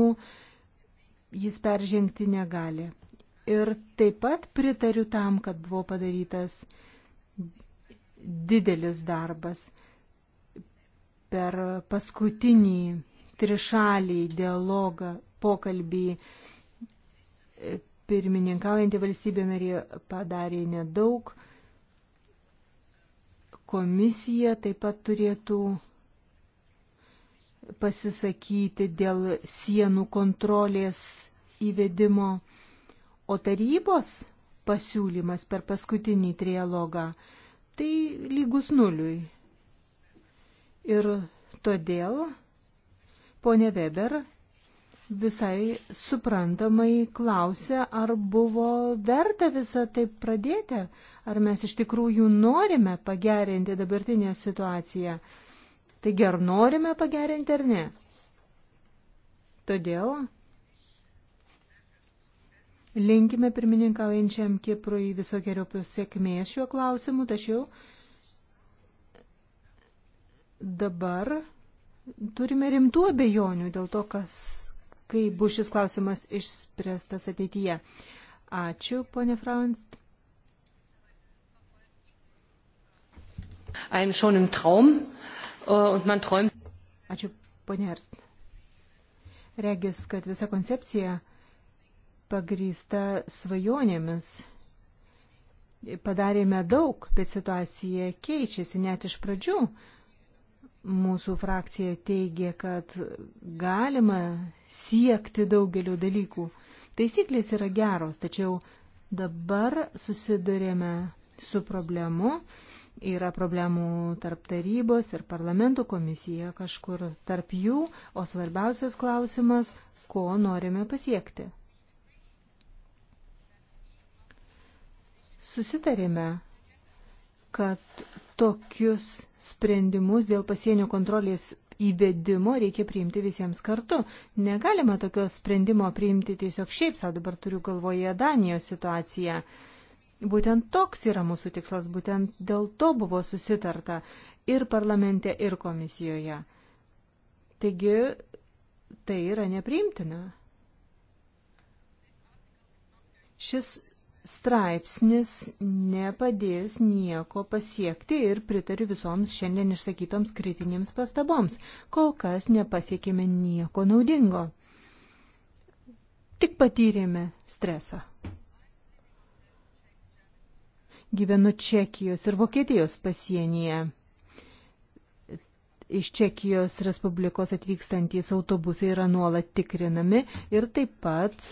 jis peržengti negali. Ir taip pat pritariu tam, kad buvo padarytas didelis darbas per paskutinį trišalį dialogą, pokalbį. Pirmininkaujantį valstybę narį padarė nedaug Komisija taip pat turėtų pasisakyti dėl sienų kontrolės įvedimo, o tarybos pasiūlymas per paskutinį trialogą tai lygus nuliui. Ir todėl, ponė Weber, visai suprantamai klausė, ar buvo verta visą tai pradėti, ar mes iš tikrųjų norime pagerinti dabartinę situaciją. Taigi ar norime pagerinti ar ne? Todėl linkime pirmininkaujančiam Kiprui visokiojopios sėkmės šiuo klausimu, tačiau dabar turime rimtų abejonių dėl to, kas kai bus šis klausimas išspręstas ateityje. Ačiū, ponė Fraunst. Einem schon im Traum äh, und man träumt. Ačiū, ponė Erst. Regis, kad visa koncepcija pagrįsta svajonėmis. Padarėme daug, bet situacija keičiasi net iš pradžių Mūsų frakcija teigia, kad galima siekti daugelio dalykų. Taisyklės yra geros, tačiau dabar susidurėme su problemu. Yra problemų tarp tarybos ir parlamento komisija kažkur tarp jų, o svarbiausias klausimas, ko norime pasiekti. Susitarėme, kad tokius sprendimus dėl pasienio kontrolės įvedimo reikia priimti visiems kartu. Negalima tokio sprendimo priimti tiesiog šiaip savo, dabar turiu galvoje Danijos situaciją. Būtent toks yra mūsų tikslas, būtent dėl to buvo susitarta ir parlamente, ir komisijoje. Taigi, tai yra nepriimtina. Šis straipsnis nepadės nieko pasiekti ir pritariu visoms šiandien išsakytoms kritinėms pastaboms. Kol kas nepasiekėme nieko naudingo. Tik patyrėme stresą. Gyvenu Čekijos ir Vokietijos pasienyje iš Čekijos Respublikos atvykstantys autobusai yra nuolat tikrinami ir taip pat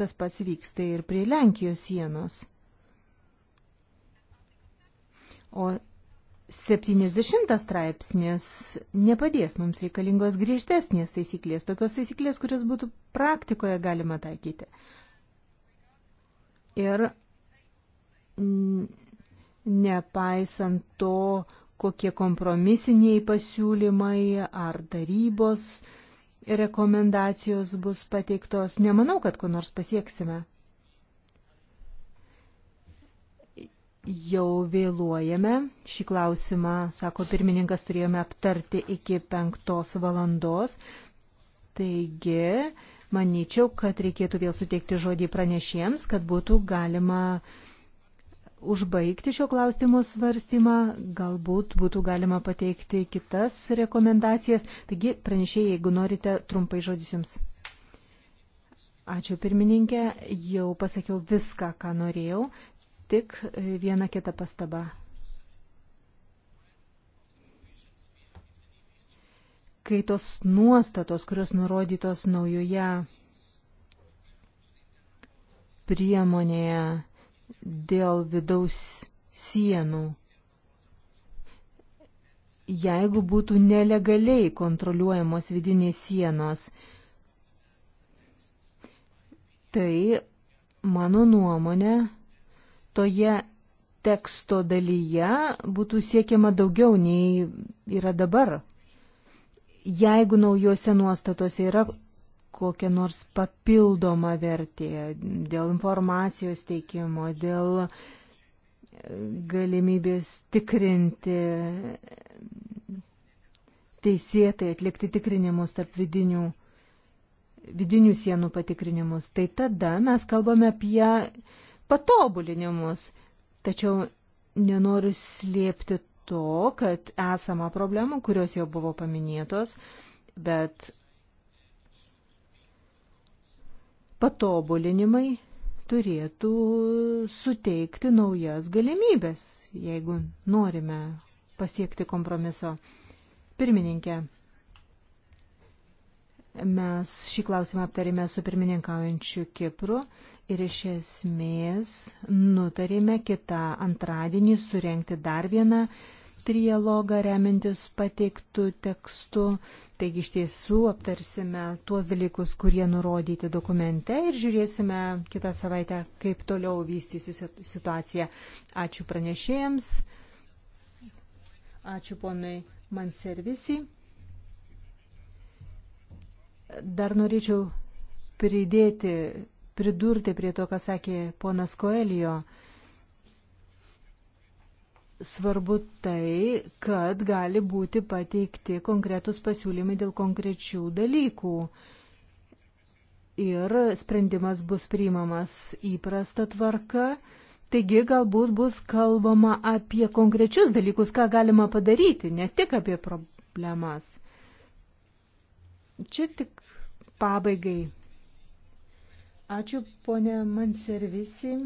tas pats vyksta ir prie Lenkijos sienos. O 70 straipsnis nepadės, mums reikalingos griežtesnės taisyklės, tokios taisyklės, kurias būtų praktikoje galima taikyti. Ir nepaisant to, kokie kompromisiniai pasiūlymai ar darybos rekomendacijos bus pateiktos. Nemanau, kad ko nors pasieksime. Jau vėluojame. Šį klausimą, sako pirmininkas, turėjome aptarti iki penktos valandos. Taigi, manyčiau, kad reikėtų vėl suteikti žodį pranešėjams, kad būtų galima uh, užbaigti šio klausimo svarstymą, galbūt būtų galima pateikti kitas rekomendacijas. Taigi, pranešėjai, jeigu norite, trumpai žodis jums. Ačiū pirmininkė, jau pasakiau viską, ką norėjau, tik e, vieną kitą pastabą. Kai tos nuostatos, kurios nurodytos naujoje priemonėje, dėl vidaus sienų. Jeigu būtų nelegaliai kontroliuojamos vidinės sienos, tai, mano nuomonė, toje teksto dalyje būtų siekiama daugiau nei yra dabar. Jeigu naujose nuostatose yra kokia nors papildoma vertė dėl informacijos teikimo, dėl e, galimybės tikrinti teisėtai atlikti tikrinimus tarp vidinių, vidinių sienų patikrinimus, tai tada mes kalbame apie patobulinimus. Tačiau nenoriu slėpti to, kad esama problemų, kurios jau buvo paminėtos, bet patobulinimai turėtų suteikti naujas galimybės, jeigu norime pasiekti kompromiso. Pirmininkė, mes šį klausimą aptarėme su pirmininkaujančiu Kipru ir iš esmės nutarėme kitą antradienį surenkti dar vieną trialogą remintis pateiktų tekstų. Taigi iš tiesų aptarsime tuos dalykus, kurie nurodyti dokumente ir žiūrėsime kitą savaitę, kaip toliau vystysi situacija. Ačiū pranešėjams. Ačiū ponui Manservisi. Dar norėčiau pridėti, pridurti prie to, ką sakė ponas Koelijo svarbu tai, kad gali būti pateikti konkretus pasiūlymai dėl konkrečių dalykų. Ir sprendimas bus priimamas įprasta tvarka. Taigi galbūt bus kalbama apie konkrečius dalykus, ką galima padaryti, ne tik apie problemas. Čia tik pabaigai. Ačiū, ponė Manservisi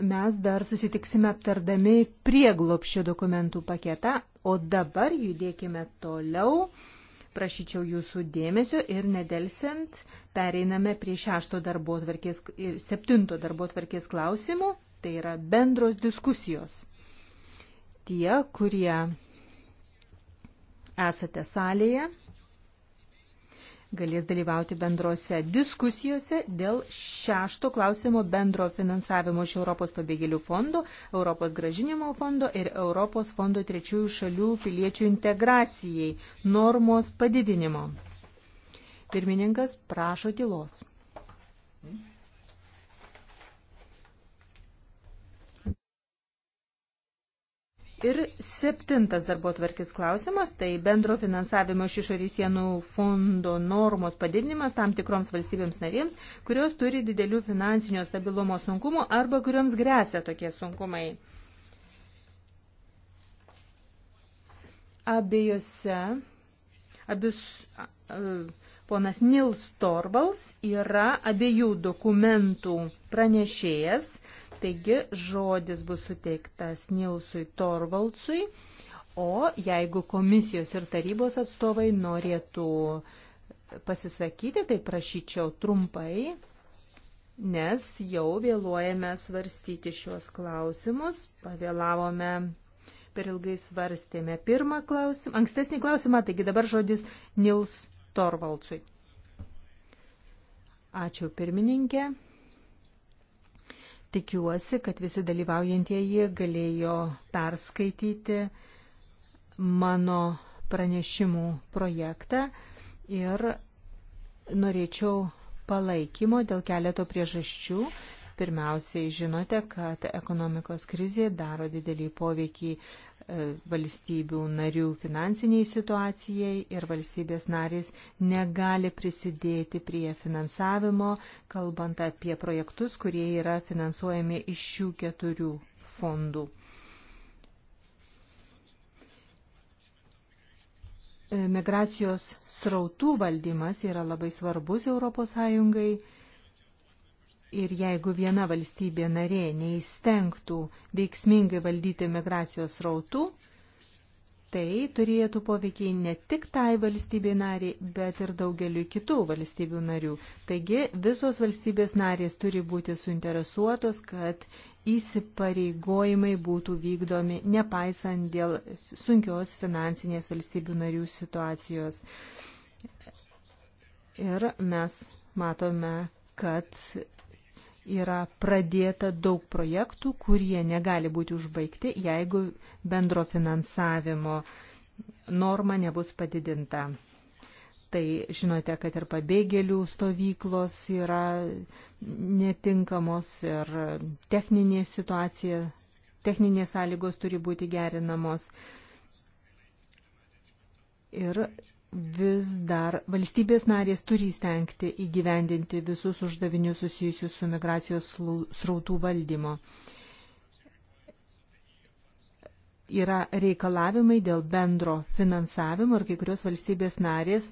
mes dar susitiksime aptardami prieglopščio dokumentų paketą, o dabar judėkime toliau. Prašyčiau jūsų dėmesio ir nedelsiant pereiname prie šešto darbo atvarkės ir septinto darbo atvarkės klausimų, tai yra bendros diskusijos. Tie, kurie esate salėje, galės dalyvauti bendrose diskusijose dėl šešto klausimo bendro finansavimo iš Europos pabėgėlių fondo, Europos gražinimo fondo ir Europos fondo trečiųjų šalių piliečių integracijai normos padidinimo. Pirmininkas prašo tylos. Mm-hmm. Ir septintas darbo tvarkis klausimas - tai bendro finansavimo iš išorės sienų fondo normos padidinimas tam tikroms valstybėms narėms, kurios turi didelių finansinio stabilumo sunkumų arba kuriuoms grėsia tokie sunkumai. Abiejose, abis, ponas Nils Torvals yra abiejų dokumentų pranešėjas. Taigi žodis bus suteiktas Nilsui Torvaldsui, o jeigu komisijos ir tarybos atstovai norėtų pasisakyti, tai prašyčiau trumpai, nes jau vėluojame svarstyti šios klausimus, pavėlavome per ilgai svarstėme pirmą klausimą, ankstesnį klausimą, taigi dabar žodis Nils Torvaldsui. Ačiū pirmininkė. Tikiuosi, kad visi dalyvaujantieji galėjo perskaityti mano pranešimų projektą ir norėčiau palaikymo dėl keleto priežasčių. Pirmiausiai žinote, kad ekonomikos krizė daro didelį poveikį e, valstybių narių finansiniai situacijai ir valstybės narys negali prisidėti prie finansavimo, kalbant apie projektus, kurie yra finansuojami iš šių keturių fondų. E, migracijos srautų valdymas yra labai svarbus ES Ir jeigu viena valstybė narė neįstengtų veiksmingai valdyti migracijos rautų, tai turėtų poveikiai ne tik tai valstybė nariai, bet ir daugeliu kitų valstybių narių. Taigi visos valstybės narės turi būti suinteresuotos, kad įsipareigojimai būtų vykdomi, nepaisant dėl sunkios finansinės valstybių narių situacijos. Ir mes matome, kad yra pradėta daug projektų, kurie negali būti užbaigti, jeigu bendro finansavimo norma nebus padidinta. Tai žinote, kad ir pabėgėlių stovyklos yra netinkamos ir techninė situacija, techninės sąlygos turi būti gerinamos. Ir vis dar valstybės narės turi stengti įgyvendinti visus uždavinius susijusius su migracijos srautų valdymo. Yra reikalavimai dėl bendro finansavimo ir kai kurios valstybės narės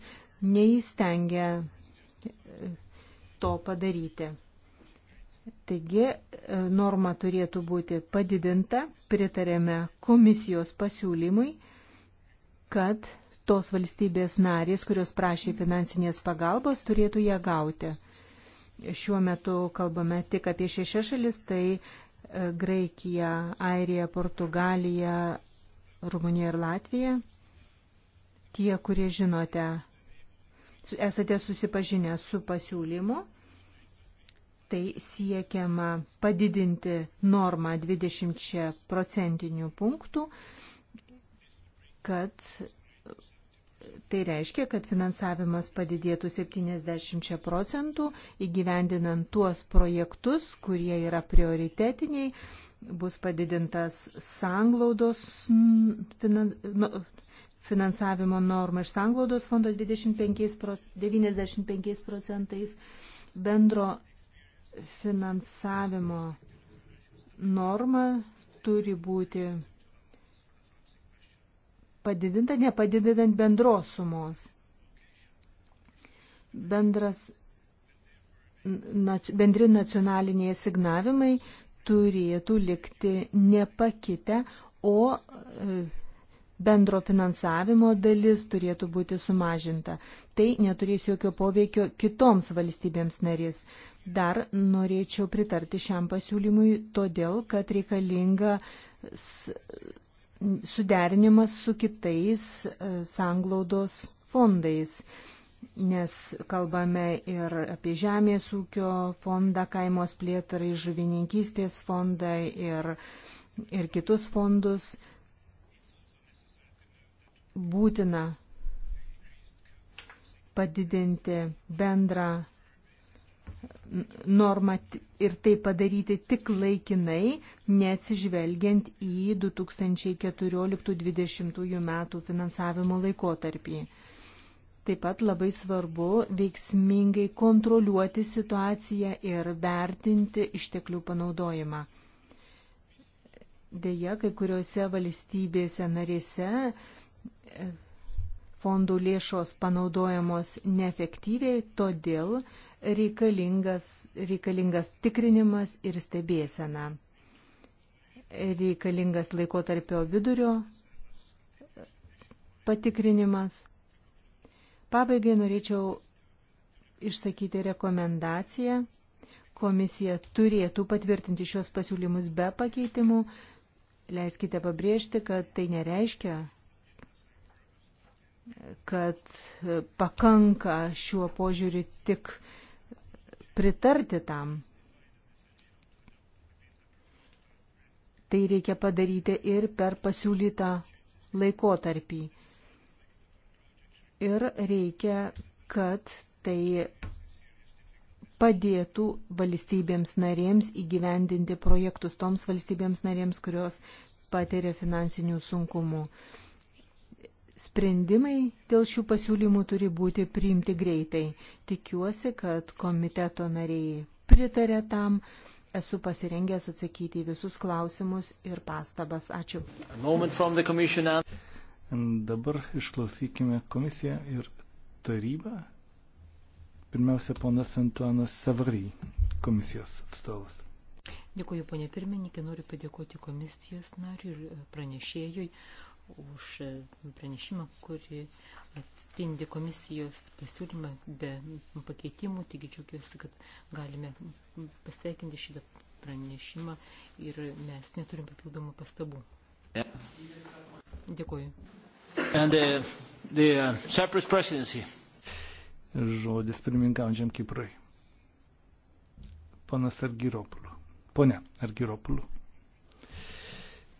neįstengia e, to padaryti. Taigi e, norma turėtų būti padidinta, pritarėme komisijos pasiūlymui, kad tos valstybės narės, kurios prašė finansinės pagalbos, turėtų ją gauti. Šiuo metu kalbame tik apie šešias šalis, tai e, Graikija, Airija, Portugalija, Rumunija ir Latvija. Tie, kurie žinote, esate susipažinę su pasiūlymu, tai siekiama padidinti normą 20 procentinių punktų, kad Tai reiškia, kad finansavimas padidėtų 70 procentų įgyvendinant tuos projektus, kurie yra prioritetiniai, bus padidintas sanglaudos nu, finansavimo norma iš sanglaudos fondo 25, 95 procentais, bendro finansavimo norma turi būti padidinta, nepadidinant bendros sumos. Bendras, nac, bendri nacionaliniai signavimai turėtų likti nepakitę, o e, bendro finansavimo dalis turėtų būti sumažinta. Tai neturės jokio poveikio kitoms valstybėms narės. Dar norėčiau pritarti šiam pasiūlymui todėl, kad reikalinga suderinimas su kitais e, sanglaudos fondais, nes kalbame ir apie Žemės ūkio fondą, kaimos plėtrai, žuvininkystės fondą ir, ir kitus fondus. Būtina padidinti bendrą normat ir tai padaryti tik laikinai, neatsižvelgiant į 2014-2020 metų finansavimo laikotarpį. Taip pat labai svarbu veiksmingai kontroliuoti situaciją ir vertinti išteklių panaudojimą. Deja, kai kuriuose valstybėse narėse e, fondų lėšos panaudojamos neefektyviai, todėl reikalingas, reikalingas tikrinimas ir stebėsena. Reikalingas laikotarpio vidurio patikrinimas. Pabaigai norėčiau išsakyti rekomendaciją. Komisija turėtų patvirtinti šios pasiūlymus be pakeitimų. Leiskite pabrėžti, kad tai nereiškia, kad pakanka šiuo požiūriu tik uh, pritarti tam. Tai reikia padaryti ir per pasiūlytą laikotarpį. Ir reikia, kad tai padėtų valstybėms narėms įgyvendinti projektus toms valstybėms narėms, kurios patiria finansinių sunkumų. Sprendimai dėl šių pasiūlymų turi būti priimti greitai. Tikiuosi, kad komiteto nariai pritarė tam. Esu pasirengęs atsakyti į visus klausimus ir pastabas. Ačiū. Dabar išklausykime komisiją ir tarybą. Pirmiausia, ponas Antuanas Savary, komisijos atstovas. Dėkuoju, ponė pirmininkė, noriu padėkoti komisijos nariui ir pranešėjui už pranešimą, kuri atspindi komisijos pasiūlymą be pakeitimų. Taigi džiaugiuosi, kad galime pasveikinti šitą pranešimą ir mes neturim papildomų pastabų. Dėkuoju. And the, uh, the uh, Cyprus presidency. Žodis pirmininkaujančiam Kiprui. Ponas Argiropulų. Pone Argiropulų.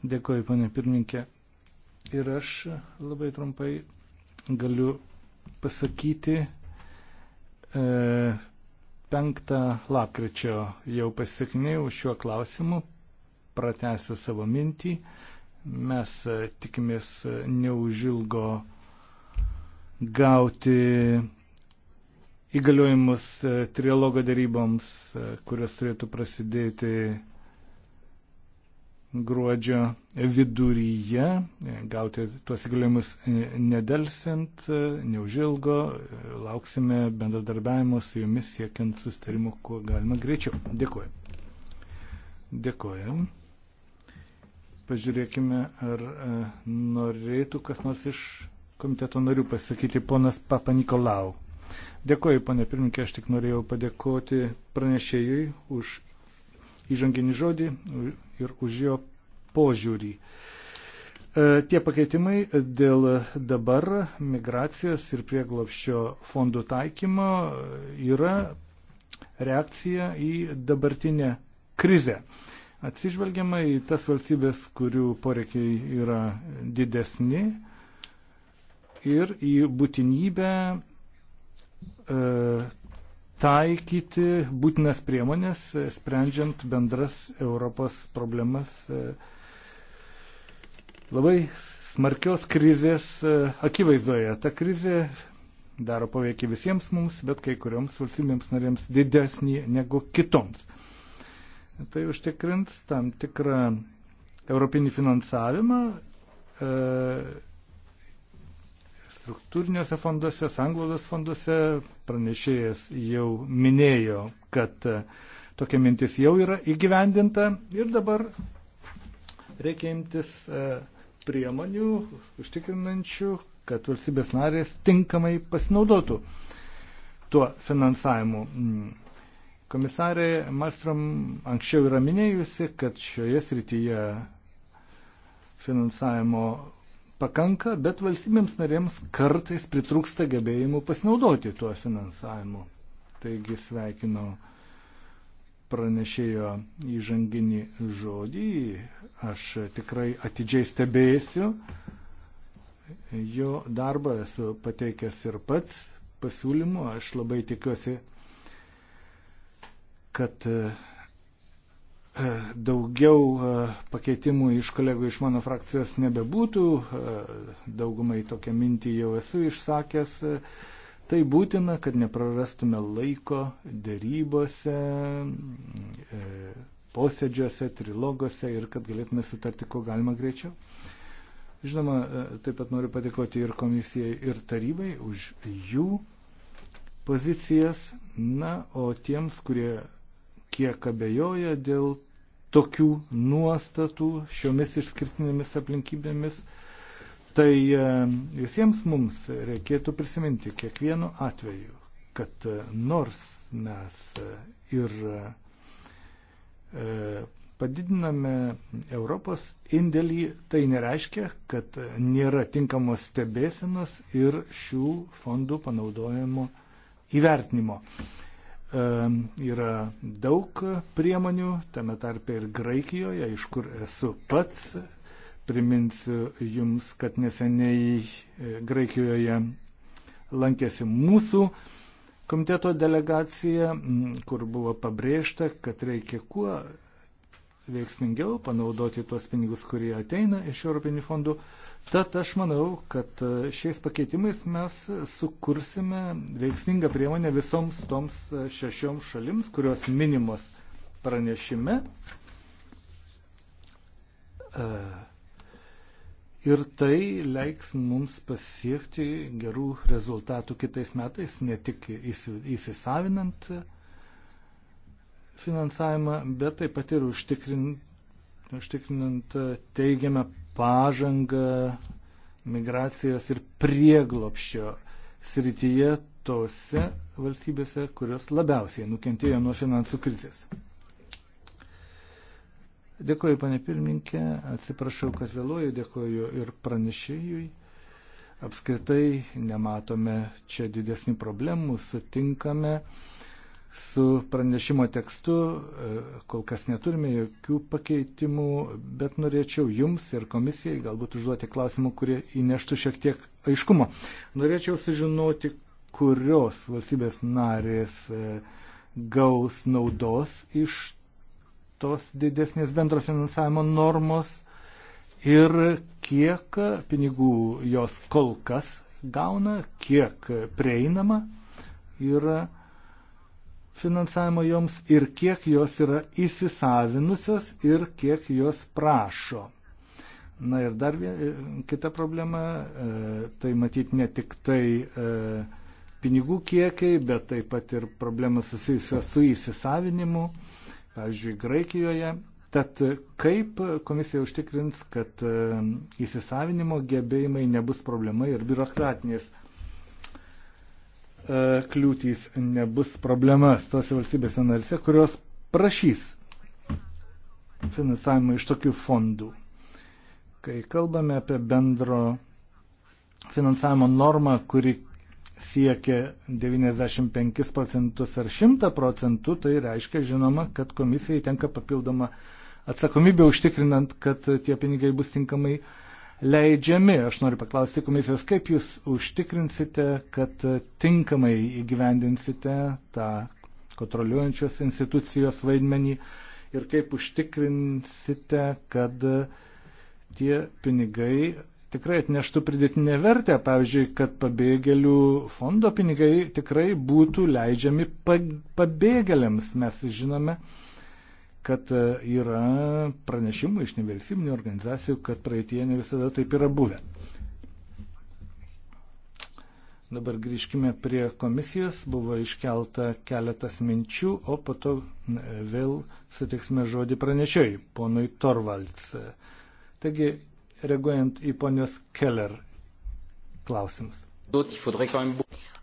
Dėkuoju, ponė pirmininkė ir aš labai trumpai galiu pasakyti, e, 5 lapkričio jau pasieknėjau šiuo klausimu, pratęsiu savo mintį. Mes e, tikimės e, neužilgo gauti įgaliojimus e, trilogo daryboms, kurios turėtų prasidėti gruodžio viduryje, gauti tuos įgaliojimus nedelsiant, neužilgo, lauksime bendradarbiavimo su jumis siekiant sustarimų kuo galima greičiau. Dėkuoju. Dėkuoju. Pažiūrėkime, ar e, norėtų kas nors iš komiteto narių pasakyti ponas Papa Nikolau. Dėkuoju, pane pirmininkė, aš tik norėjau padėkoti pranešėjui už įžanginį žodį, ir už jo požiūrį. E, tie pakeitimai dėl dabar migracijos ir prieglopščio fondų taikymo yra reakcija į dabartinę krizę. Atsižvelgiama į tas valstybės, kurių poreikiai yra didesni ir į būtinybę e, taikyti būtinas priemonės, e, sprendžiant bendras Europos problemas e, labai smarkios krizės e, akivaizdoje. Ta krizė daro poveikį visiems mums, bet kai kurioms valstybėms narėms didesnį negu kitoms. Tai užtikrins tam tikrą europinį finansavimą. E, struktūriniuose fonduose, sanglaudos fonduose. Pranešėjas jau minėjo, kad e, tokia mintis jau yra įgyvendinta ir dabar reikia imtis e, priemonių užtikrinančių, kad valstybės narės tinkamai pasinaudotų tuo finansavimu. Mm. Komisarė Marstrom anksčiau yra minėjusi, kad šioje srityje finansavimo pakanka, bet valstybėms narėms kartais pritrūksta gebėjimų pasinaudoti tuo finansavimu. Taigi sveikino pranešėjo įžanginį žodį, aš tikrai atidžiai stebėsiu jo darbą, esu pateikęs ir pats pasiūlymų, aš labai tikiuosi, kad E, daugiau e, pakeitimų iš kolegų iš mano frakcijos nebebūtų, e, daugumai tokią mintį jau esu išsakęs. Tai būtina, kad neprarastume laiko dėrybose, posėdžiuose, trilogose ir kad galėtume sutarti, ko galima greičiau. Žinoma, taip pat noriu padėkoti ir komisijai, ir tarybai už jų pozicijas. Na, o tiems, kurie kiek abejoja dėl tokių nuostatų šiomis išskirtinėmis aplinkybėmis. Tai e, visiems mums reikėtų prisiminti kiekvienu atveju, kad e, nors mes e, ir padidiname Europos indėlį, tai nereiškia, kad nėra tinkamos stebėsinos ir šių fondų panaudojimo įvertinimo yra daug priemonių, tame tarpe ir Graikijoje, iš kur esu pats. Priminsiu Jums, kad neseniai e, Graikijoje lankėsi mūsų komiteto delegacija, kur buvo pabrėžta, kad reikia kuo veiksmingiau, panaudoti tuos pinigus, kurie ateina iš Europinių fondų. Tad aš manau, kad e, šiais pakeitimais mes sukursime veiksmingą priemonę visoms toms e, šešioms šalims, kurios minimos pranešime. E, ir tai leiks mums pasiekti gerų rezultatų kitais metais, ne tik įsisavinant finansavimą, bet taip pat ir užtikrin, užtikrinant e, teigiamą pažangą migracijos ir prieglopščio srityje tose valstybėse, kurios labiausiai nukentėjo nuo finansų krizės. Dėkoju, panė pirmininkė, atsiprašau, kad vėluoju, dėkoju ir pranešėjui. Apskritai nematome čia didesnių problemų, sutinkame su pranešimo tekstu, e, kol kas neturime jokių pakeitimų, bet norėčiau jums ir komisijai galbūt užduoti klausimų, kurie įneštų šiek tiek aiškumo. Norėčiau sužinoti, kurios valstybės narės e, gaus naudos iš tos didesnės bendro finansavimo normos ir kiek pinigų jos kol kas gauna, kiek prieinama yra finansavimo joms ir kiek jos yra įsisavinusios ir kiek jos prašo. Na ir dar vien, e, kita problema, e, tai matyti ne tik tai e, pinigų kiekiai, bet taip pat ir problemas susijusios su įsisavinimu, pavyzdžiui, Graikijoje. Tad kaip komisija užtikrins, kad įsisavinimo gebėjimai nebus problema ir biurokratinės E, kliūtys nebus problemas tose valstybėse narise, kurios prašys finansavimą iš tokių fondų. Kai kalbame apie bendro finansavimo normą, kuri siekia 95 procentus ar 100 procentų, tai reiškia, žinoma, kad komisijai tenka papildoma atsakomybė užtikrinant, kad tie pinigai bus tinkamai uh, leidžiami. Aš noriu paklausti komisijos, kaip jūs užtikrinsite, kad tinkamai įgyvendinsite tą kontroliuojančios institucijos vaidmenį ir kaip užtikrinsite, kad tie pinigai tikrai atneštų pridėtinę vertę, pavyzdžiui, kad pabėgėlių fondo pinigai tikrai būtų leidžiami pabėgėliams. Mes žinome, kad e, yra pranešimų iš nevyriausybinio organizacijų, kad praeitie ne visada taip yra buvę. Dabar grįžkime prie komisijos. Buvo iškelta keletas minčių, o po to e, vėl sutiksime žodį pranešiojai, ponui Torvalds. Taigi, reaguojant į ponios Keller klausimus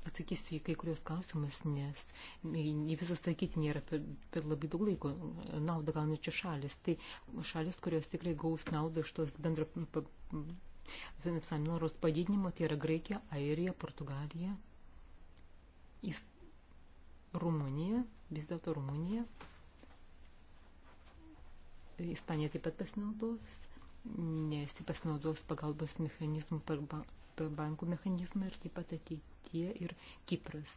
atsakysiu į kai kurios klausimus, nes į visus sakyti nėra per, per labai daug laiko naudą gaunančių šalis. Tai šalis, kurios tikrai gaus naudą iš tos bendro finansavimo noros padidinimo, tai yra Graikija, Airija, Portugalija, Is, Rumunija, vis dėlto Rumunija. Ispanija taip pat pasinaudos, nes tai pasinaudos pagalbos mechanizmų per, ba, per bankų mechanizmą ir taip pat ateit, Vokietija ir Kipras.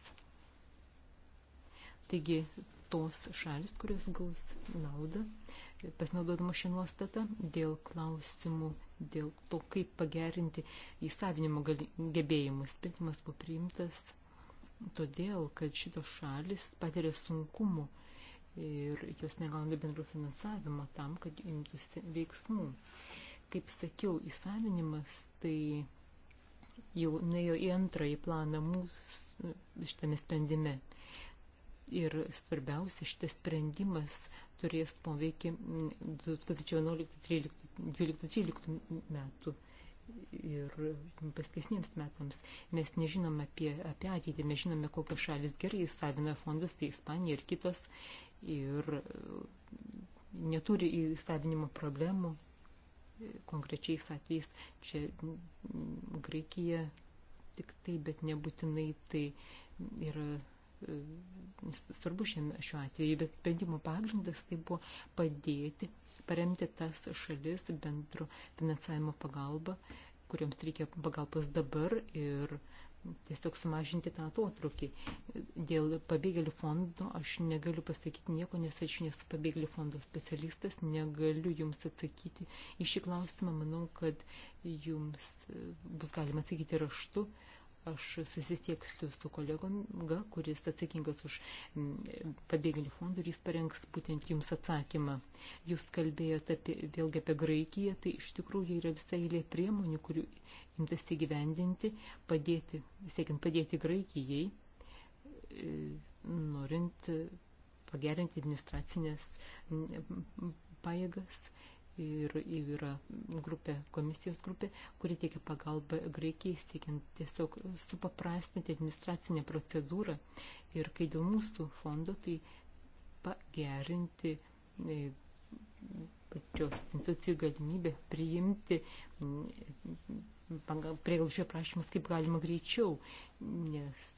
Taigi tos šalis, kurios gaus naudą, pasinaudodama šią nuostatą dėl klausimų, dėl to, kaip pagerinti įsavinimo gebėjimus. Sprendimas buvo priimtas todėl, kad šitos šalis patiria sunkumų ir jos negauna bendro finansavimo tam, kad imtųsi veiksmų. Kaip sakiau, įsavinimas tai jau nuėjo į antrąjį planą mūsų šitame sprendime. Ir svarbiausia, šitas sprendimas turės poveikį 2011-2012 mm, metų ir paskesniems metams. Mes nežinome apie, apie ateitį, mes žinome, kokios šalis gerai įsavina fondus, tai Ispanija ir kitos, ir mm, neturi įsavinimo problemų konkrečiais atvejais čia mm, Graikija tik tai, bet nebūtinai tai yra e, svarbu šiame, šiuo atveju, bet sprendimo pagrindas tai buvo padėti, paremti tas šalis bendro finansavimo pagalba, kuriuoms reikia pagalbos dabar ir uh, tiesiog sumažinti tą atotrukį. Dėl pabėgėlių fondo aš negaliu pasakyti nieko, nes aš nesu pabėgėlių fondo specialistas, negaliu jums atsakyti į šį klausimą. Manau, kad jums bus galima atsakyti raštu. Uh, Aš susisieksiu su kolegomga, kuris atsakingas už pabėgėlių fondų ir jis parengs būtent jums atsakymą. Jūs kalbėjote apie, vėlgi apie Graikiją, tai iš tikrųjų yra visa eilė priemonių, kurių imtasi gyvendinti, padėti, siekiant padėti Graikijai, e, norint pagerinti administracinės pajėgas ir yra grupė, komisijos grupė, kuri teikia pagalbą Graikijai, siekiant tiesiog supaprastinti administracinę procedūrą ir kai dėl mūsų fondo, tai pagerinti e, pačios institucijų galimybę priimti prieglaužio prašymus kaip galima greičiau, nes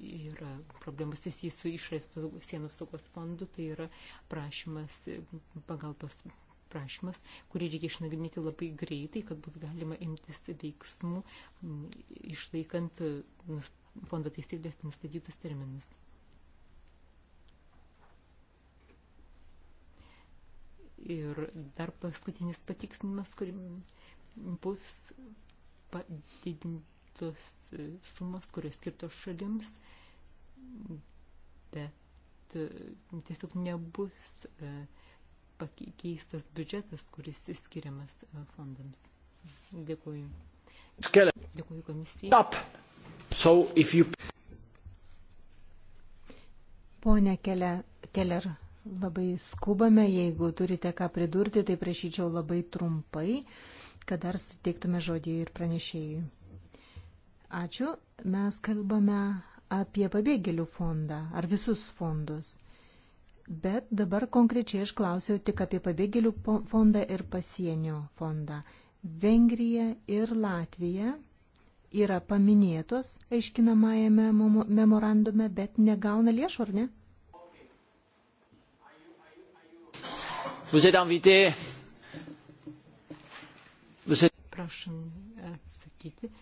yra problemas susijęs su išraistų sienų apsaugos fondu, tai yra prašymas, pagalbos prašymas, kurį reikia išnagrinėti labai greitai, kad būtų galima imtis veiksmų, išlaikant e, fondo taisyklės nustatytus terminus. Ir dar paskutinis patiksinimas, kuris bus padidinti tos e, sumos, kurios skirtos šalims, bet e, tiesiog nebus e, pakeistas biudžetas, kuris skiriamas fondams. Dėkuoju. Dėkuoju komisijai. Stop. So if you... Pone Keller, labai skubame, jeigu turite ką pridurti, tai prašyčiau labai trumpai, kad dar suteiktume žodį ir pranešėjui. Ačiū. Mes kalbame apie pabėgėlių fondą ar visus fondus. Bet dabar konkrečiai aš klausiau tik apie pabėgėlių fondą ir pasienio fondą. Vengrija ir Latvija yra paminėtos aiškinamajame memorandume, bet negauna lėšų, ar ne? Vous êtes invité. Vous êtes... Prašom e, atsakyti. Uh,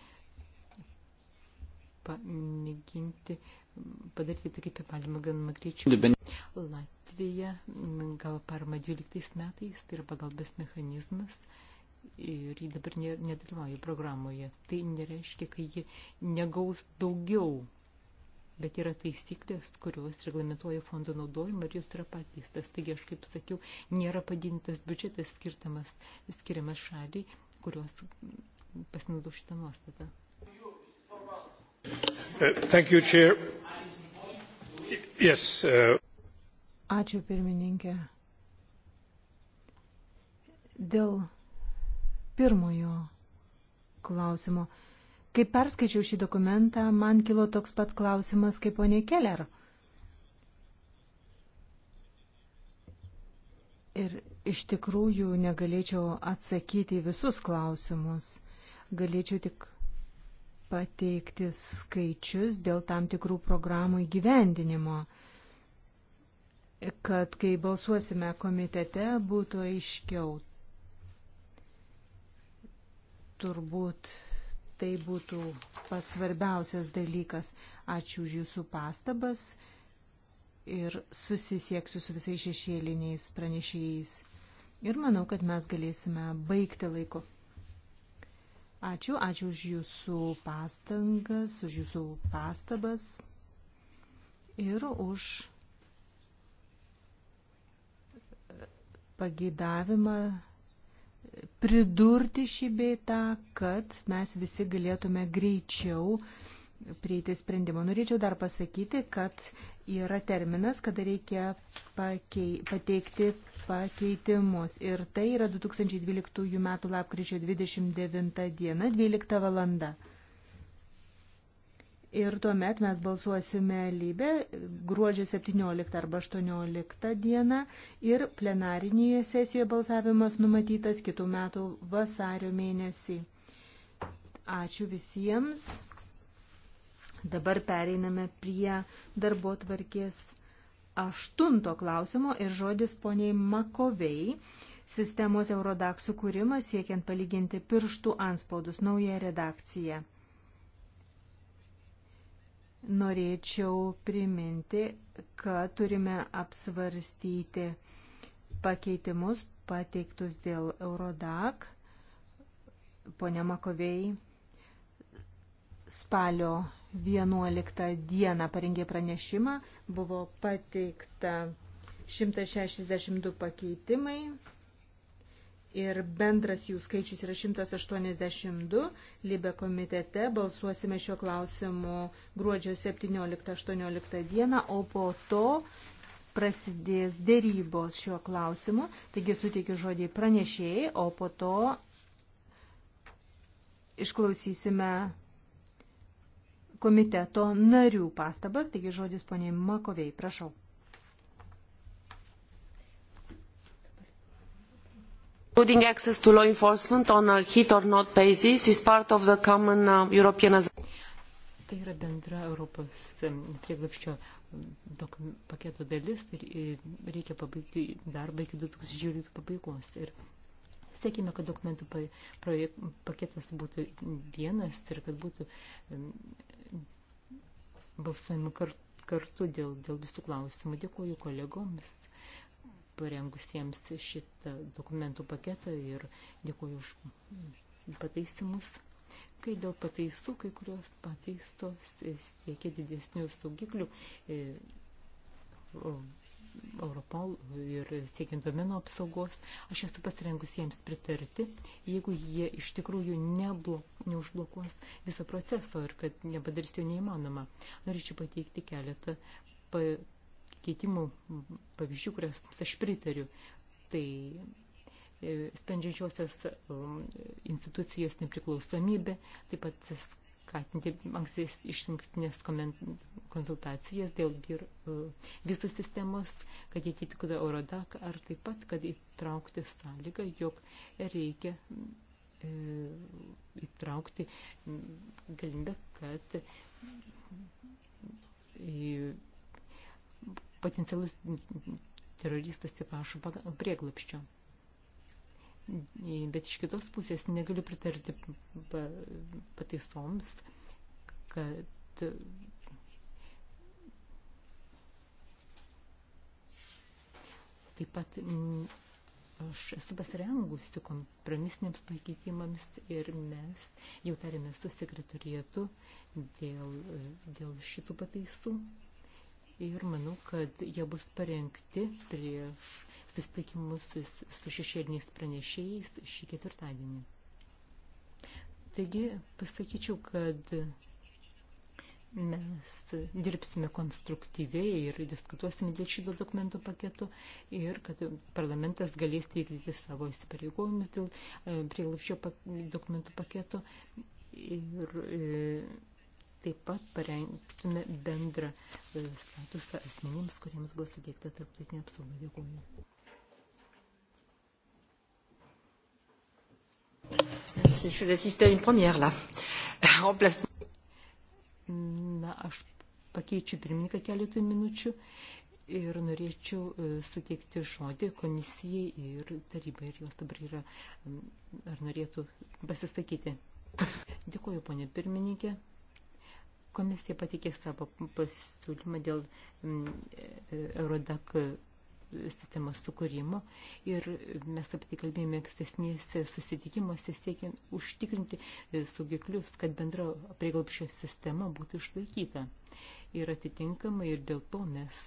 pamėginti padaryti tai kaip įmanoma gana greičiau. Latvija gavo paramą 12 metais, tai yra pagalbės mechanizmas ir ji dabar nedalyvauja programoje. Tai nereiškia, kad ji negaus daugiau, bet yra taisyklės, kurios reglamentuoja fondo naudojimą ir jos yra pakeistas. Taigi, aš kaip sakiau, nėra padintas biudžetas skirtamas, skiriamas šaliai, kurios pasinaudo šitą nuostatą. Uh, thank you, Chair. Yes. Uh... Ačiū pirmininkė. Dėl pirmojo klausimo. Kai perskaičiau šį dokumentą, man kilo toks pat klausimas kaip ponė Keller. Ir iš tikrųjų negalėčiau atsakyti visus klausimus. Galėčiau tik pateikti skaičius dėl tam tikrų programų įgyvendinimo, kad kai balsuosime komitete būtų aiškiau. Turbūt tai būtų pats svarbiausias dalykas. Ačiū už jūsų pastabas ir susisieksiu su visais šešėliniais pranešėjais. Ir manau, kad mes galėsime baigti laiku. Ačiū, ačiū už jūsų pastangas, už jūsų pastabas ir už pagėdavimą pridurti šį beitą, kad mes visi galėtume greičiau prieiti sprendimo. Norėčiau dar pasakyti, kad yra terminas, kada reikia pakei, pateikti pakeitimus. Ir tai yra 2012 m. lapkričio 29 d. 12 val. Ir tuomet mes balsuosime lybę gruodžio 17 arba 18 dieną ir plenarinėje sesijoje balsavimas numatytas kitų metų vasario mėnesį. Ačiū visiems. Dabar pereiname prie darbo tvarkės aštunto klausimo ir žodis poniai Makovei. Sistemos Eurodax sukūrimas siekiant palyginti pirštų anspaudus naują redakciją. Norėčiau priminti, kad turime apsvarstyti pakeitimus pateiktus dėl Eurodac. Pone Makovei spalio 11 dieną parengė pranešimą, buvo pateikta 162 pakeitimai ir bendras jų skaičius yra 182. Libe komitete balsuosime šiuo klausimu gruodžio 17-18 dieną, o po to prasidės dėrybos šiuo klausimu. Taigi suteikiu žodį pranešėjai, o po to išklausysime komiteto narių pastabas, taigi žodis poniai Makovei, prašau. Including access to law enforcement on a hit or not basis is part of the common uh, European Tai yra bendra Europos um, prieglapščio um, paketo dalis ir tai reikia pabaigti darbą iki 2012 pabaigos. Ir tai Siekime, kad dokumentų paketas būtų vienas ir kad būtų balsuojama kartu dėl, dėl visų klausimų. Dėkuoju kolegoms parengusiems šitą dokumentų paketą ir dėkuoju už pataisimus. Kai dėl pataisų, kai kurios pataistos e, siekia didesnių saugiklių e, Europol ir siekiant domeno apsaugos, aš esu pasirengus jiems pritarti, jeigu jie iš tikrųjų neblok, neužblokuos viso proceso ir kad nepadarys jo neįmanoma. Norėčiau pateikti keletą pakeitimų pavyzdžių, kurias aš pritariu. Tai e, sprendžiančiosios um, institucijos nepriklausomybė, taip pat skatinti ankstis išankstinės konsultacijas dėl bir, e, visų sistemos, kad jie atitiktų Eurodak, ar taip pat, kad įtraukti sąlygą, jog reikia e, įtraukti galimybę, kad e, potencialus teroristas atsiprašo prieglapščio bet iš kitos pusės negaliu pritarti pataisoms, kad taip pat mm, aš esu pasirengusi kompromisiniams pakeitimams ir mes jau tarėme su sekretorietu dėl, dėl šitų pataisų ir manau, kad jie bus parengti prieš susitikimus su, su šešėliniais pranešėjais šį ketvirtadienį. Taigi pasakyčiau, kad mes dirbsime konstruktyviai ir diskutuosime dėl šito dokumento paketo ir kad parlamentas galės teikti savo įsipareigojimus dėl e, prieglapščio pak dokumentų paketo ir e, taip pat parengtume bendrą e, statusą asmenims, kuriems buvo suteikta tarptautinė apsauga. Dėkuoju. Merci, je vais assister à une première là. [laughs] Remplacement. Na, aš pakeičiu pirmininką keletą minučių ir norėčiau e, suteikti žodį komisijai ir tarybai, ir jos dabar yra, ar norėtų pasisakyti. Dėkuoju, ponė pirmininkė. Komisija patikė savo pasiūlymą dėl e, Eurodak sistemos sukūrimo ir mes apie tai kalbėjome ankstesnėse susitikimuose siekiant užtikrinti saugiklius, kad bendra prieglobščio sistema būtų išlaikyta. Ir atitinkamai ir dėl to mes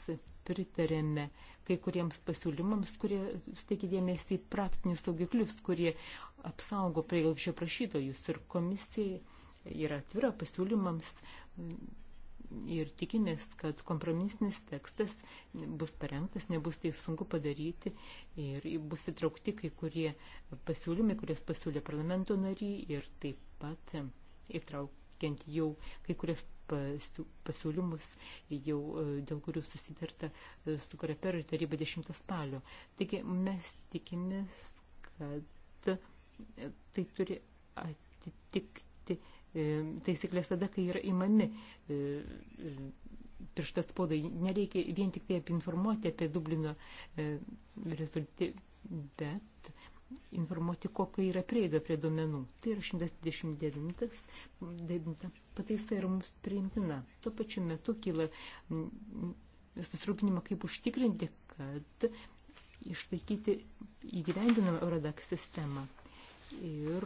pritarėme kai kuriems pasiūlymams, kurie suteikia dėmesį į praktinius saugiklius, kurie apsaugo prieglobščio prašytojus ir komisija yra atvira pasiūlymams ir tikimės, kad kompromisinis tekstas bus parengtas, nebus tai sunku padaryti ir bus įtraukti kai kurie pasiūlymai, kurias pasiūlė parlamento nariai ir taip pat įtraukiant jau kai kurias pasiūlymus, jau e, dėl kurių susitarta e, su Koreper ir taryba 10 spalio. Taigi mes tikimės, kad e, tai turi atitikti E, taisyklės tada, kai yra įmami e, e, pirštas spaudai. Nereikia vien tik tai informuoti apie Dublino rezultatį, bet informuoti, kokia yra prieiga prie duomenų. Tai yra 129 pataisa yra mums priimtina. Tuo pačiu metu kyla susirūpinimą, kaip užtikrinti, kad išlaikyti įgyvendinamą Eurodax sistemą. Ir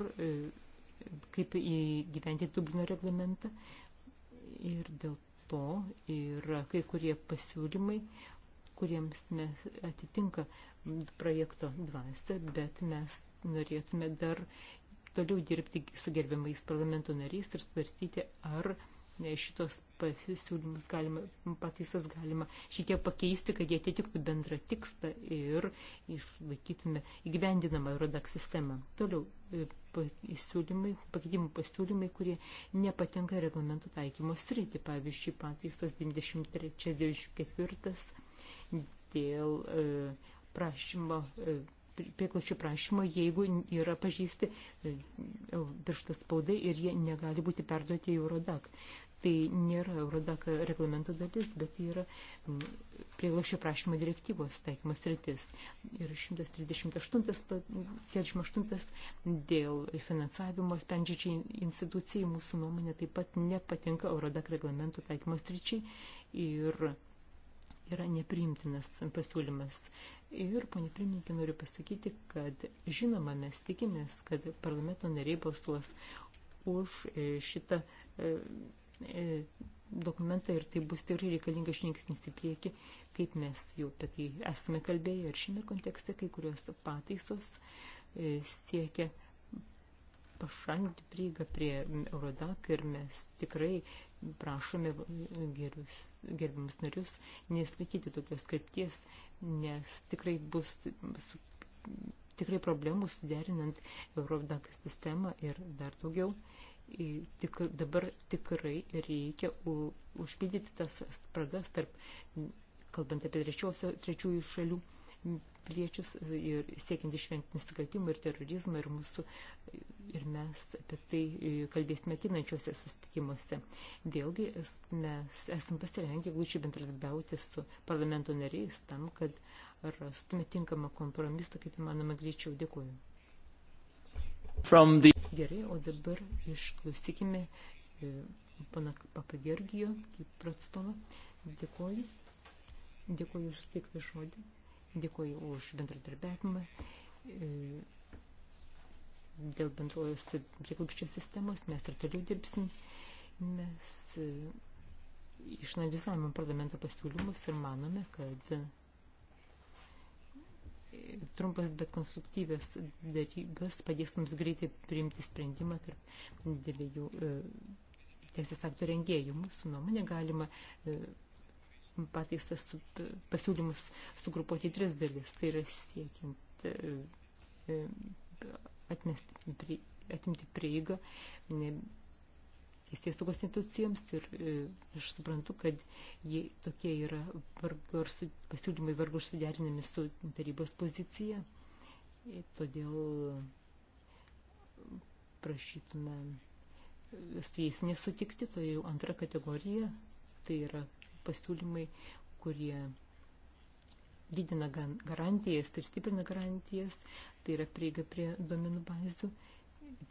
kaip įgyventi Dublino reglamentą. Ir dėl to yra kai kurie pasiūlymai, kuriems mes atitinka projekto dvastą, bet mes norėtume dar toliau dirbti su gerbiamais parlamento nariais ir svarstyti, ar šitos pasiūlymus galima, pataisas galima šitie pakeisti, kad jie atitiktų bendrą tikstą ir išlaikytume įgyvendinamą Eurodax sistemą. Toliau e, pasiūlymai, pakeitimų pasiūlymai, kurie nepatenka reglamento taikymo sritį, pavyzdžiui, pataisos 93-94 dėl e, prašymo. E, prieklačių prašymo, jeigu yra pažįsti pirštas e, e, spaudai ir jie negali būti perduoti į Eurodak. Tai nėra Eurodak reglamento dalis, bet tai yra mm, prieglašio prašymo direktyvos taikymas rytis. Ir 138-48 dėl finansavimo sprendžiačiai institucijai mūsų nuomonė taip pat nepatinka Eurodak reglamento taikymas ryčiai ir yra nepriimtinas pasiūlymas. Ir, ponė pirmininkė, noriu pasakyti, kad žinoma, mes tikimės, kad parlamento nariai balsuos už e, šitą e, E, dokumentą ir tai bus tikrai reikalingas žingsnis į priekį, kaip mes jau apie tai esame kalbėję ir šiame kontekste kai kurios pataisos e, siekia pašalinti prieigą prie Eurodak ir mes tikrai prašome gerus, gerbimus narius nesilaikyti tokios skripties, nes tikrai bus su, tikrai problemų suderinant Eurodak sistemą ir dar daugiau tik, dabar tikrai reikia u, užpildyti tas spragas tarp, kalbant apie trečiosio, trečiųjų šalių piliečius ir siekiant išvengti nusikaltimų ir terorizmą ir mūsų, ir mes apie tai e, kalbėsime atinančiuose susitikimuose. Vėlgi mes esam pasirengę glūčiai bendradarbiauti su parlamento nariais tam, kad rastume tinkamą kompromisą, kaip įmanoma greičiau. Dėkuoju. The... Gerai, o dabar išklausykime e, pana Papagergijo, kaip pratstovą. Dėkoju. Dėkoju už skaiktą žodį. Dėkoju už bendradarbiavimą e, dėl bendrojus prieklupščio sistemos, mes ir toliau dirbsim. Mes e, išanalizavome parlamento pasiūlymus ir manome, kad trumpas, bet konstruktyvės darybas padės mums greitai priimti sprendimą tarp dviejų e, teisės aktų rengėjų. Mūsų nuomonė galima e, pataisas su, pasiūlymus sugrupuoti į tris dalis. Tai yra siekiant e, e atmesti, prie, atimti prieigą. Ne, teisėsaugos institucijoms ir e, aš suprantu, kad jie tokie yra vargu ar su, pasiūlymai vargu ar suderinami su tarybos pozicija. E, todėl prašytume su jais nesutikti, to jau antra kategorija, tai yra pasiūlymai, kurie didina garantijas ir stiprina garantijas, tai yra prieiga prie duomenų bazių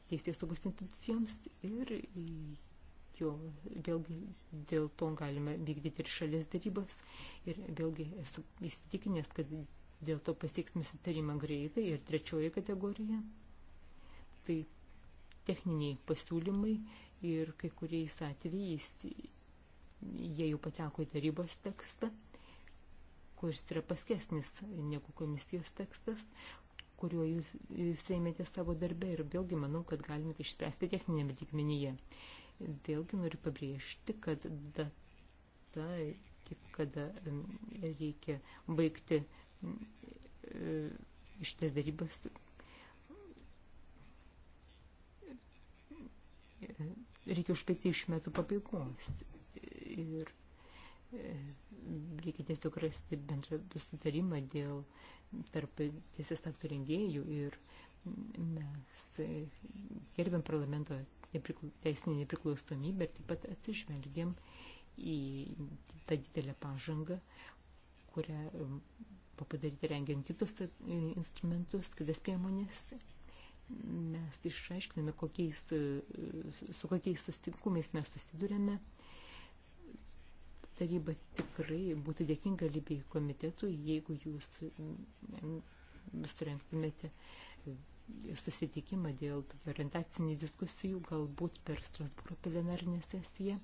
teisės saugos institucijoms ir jo, vėlgi dėl to galime vykdyti ir šalies darybas ir vėlgi esu įsitikinęs, kad dėl to pasieksime sutarimą greitai ir trečioji kategorija. Tai techniniai pasiūlymai ir kai kuriais atvejais jie jau pateko į tarybos tekstą, kuris yra paskesnis negu komisijos tekstas, kuriuo jūs, jūs rėmėte savo darbę ir vėlgi manau, kad galime tai išspręsti techninėme lygmenyje. Vėlgi noriu pabrėžti, kad data, kada reikia baigti e, šitas darybas, e, reikia užbaigti iš metų pabaigos. Ir e, reikia tiesiog rasti bendrą sutarimą dėl tarp teisės aktų rengėjų ir mes gerbėm parlamento teisinė nepriklausomybė ir taip pat atsižvelgiam į tą didelę pažangą, kurią um, padaryti rengiant kitus instrumentus, kitas priemonės. Mes išaiškiname, kokiais, e, su kokiais sustinkumais mes susidurėme. Taryba tikrai būtų dėkinga Libijai komitetui, jeigu jūs surengtumėte susitikimą dėl orientacinių diskusijų, galbūt per Strasbūro plenarinę sesiją.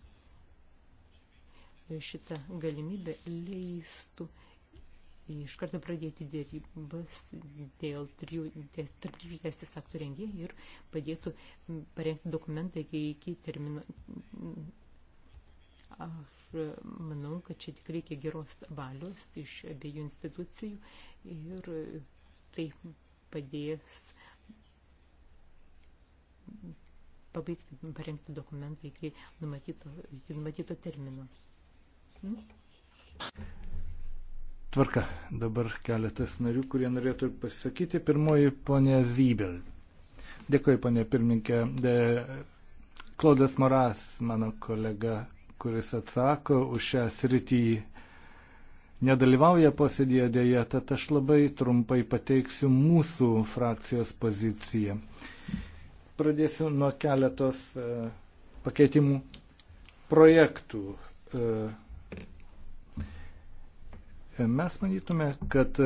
Šitą galimybę leistų iš karto pradėti dėrybas dėl trijų, ties, tarp trijų teisės aktų rengėjų ir padėtų parengti dokumentą iki, iki termino. Aš manau, kad čia tik reikia geros valios iš abiejų institucijų ir tai padės pabaigti, parengti dokumentą iki numatyto, iki numatyto termino. Hmm? Tvarka. Dabar keletas narių, kurie norėtų pasisakyti. Pirmoji ponė Zybel. Dėkuoju, ponė pirmininkė. De... Klodas Moras, mano kolega, kuris atsako už šią sritį, nedalyvauja posėdėje dėje, tad aš labai trumpai pateiksiu mūsų frakcijos poziciją. Pradėsiu nuo keletos e, pakeitimų projektų. E, e, mes manytume, kad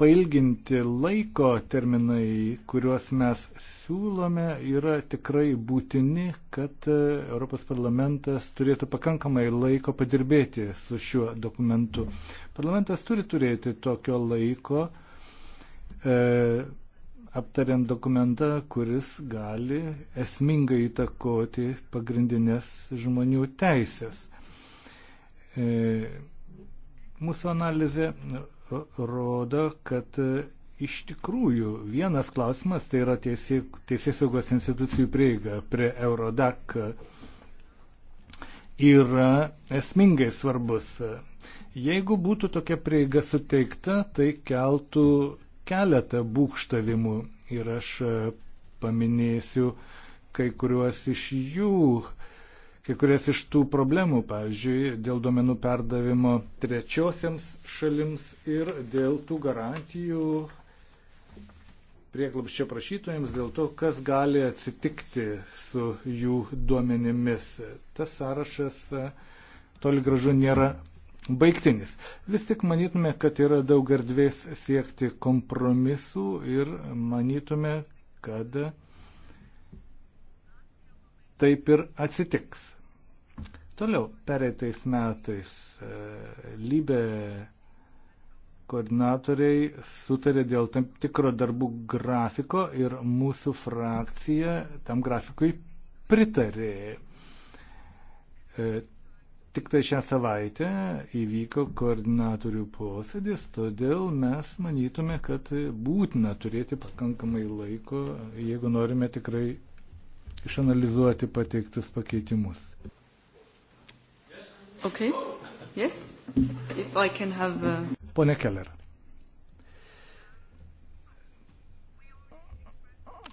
pailginti laiko terminai, kuriuos mes siūlome, yra tikrai būtini, kad Europos parlamentas turėtų pakankamai laiko padirbėti su šiuo dokumentu. Parlamentas turi turėti tokio laiko, e, aptariant dokumentą, kuris gali esmingai įtakoti pagrindinės žmonių teisės. E, mūsų analizė rodo, kad iš tikrųjų vienas klausimas tai yra teisės saugos institucijų prieiga prie Eurodac yra esmingai svarbus. Jeigu būtų tokia prieiga suteikta, tai keltų keletą būkštavimų ir aš e, paminėsiu kai kuriuos iš jų, kai kurias iš tų problemų, pavyzdžiui, dėl duomenų perdavimo trečiosiams šalims ir dėl tų garantijų prieglapščio prašytojams dėl to, kas gali atsitikti su jų duomenimis. Tas sąrašas e, toli gražu nėra baigtinis. Vis tik manytume, kad yra daug erdvės siekti kompromisų ir manytume, kad taip ir atsitiks. Toliau, pereitais metais e, lybė koordinatoriai sutarė dėl tam tikro darbų grafiko ir mūsų frakcija tam grafikui pritarė e, Tik tai šią savaitę įvyko koordinatorių posėdis, todėl mes manytume, kad būtina turėti pakankamai laiko, jeigu norime tikrai išanalizuoti pateiktus pakeitimus. Okay. Yes? If I can have, uh... A... Pone Keller.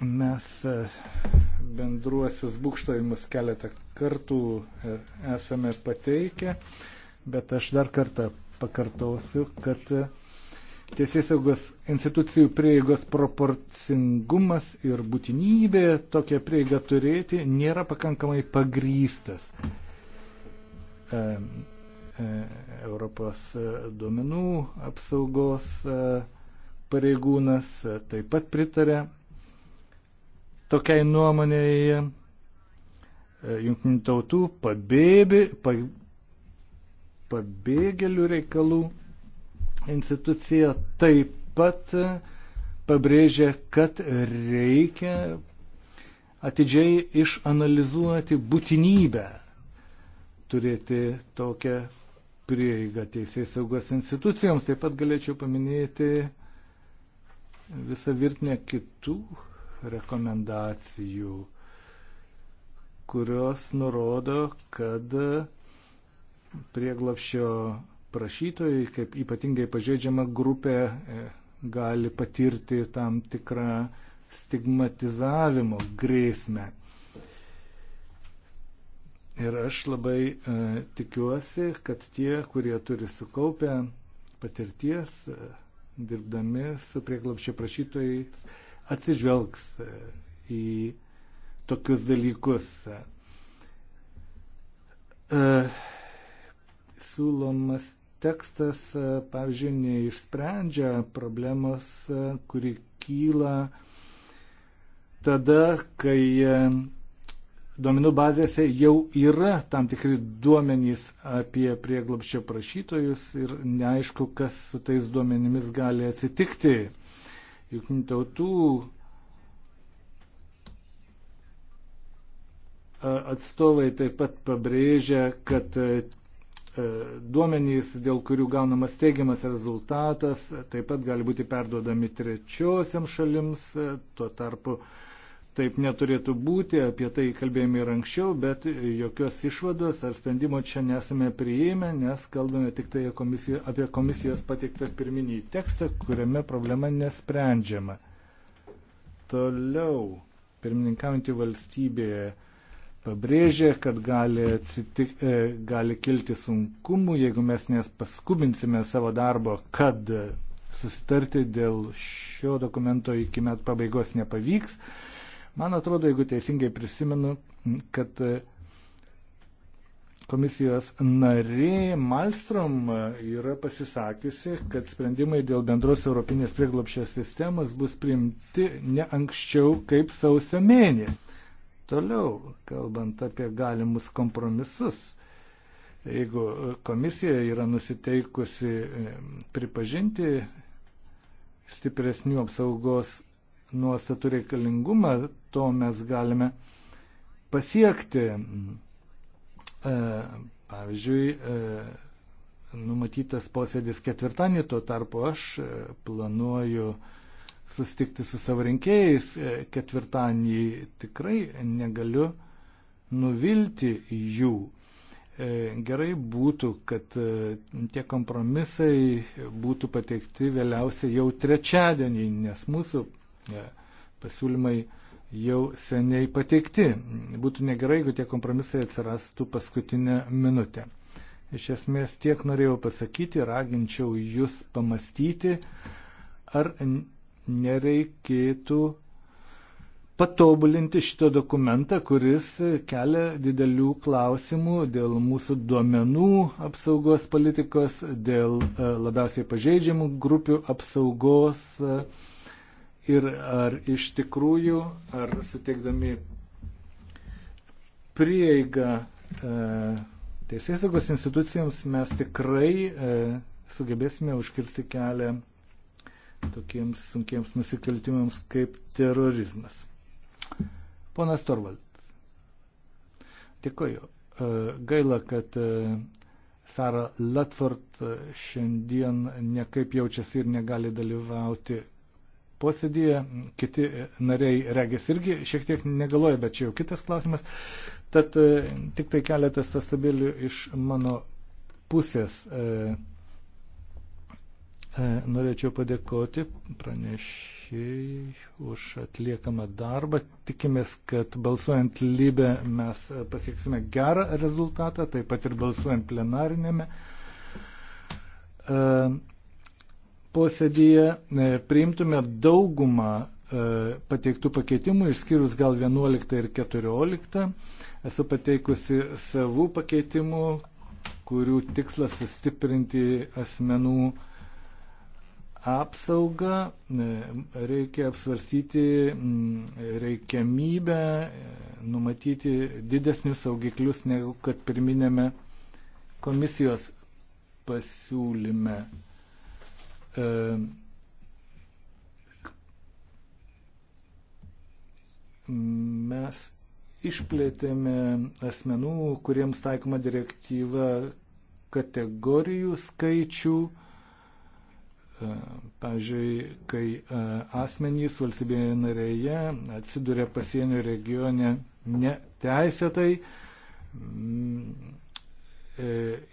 Mes. Uh, bendruosius būkštojimus keletą kartų e, esame pateikę, bet aš dar kartą pakartosiu, kad e, Teisėsaugos institucijų prieigos proporcingumas ir būtinybė tokią prieigą turėti nėra pakankamai pagrystas. E, Europos duomenų apsaugos pareigūnas taip pat pritarė tokiai nuomonėje. Junktinių tautų pabėbi, pa, pabėgėlių reikalų institucija taip pat e, pabrėžė, kad reikia atidžiai išanalizuoti būtinybę turėti tokią prieigą teisės saugos institucijoms. Taip pat galėčiau paminėti visą virtinę kitų rekomendacijų, kurios nurodo, kad prieglapšio prašytojai, kaip ypatingai pažeidžiama grupė, e, gali patirti tam tikrą stigmatizavimo grėsmę. Ir aš labai e, tikiuosi, kad tie, kurie turi sukaupę patirties, e, dirbdami su prieglapščio prašytojais, atsižvelgs e, į tokius dalykus. E, siūlomas tekstas, e, pavyzdžiui, neišsprendžia problemos, kuri kyla tada, kai duomenų bazėse jau yra tam tikri duomenys apie prieglopščio prašytojus ir neaišku, kas su tais duomenimis gali atsitikti jungtinių tautų atstovai taip pat pabrėžia, kad duomenys, dėl kurių gaunamas teigiamas rezultatas, taip pat gali būti perduodami trečiosiam šalims, tuo tarpu Taip neturėtų būti, apie tai kalbėjome ir anksčiau, bet jokios išvados ar sprendimo čia nesame priėmę, nes kalbame tik tai komisijo, apie komisijos pateiktą pirminį tekstą, kuriame problema nesprendžiama. Toliau, pirmininkaujantį valstybę pabrėžė, kad gali, atsitik, e, gali kilti sunkumų, jeigu mes nepaskubinsime savo darbo, kad susitarti dėl šio dokumento iki metų pabaigos nepavyks. Man atrodo, jeigu teisingai prisimenu, kad e, komisijos narė Malstrom e, yra pasisakiusi, kad sprendimai dėl bendros Europinės prieglopščio sistemos bus priimti ne anksčiau kaip sausio mėnesį. Toliau, kalbant apie galimus kompromisus, jeigu komisija yra nusiteikusi e, pripažinti stipresnių apsaugos nuostatų reikalingumą, to mes galime pasiekti. E, pavyzdžiui, e, numatytas posėdis ketvirtadienį, tuo tarpu aš e, planuoju sustikti su savo rinkėjais ketvirtadienį, tikrai negaliu nuvilti jų. Gerai būtų, kad tie kompromisai būtų pateikti vėliausiai jau trečiadienį, nes mūsų pasiūlymai jau seniai pateikti. Būtų negerai, jeigu tie kompromisai atsirastų paskutinę minutę. Iš esmės tiek norėjau pasakyti, raginčiau jūs pamastyti, ar nereikėtų patobulinti šito dokumentą, kuris kelia didelių klausimų dėl mūsų duomenų apsaugos politikos, dėl e, labiausiai pažeidžiamų grupių apsaugos. Uh, ir ar iš tikrųjų, ar suteikdami prieigą e, teisėsaugos institucijoms mes tikrai e, sugebėsime užkirsti kelią tokiems sunkiems nusikaltimams kaip terorizmas. Ponas Torvald. Dėkoju. E, gaila, kad e, Sara Latford e, šiandien nekaip jaučiasi ir negali dalyvauti posėdėje, kiti nariai regis irgi šiek tiek negaloja, bet čia jau kitas klausimas. Tad e, tik tai keletas pastabėlių iš mano pusės. E, e, norėčiau padėkoti pranešėjai už atliekamą darbą. Tikimės, kad balsuojant lybę mes pasieksime gerą rezultatą, taip pat ir balsuojant plenarinėme. Uh, posėdėje e, priimtume daugumą e, pateiktų pakeitimų, išskyrus gal 11 ir 14. Esu pateikusi savų pakeitimų, kurių tikslas sustiprinti asmenų apsaugą. E, reikia apsvarstyti reikiamybę, numatyti didesnius saugiklius negu kad pirminėme komisijos pasiūlyme. E, mes išplėtėme asmenų, kuriems taikoma direktyva kategorijų skaičių. E, pavyzdžiui, kai e, asmenys valstybėje narėje atsiduria pasienio regione neteisėtai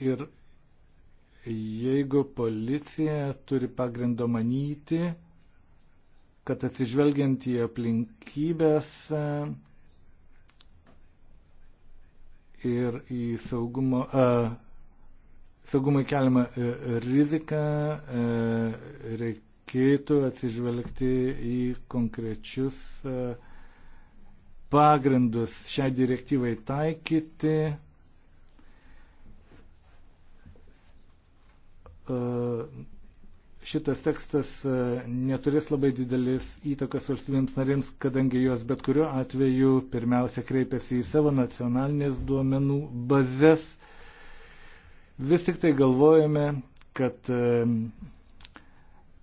ir jeigu policija turi pagrindo manyti, kad atsižvelgiant į aplinkybės e, ir į saugumo, a, e, saugumai keliamą e, riziką, a, reikėtų atsižvelgti į konkrečius a, pagrindus šią direktyvai taikyti. E, šitas tekstas e, neturės labai didelis įtakas valstybėms narėms, kadangi jos bet kuriuo atveju pirmiausia kreipiasi į savo nacionalinės duomenų bazės. Vis tik tai galvojame, kad e,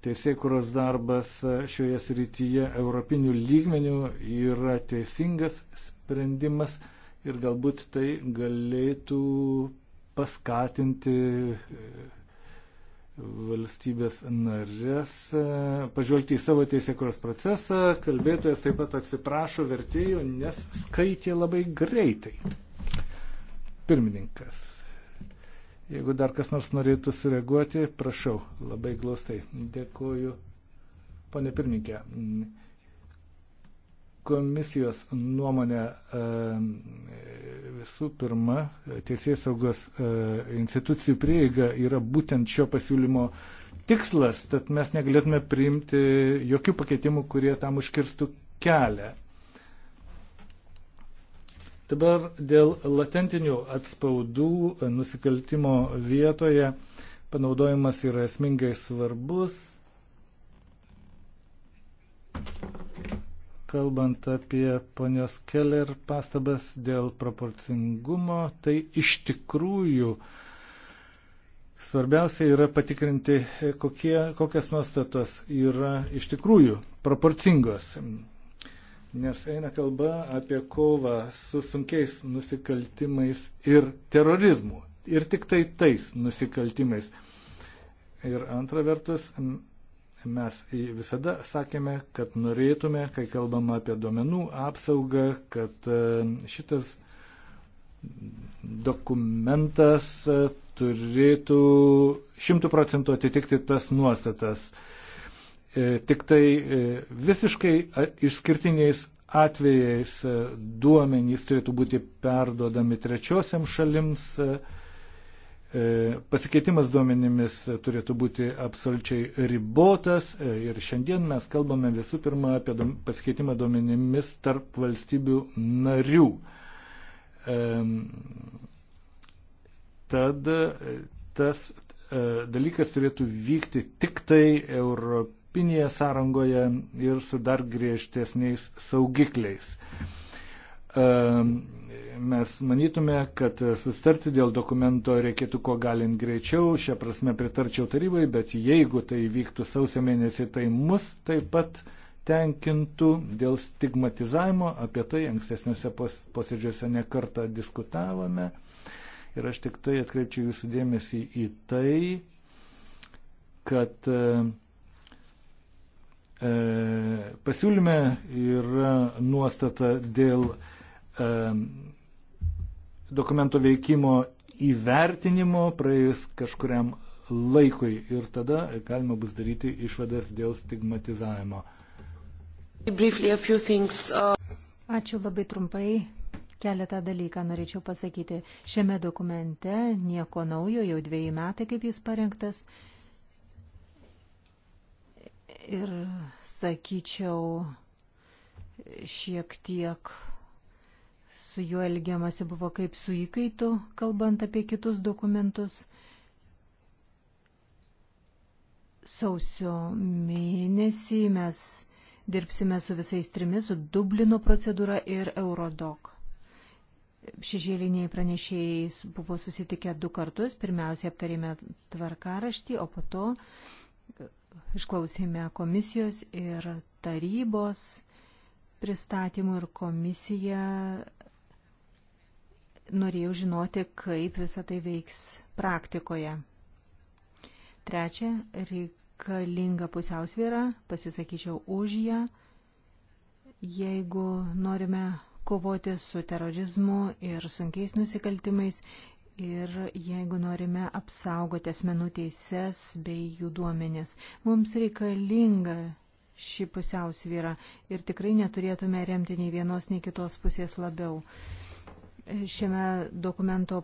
teisėkuros darbas šioje srityje europinių lygmenių yra teisingas sprendimas ir galbūt tai galėtų paskatinti valstybės narės e, pažvelgti į savo teisėkuros procesą. Kalbėtojas taip pat atsiprašo vertėjų, nes skaitė labai greitai. Pirmininkas. Jeigu dar kas nors norėtų sureaguoti, prašau, labai glaustai. Dėkuoju, ponė pirmininkė. Komisijos nuomonė e, visų pirma, teisės saugos e, institucijų prieiga yra būtent šio pasiūlymo tikslas, tad mes negalėtume priimti jokių pakeitimų, kurie tam užkirstų kelią. Dabar dėl latentinių atspaudų e, nusikaltimo vietoje panaudojimas yra esmingai svarbus kalbant apie ponios Keller pastabas dėl proporcingumo, tai iš tikrųjų svarbiausia yra patikrinti, kokie, kokias nuostatos yra iš tikrųjų proporcingos. Nes eina kalba apie kovą su sunkiais nusikaltimais ir terorizmu. Ir tik tai tais nusikaltimais. Ir antra vertus, Mes visada sakėme, kad norėtume, kai kalbama apie duomenų apsaugą, kad e, šitas dokumentas e, turėtų šimtų procentų atitikti tas nuostatas. E, tik tai visiškai išskirtiniais atvejais duomenys turėtų būti perduodami trečiosiam šalims E, pasikeitimas duomenimis turėtų būti absoliučiai ribotas e, ir šiandien mes kalbame visų pirma apie pasikeitimą duomenimis tarp valstybių narių. E, tad tas dalykas turėtų vykti tik tai Europinėje sąrangoje ir su dar griežtesniais saugikliais. Um, Mes manytume, kad sustarti dėl dokumento reikėtų kuo galint greičiau, šią prasme pritarčiau tarybai, bet jeigu tai vyktų sausio mėnesį, tai mus taip pat tenkintų dėl stigmatizavimo, apie tai ankstesniuose pos, posėdžiuose nekartą diskutavome. Ir aš tik tai atkreipčiau jūsų dėmesį į tai, kad e, e pasiūlyme yra nuostata dėl e, dokumento veikimo įvertinimo praėjus kažkuriam laikui ir tada galima bus daryti išvadas dėl stigmatizavimo. Uh, Ačiū labai trumpai. Keletą dalyką norėčiau pasakyti. Šiame dokumente nieko naujo, jau dviejai metai, kaip jis parengtas. Ir sakyčiau, šiek tiek su juo elgiamasi buvo kaip su įkaitu, kalbant apie kitus dokumentus. Sausio mėnesį mes dirbsime su visais trimis, su Dublino procedūra ir Eurodok. Šešėliniai pranešėjai buvo susitikę du kartus. Pirmiausiai aptarėme tvarkaraštį, o po to e, išklausėme komisijos ir tarybos pristatymų ir komisija norėjau žinoti, kaip visą tai veiks praktikoje. Trečia, reikalinga pusiausvėra, pasisakyčiau už ją, jeigu norime kovoti su terorizmu ir sunkiais nusikaltimais ir jeigu norime apsaugoti asmenų teises bei jų duomenis, mums reikalinga ši pusiausvyra ir tikrai neturėtume remti nei vienos, nei kitos pusės labiau šiame dokumento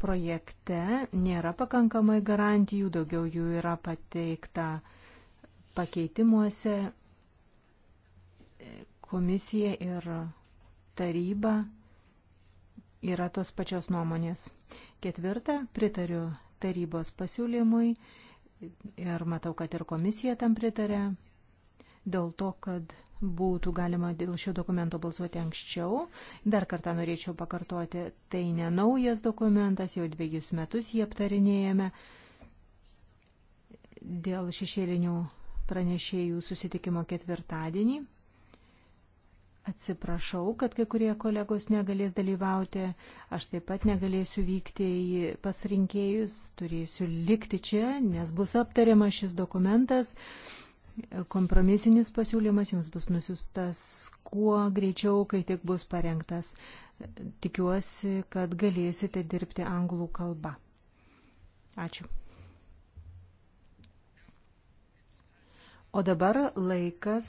projekte nėra pakankamai garantijų, daugiau jų yra pateikta pakeitimuose. Komisija ir taryba yra tos pačios nuomonės. Ketvirta, pritariu tarybos pasiūlymui ir matau, kad ir komisija tam pritarė dėl to, kad būtų galima dėl šio dokumento balsuoti anksčiau. Dar kartą norėčiau pakartoti, tai ne naujas dokumentas, jau dviejus metus jį aptarinėjame. Dėl šešėlinių pranešėjų susitikimo ketvirtadienį. Atsiprašau, kad kai kurie kolegos negalės dalyvauti, aš taip pat negalėsiu vykti į pasirinkėjus, turėsiu likti čia, nes bus aptariamas šis dokumentas. Uh, kompromisinis pasiūlymas jums bus nusiustas kuo greičiau, kai tik bus parengtas. Tikiuosi, kad galėsite dirbti anglų kalbą. Ačiū. O dabar laikas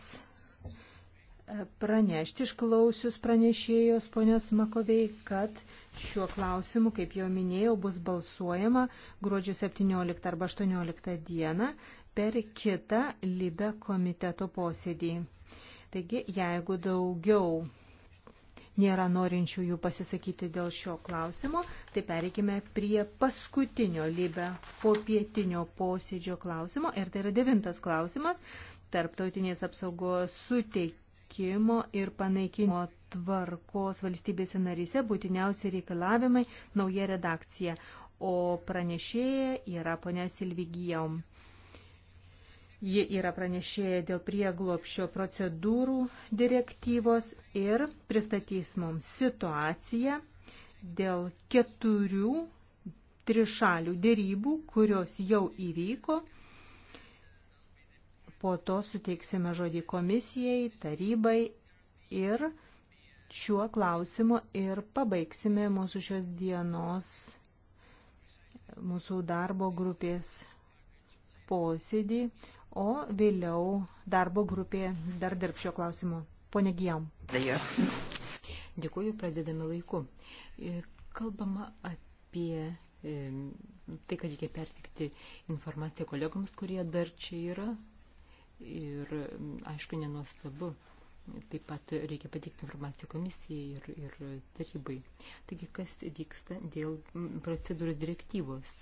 e, pranešti išklausius pranešėjos ponios Makovei, kad šiuo klausimu, kaip jau minėjau, bus balsuojama gruodžio 17 arba 18 dieną per kitą Libe komiteto posėdį. Taigi, jeigu daugiau nėra norinčiųjų pasisakyti dėl šio klausimo, tai pereikime prie paskutinio Libe popietinio posėdžio klausimo. Ir tai yra devintas klausimas - tarptautinės apsaugos suteikimo ir panaikinimo tvarkos valstybėse narise būtiniausi reikalavimai - nauja redakcija. O pranešėja yra ponia Silvigijom. Ji yra pranešėja dėl prieglopšio procedūrų direktyvos ir pristatys mums situaciją dėl keturių trišalių dėrybų, kurios jau įvyko. Po to suteiksime žodį komisijai, tarybai ir šiuo klausimu ir pabaigsime mūsų šios dienos, mūsų darbo grupės posėdį o vėliau darbo grupė dar dirb šio klausimu. Pone Gijam. Dėkuoju, pradedame laiku. E, kalbama apie e, tai, kad reikia pertikti informaciją kolegoms, kurie dar čia yra. Ir aišku, nenuostabu. Taip pat reikia patikti informaciją komisijai ir, ir tarybai. Taigi, kas vyksta dėl procedūrų direktyvos?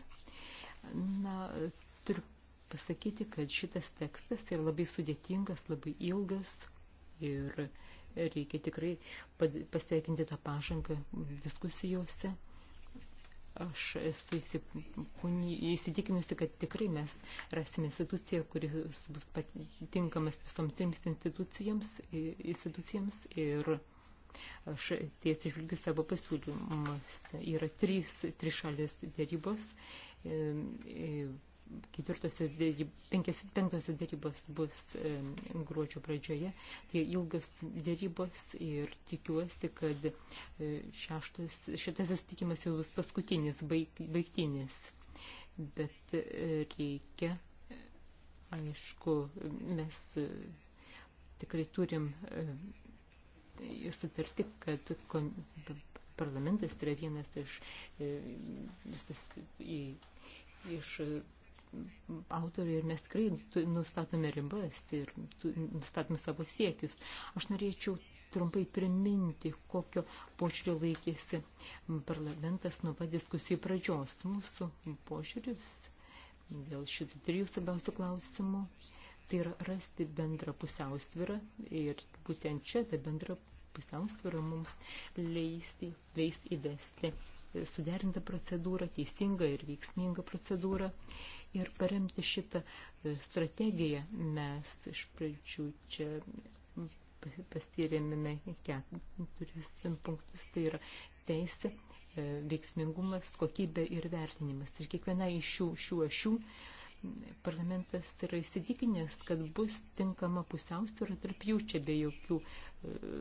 Na, turiu pasakyti, kad šitas tekstas yra labai sudėtingas, labai ilgas ir reikia tikrai pasveikinti tą pažangą diskusijose. Aš esu įsitikinusi, kad tikrai mes rasime instituciją, kuris bus patinkamas visoms trims institucijams, institucijams ir aš tai atsižvelgiu savo pasiūlymus. Yra trys trišalės dėrybos. E, e, ketvirtosios dėrybos, penktosios dėrybos bus gruodžio pradžioje. Tai ilgas dėrybos ir tikiuosi, kad e, šeštas, šitas susitikimas jau bus paskutinis, baig, baigtinis. Bet e, reikia, aišku, mes e, tikrai turim sutarti, kad parlamentas yra vienas iš, iš autorių ir mes tikrai nustatome ribas ir nustatome savo siekius. Aš norėčiau trumpai priminti, kokio požiūrio laikėsi parlamentas nuo pat diskusijų pradžios. Mūsų požiūris dėl šitų trijų svarbiausių klausimų tai yra rasti bendrą pusiausvyrą ir būtent čia ta bendra pusiausvyrą mums leisti, leisti įvesti suderintą procedūrą, teisingą ir veiksmingą procedūrą. Ir paremti šitą e, strategiją mes iš pradžių čia pasirėmėme keturis punktus, tai yra teisė, e, veiksmingumas, kokybė ir vertinimas. Ir kiekviena iš šių, šių ašių parlamentas yra įsitikinęs, kad bus tinkama pusiausvyrą tarp jų čia be jokių e,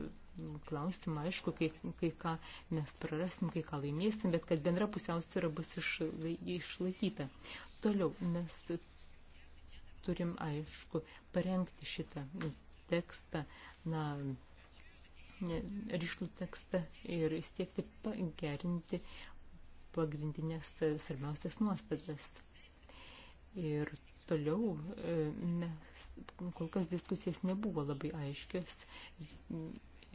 klausimą, aišku, kai, kai ką mes prarasim, kai ką laimėsim, bet kad bendra pusiausvyrą bus iš, išlaikyta. Toliau mes turim, aišku, parengti šitą tekstą, na, ryšlų tekstą ir siekti pagerinti pagrindinės svarbiausias nuostatas. Ir toliau e, mes kol kas diskusijos nebuvo labai aiškios,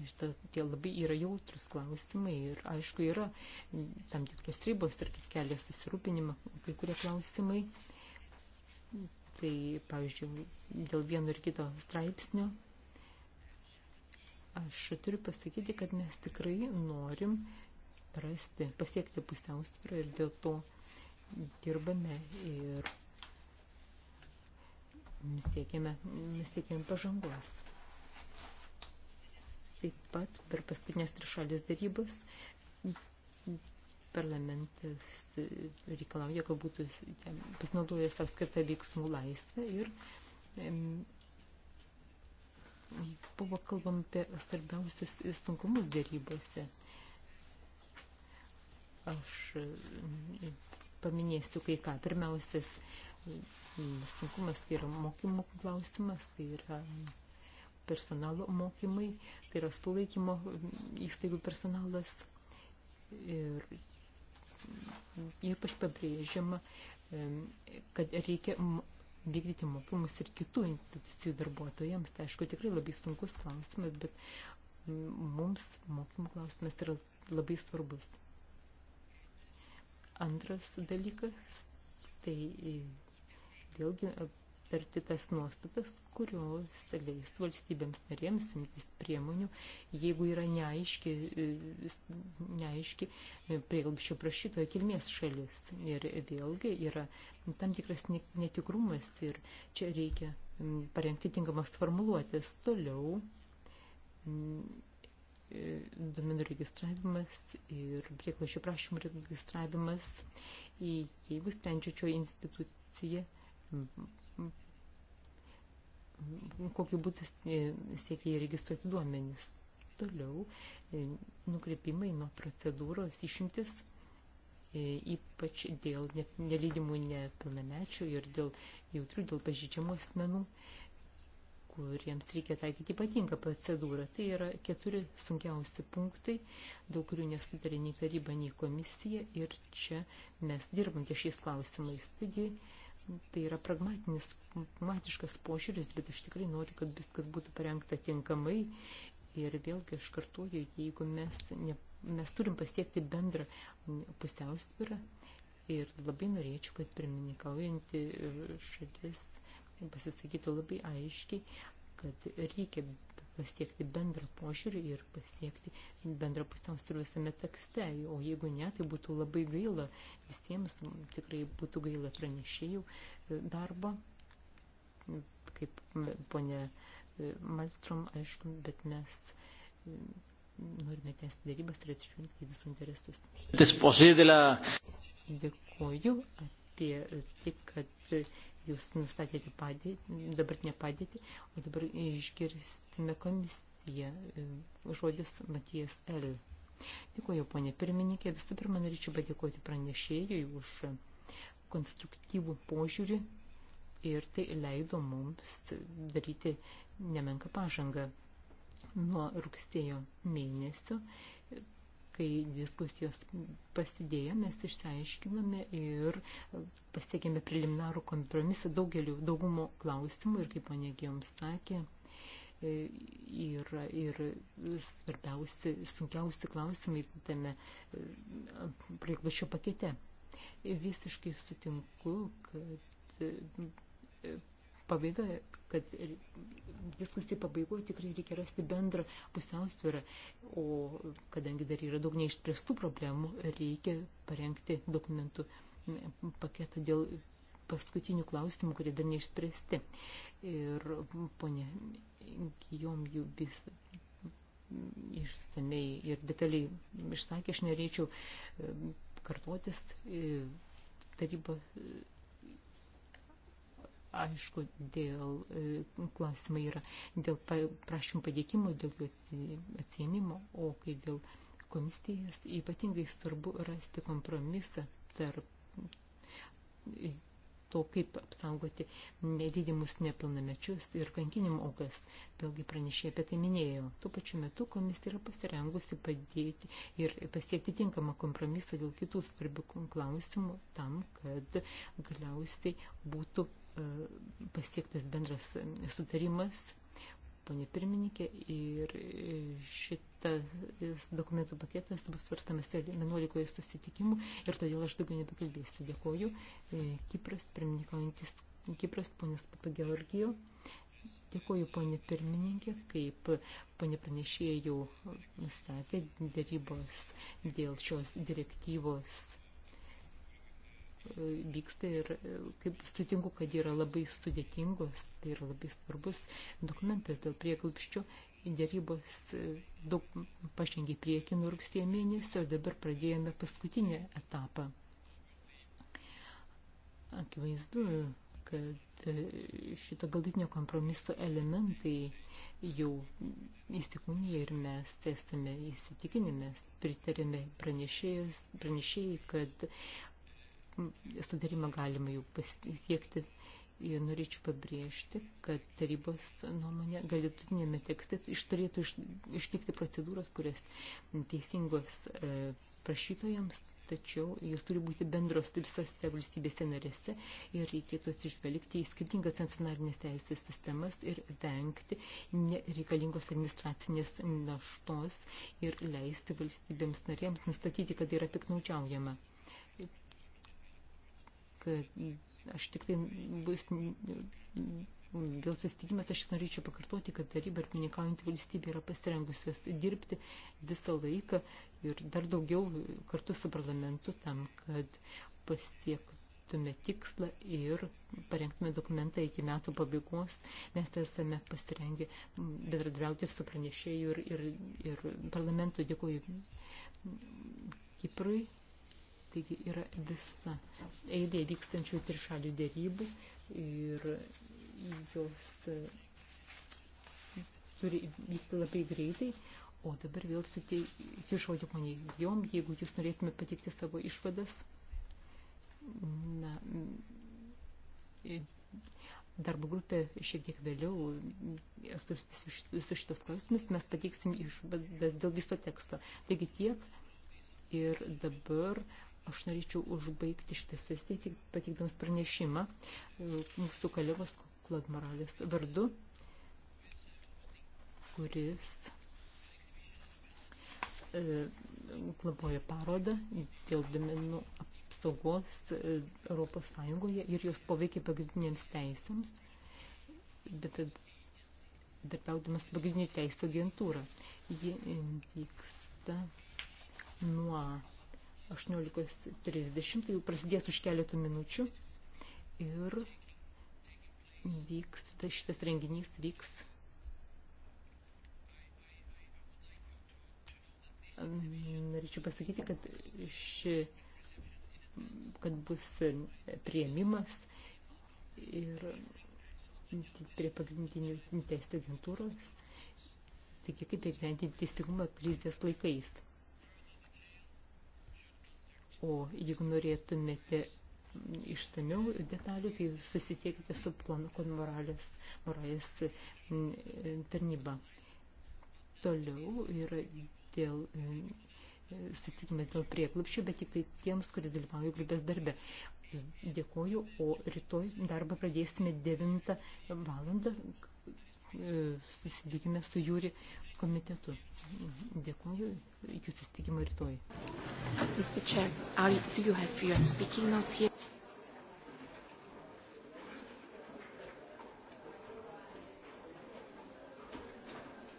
Šitą, tie labai yra jautrus klausimai ir aišku yra tam tikros ribos ir kelia susirūpinimą kai kurie klausimai. Tai pavyzdžiui, dėl vieno ir kito straipsnio aš turiu pasakyti, kad mes tikrai norim rasti, pasiekti pusiausvyrą ir dėl to dirbame ir siekiame, siekiame pažangos. Taip pat per paskutinės trišalės darybas parlamentas reikalauja, kad būtų pasinaudojęs savo skirtą veiksmų laisvę ir buvo kalbam apie svarbiausius sunkumus darybose. Aš paminėsiu kai ką. Pirmiausias sunkumas tai yra mokymo klausimas, tai yra personalo mokymai, tai yra sulaikymo įstaigų personalas ir ypač pabrėžiama, kad reikia vykdyti mokymus ir kitų institucijų darbuotojams. Tai aišku, tikrai labai sunkus klausimas, bet mums mokymų klausimas yra labai svarbus. Antras dalykas, tai vėlgi aptarti tas nuostatas, kurios leistų valstybėms narėms imtis priemonių, jeigu yra neaiški, e, neaiški e, prieglobščio prašytojo kilmės šalis. Ir vėlgi yra tam tikras netikrumas ir čia reikia parengti tinkamas formuluotės toliau e, domenų registravimas ir prieklašių prašymų registravimas, jeigu sprendžiačio institucija kokiu būdu siekia įregistruoti duomenis. Toliau e, nukreipimai nuo procedūros išimtis, e, ypač dėl nelydimų nepilnamečių ir dėl jautrių, dėl pažydžiamų asmenų, kuriems reikia taikyti ypatingą procedūrą. Tai yra keturi sunkiausi punktai, dėl kurių nesutarė nei taryba, nei komisija ir čia mes dirbam ties šiais klausimais. Taigi, Tai yra pragmatinis, pragmatiškas požiūris, bet aš tikrai noriu, kad viskas būtų parengta tinkamai. Ir vėlgi aš kartuoju, jeigu mes, ne, mes turim pasiekti bendrą pusiausvyrą ir labai norėčiau, kad pirmininkaujanti šalis pasisakytų labai aiškiai, kad reikia pasiekti bendrą požiūrį ir pasiekti bendrą pusiausvyrą visame tekste. O jeigu ne, tai būtų labai gaila visiems, tikrai būtų gaila pranešėjų darbo, kaip ponė Malstrom, aišku, bet mes norime tęsti darybas ir atsižvelgti į visų interesus. Dėkuoju apie tai, kad jūs nustatėte padėtį, dabartinę padėtį, o dabar išgirstime komisiją. E, žodis Matijas L. Dėkuoju, ponė pirmininkė. Visų pirma, norėčiau padėkoti pranešėjui už konstruktyvų požiūrį ir tai leido mums daryti nemenką pažangą nuo rugsėjo mėnesio. E, kai diskusijos pasidėjo, mes išsiaiškinome ir pasiekėme preliminarų kompromisą daugeliu daugumo klausimų ir kaip panegijoms sakė. Ir, e, ir svarbiausi, sunkiausi klausimai tame e, prieklašio pakete. Visiškai sutinku, kad e, pabaiga, kad diskusijų tai pabaigoje tikrai reikia rasti bendrą pusiausvyrą, o kadangi dar yra daug neišspręstų problemų, reikia parengti dokumentų paketą dėl paskutinių klausimų, kurie dar neišspręsti. Ir ponė Gijom jų vis išsamei ir detaliai išsakė, aš nereičiau kartuotis e, taryba aišku, dėl e, klausimai yra dėl prašymų padėkimo, dėl jų atsėmimo, o kai dėl komisijos ypatingai svarbu rasti kompromisą tarp to, kaip apsaugoti nelydimus nepilnamečius ir kankinimo aukas. Vėlgi pranešė apie tai minėjo. Tuo pačiu metu komisija yra pasirengusi padėti ir pasiekti tinkamą kompromisą dėl kitų svarbių klausimų tam, kad galiausiai būtų E, pasiektas bendras sutarimas, ponė pirmininkė, ir šitas dokumentų paketas bus svarstamas 11 susitikimų ir todėl aš daugiau nebekalbėsiu. Dėkoju. E, Kipras, pirmininkaujantis Kipras, ponės Papageorgijo. Dėkoju, ponė pirmininkė, kaip ponė pranešėjų sakė, dėrybos dėl šios direktyvos vyksta ir e, kaip sutinku, kad yra labai sudėtingos, tai yra labai svarbus dokumentas dėl prieklapščio. Dėrybos e, daug pažengė prieki nuo rugsėjo mėnesio, dabar pradėjome paskutinį etapą. Akivaizdu, kad e, šito galutinio kompromiso elementai jau įsikūnyje ir mes esame įsitikinimės, pritarėme pranešėjai, kad sudarimą galima jų pasiekti. Ir norėčiau pabrėžti, kad tarybos nuomonė galutinėme tekste turėtų iš, išlikti procedūros, kurias teisingos e, prašytojams, tačiau jos turi būti bendros visose valstybėse narėse ir reikėtų atsižvelgti į skirtingas nacionalinės teisės sistemas ir vengti nereikalingos administracinės naštos ir leisti valstybėms narėms nustatyti, kad yra piknaudžiaujama aš tik tai bus, dėl susitikimas aš norėčiau pakartoti, kad taryba ir pininkaujantį valstybė yra pasirengusios dirbti visą laiką ir dar daugiau kartu su parlamentu tam, kad pasiektume tikslą ir parengtume dokumentą iki metų pabaigos. Mes esame pasirengę bendradarbiauti su pranešėju ir, ir, ir parlamentu. Dėkuoju Kiprui. Taigi yra visa eilė vykstančių trišalių dėrybų ir jos e, turi vykti labai greitai. O dabar vėl suteikiu žodį poniai Jom, jeigu jūs norėtume patikti savo išvadas. Na, darbo grupė šiek tiek vėliau apsvarstys visus šitos klausimus, mes pateiksim išvadas dėl viso teksto. Taigi tiek ir dabar uh, Aš norėčiau užbaigti šitą sesiją, tik pateikdamas pranešimą e, mūsų kolegos Klod Moralės vardu, kuris e, globoja parodą dėl domenų apsaugos e, Europos Sąjungoje ir jos poveikia pagrindinėms teisėms, bet darbiaudamas pagrindinių teisų agentūrą. Ji vyksta nuo 18.30, tai jau prasidės už keletų minučių. Ir vyks, šitas renginys vyks norėčiau pasakyti, kad ši, kad bus prieimimas ir prie pagrindinių teisų agentūros, taigi kaip įgyventinti teisingumą krizės laikais. O jeigu norėtumėte išsamiau detalių, tai susisiekite su Planokon moralės, moralės tarnyba. Toliau yra dėl e, susitikimas dėl prieklapščių, bet tik tai tiems, kurie dalyvauja grupės darbe. Dėkoju, o rytoj darbą pradėsime 9 valandą. E, susitikime su Jūri komitetu. Dėkuoju, iki susitikimo rytoj. Mr. Chair, are, do you have your speaking notes here?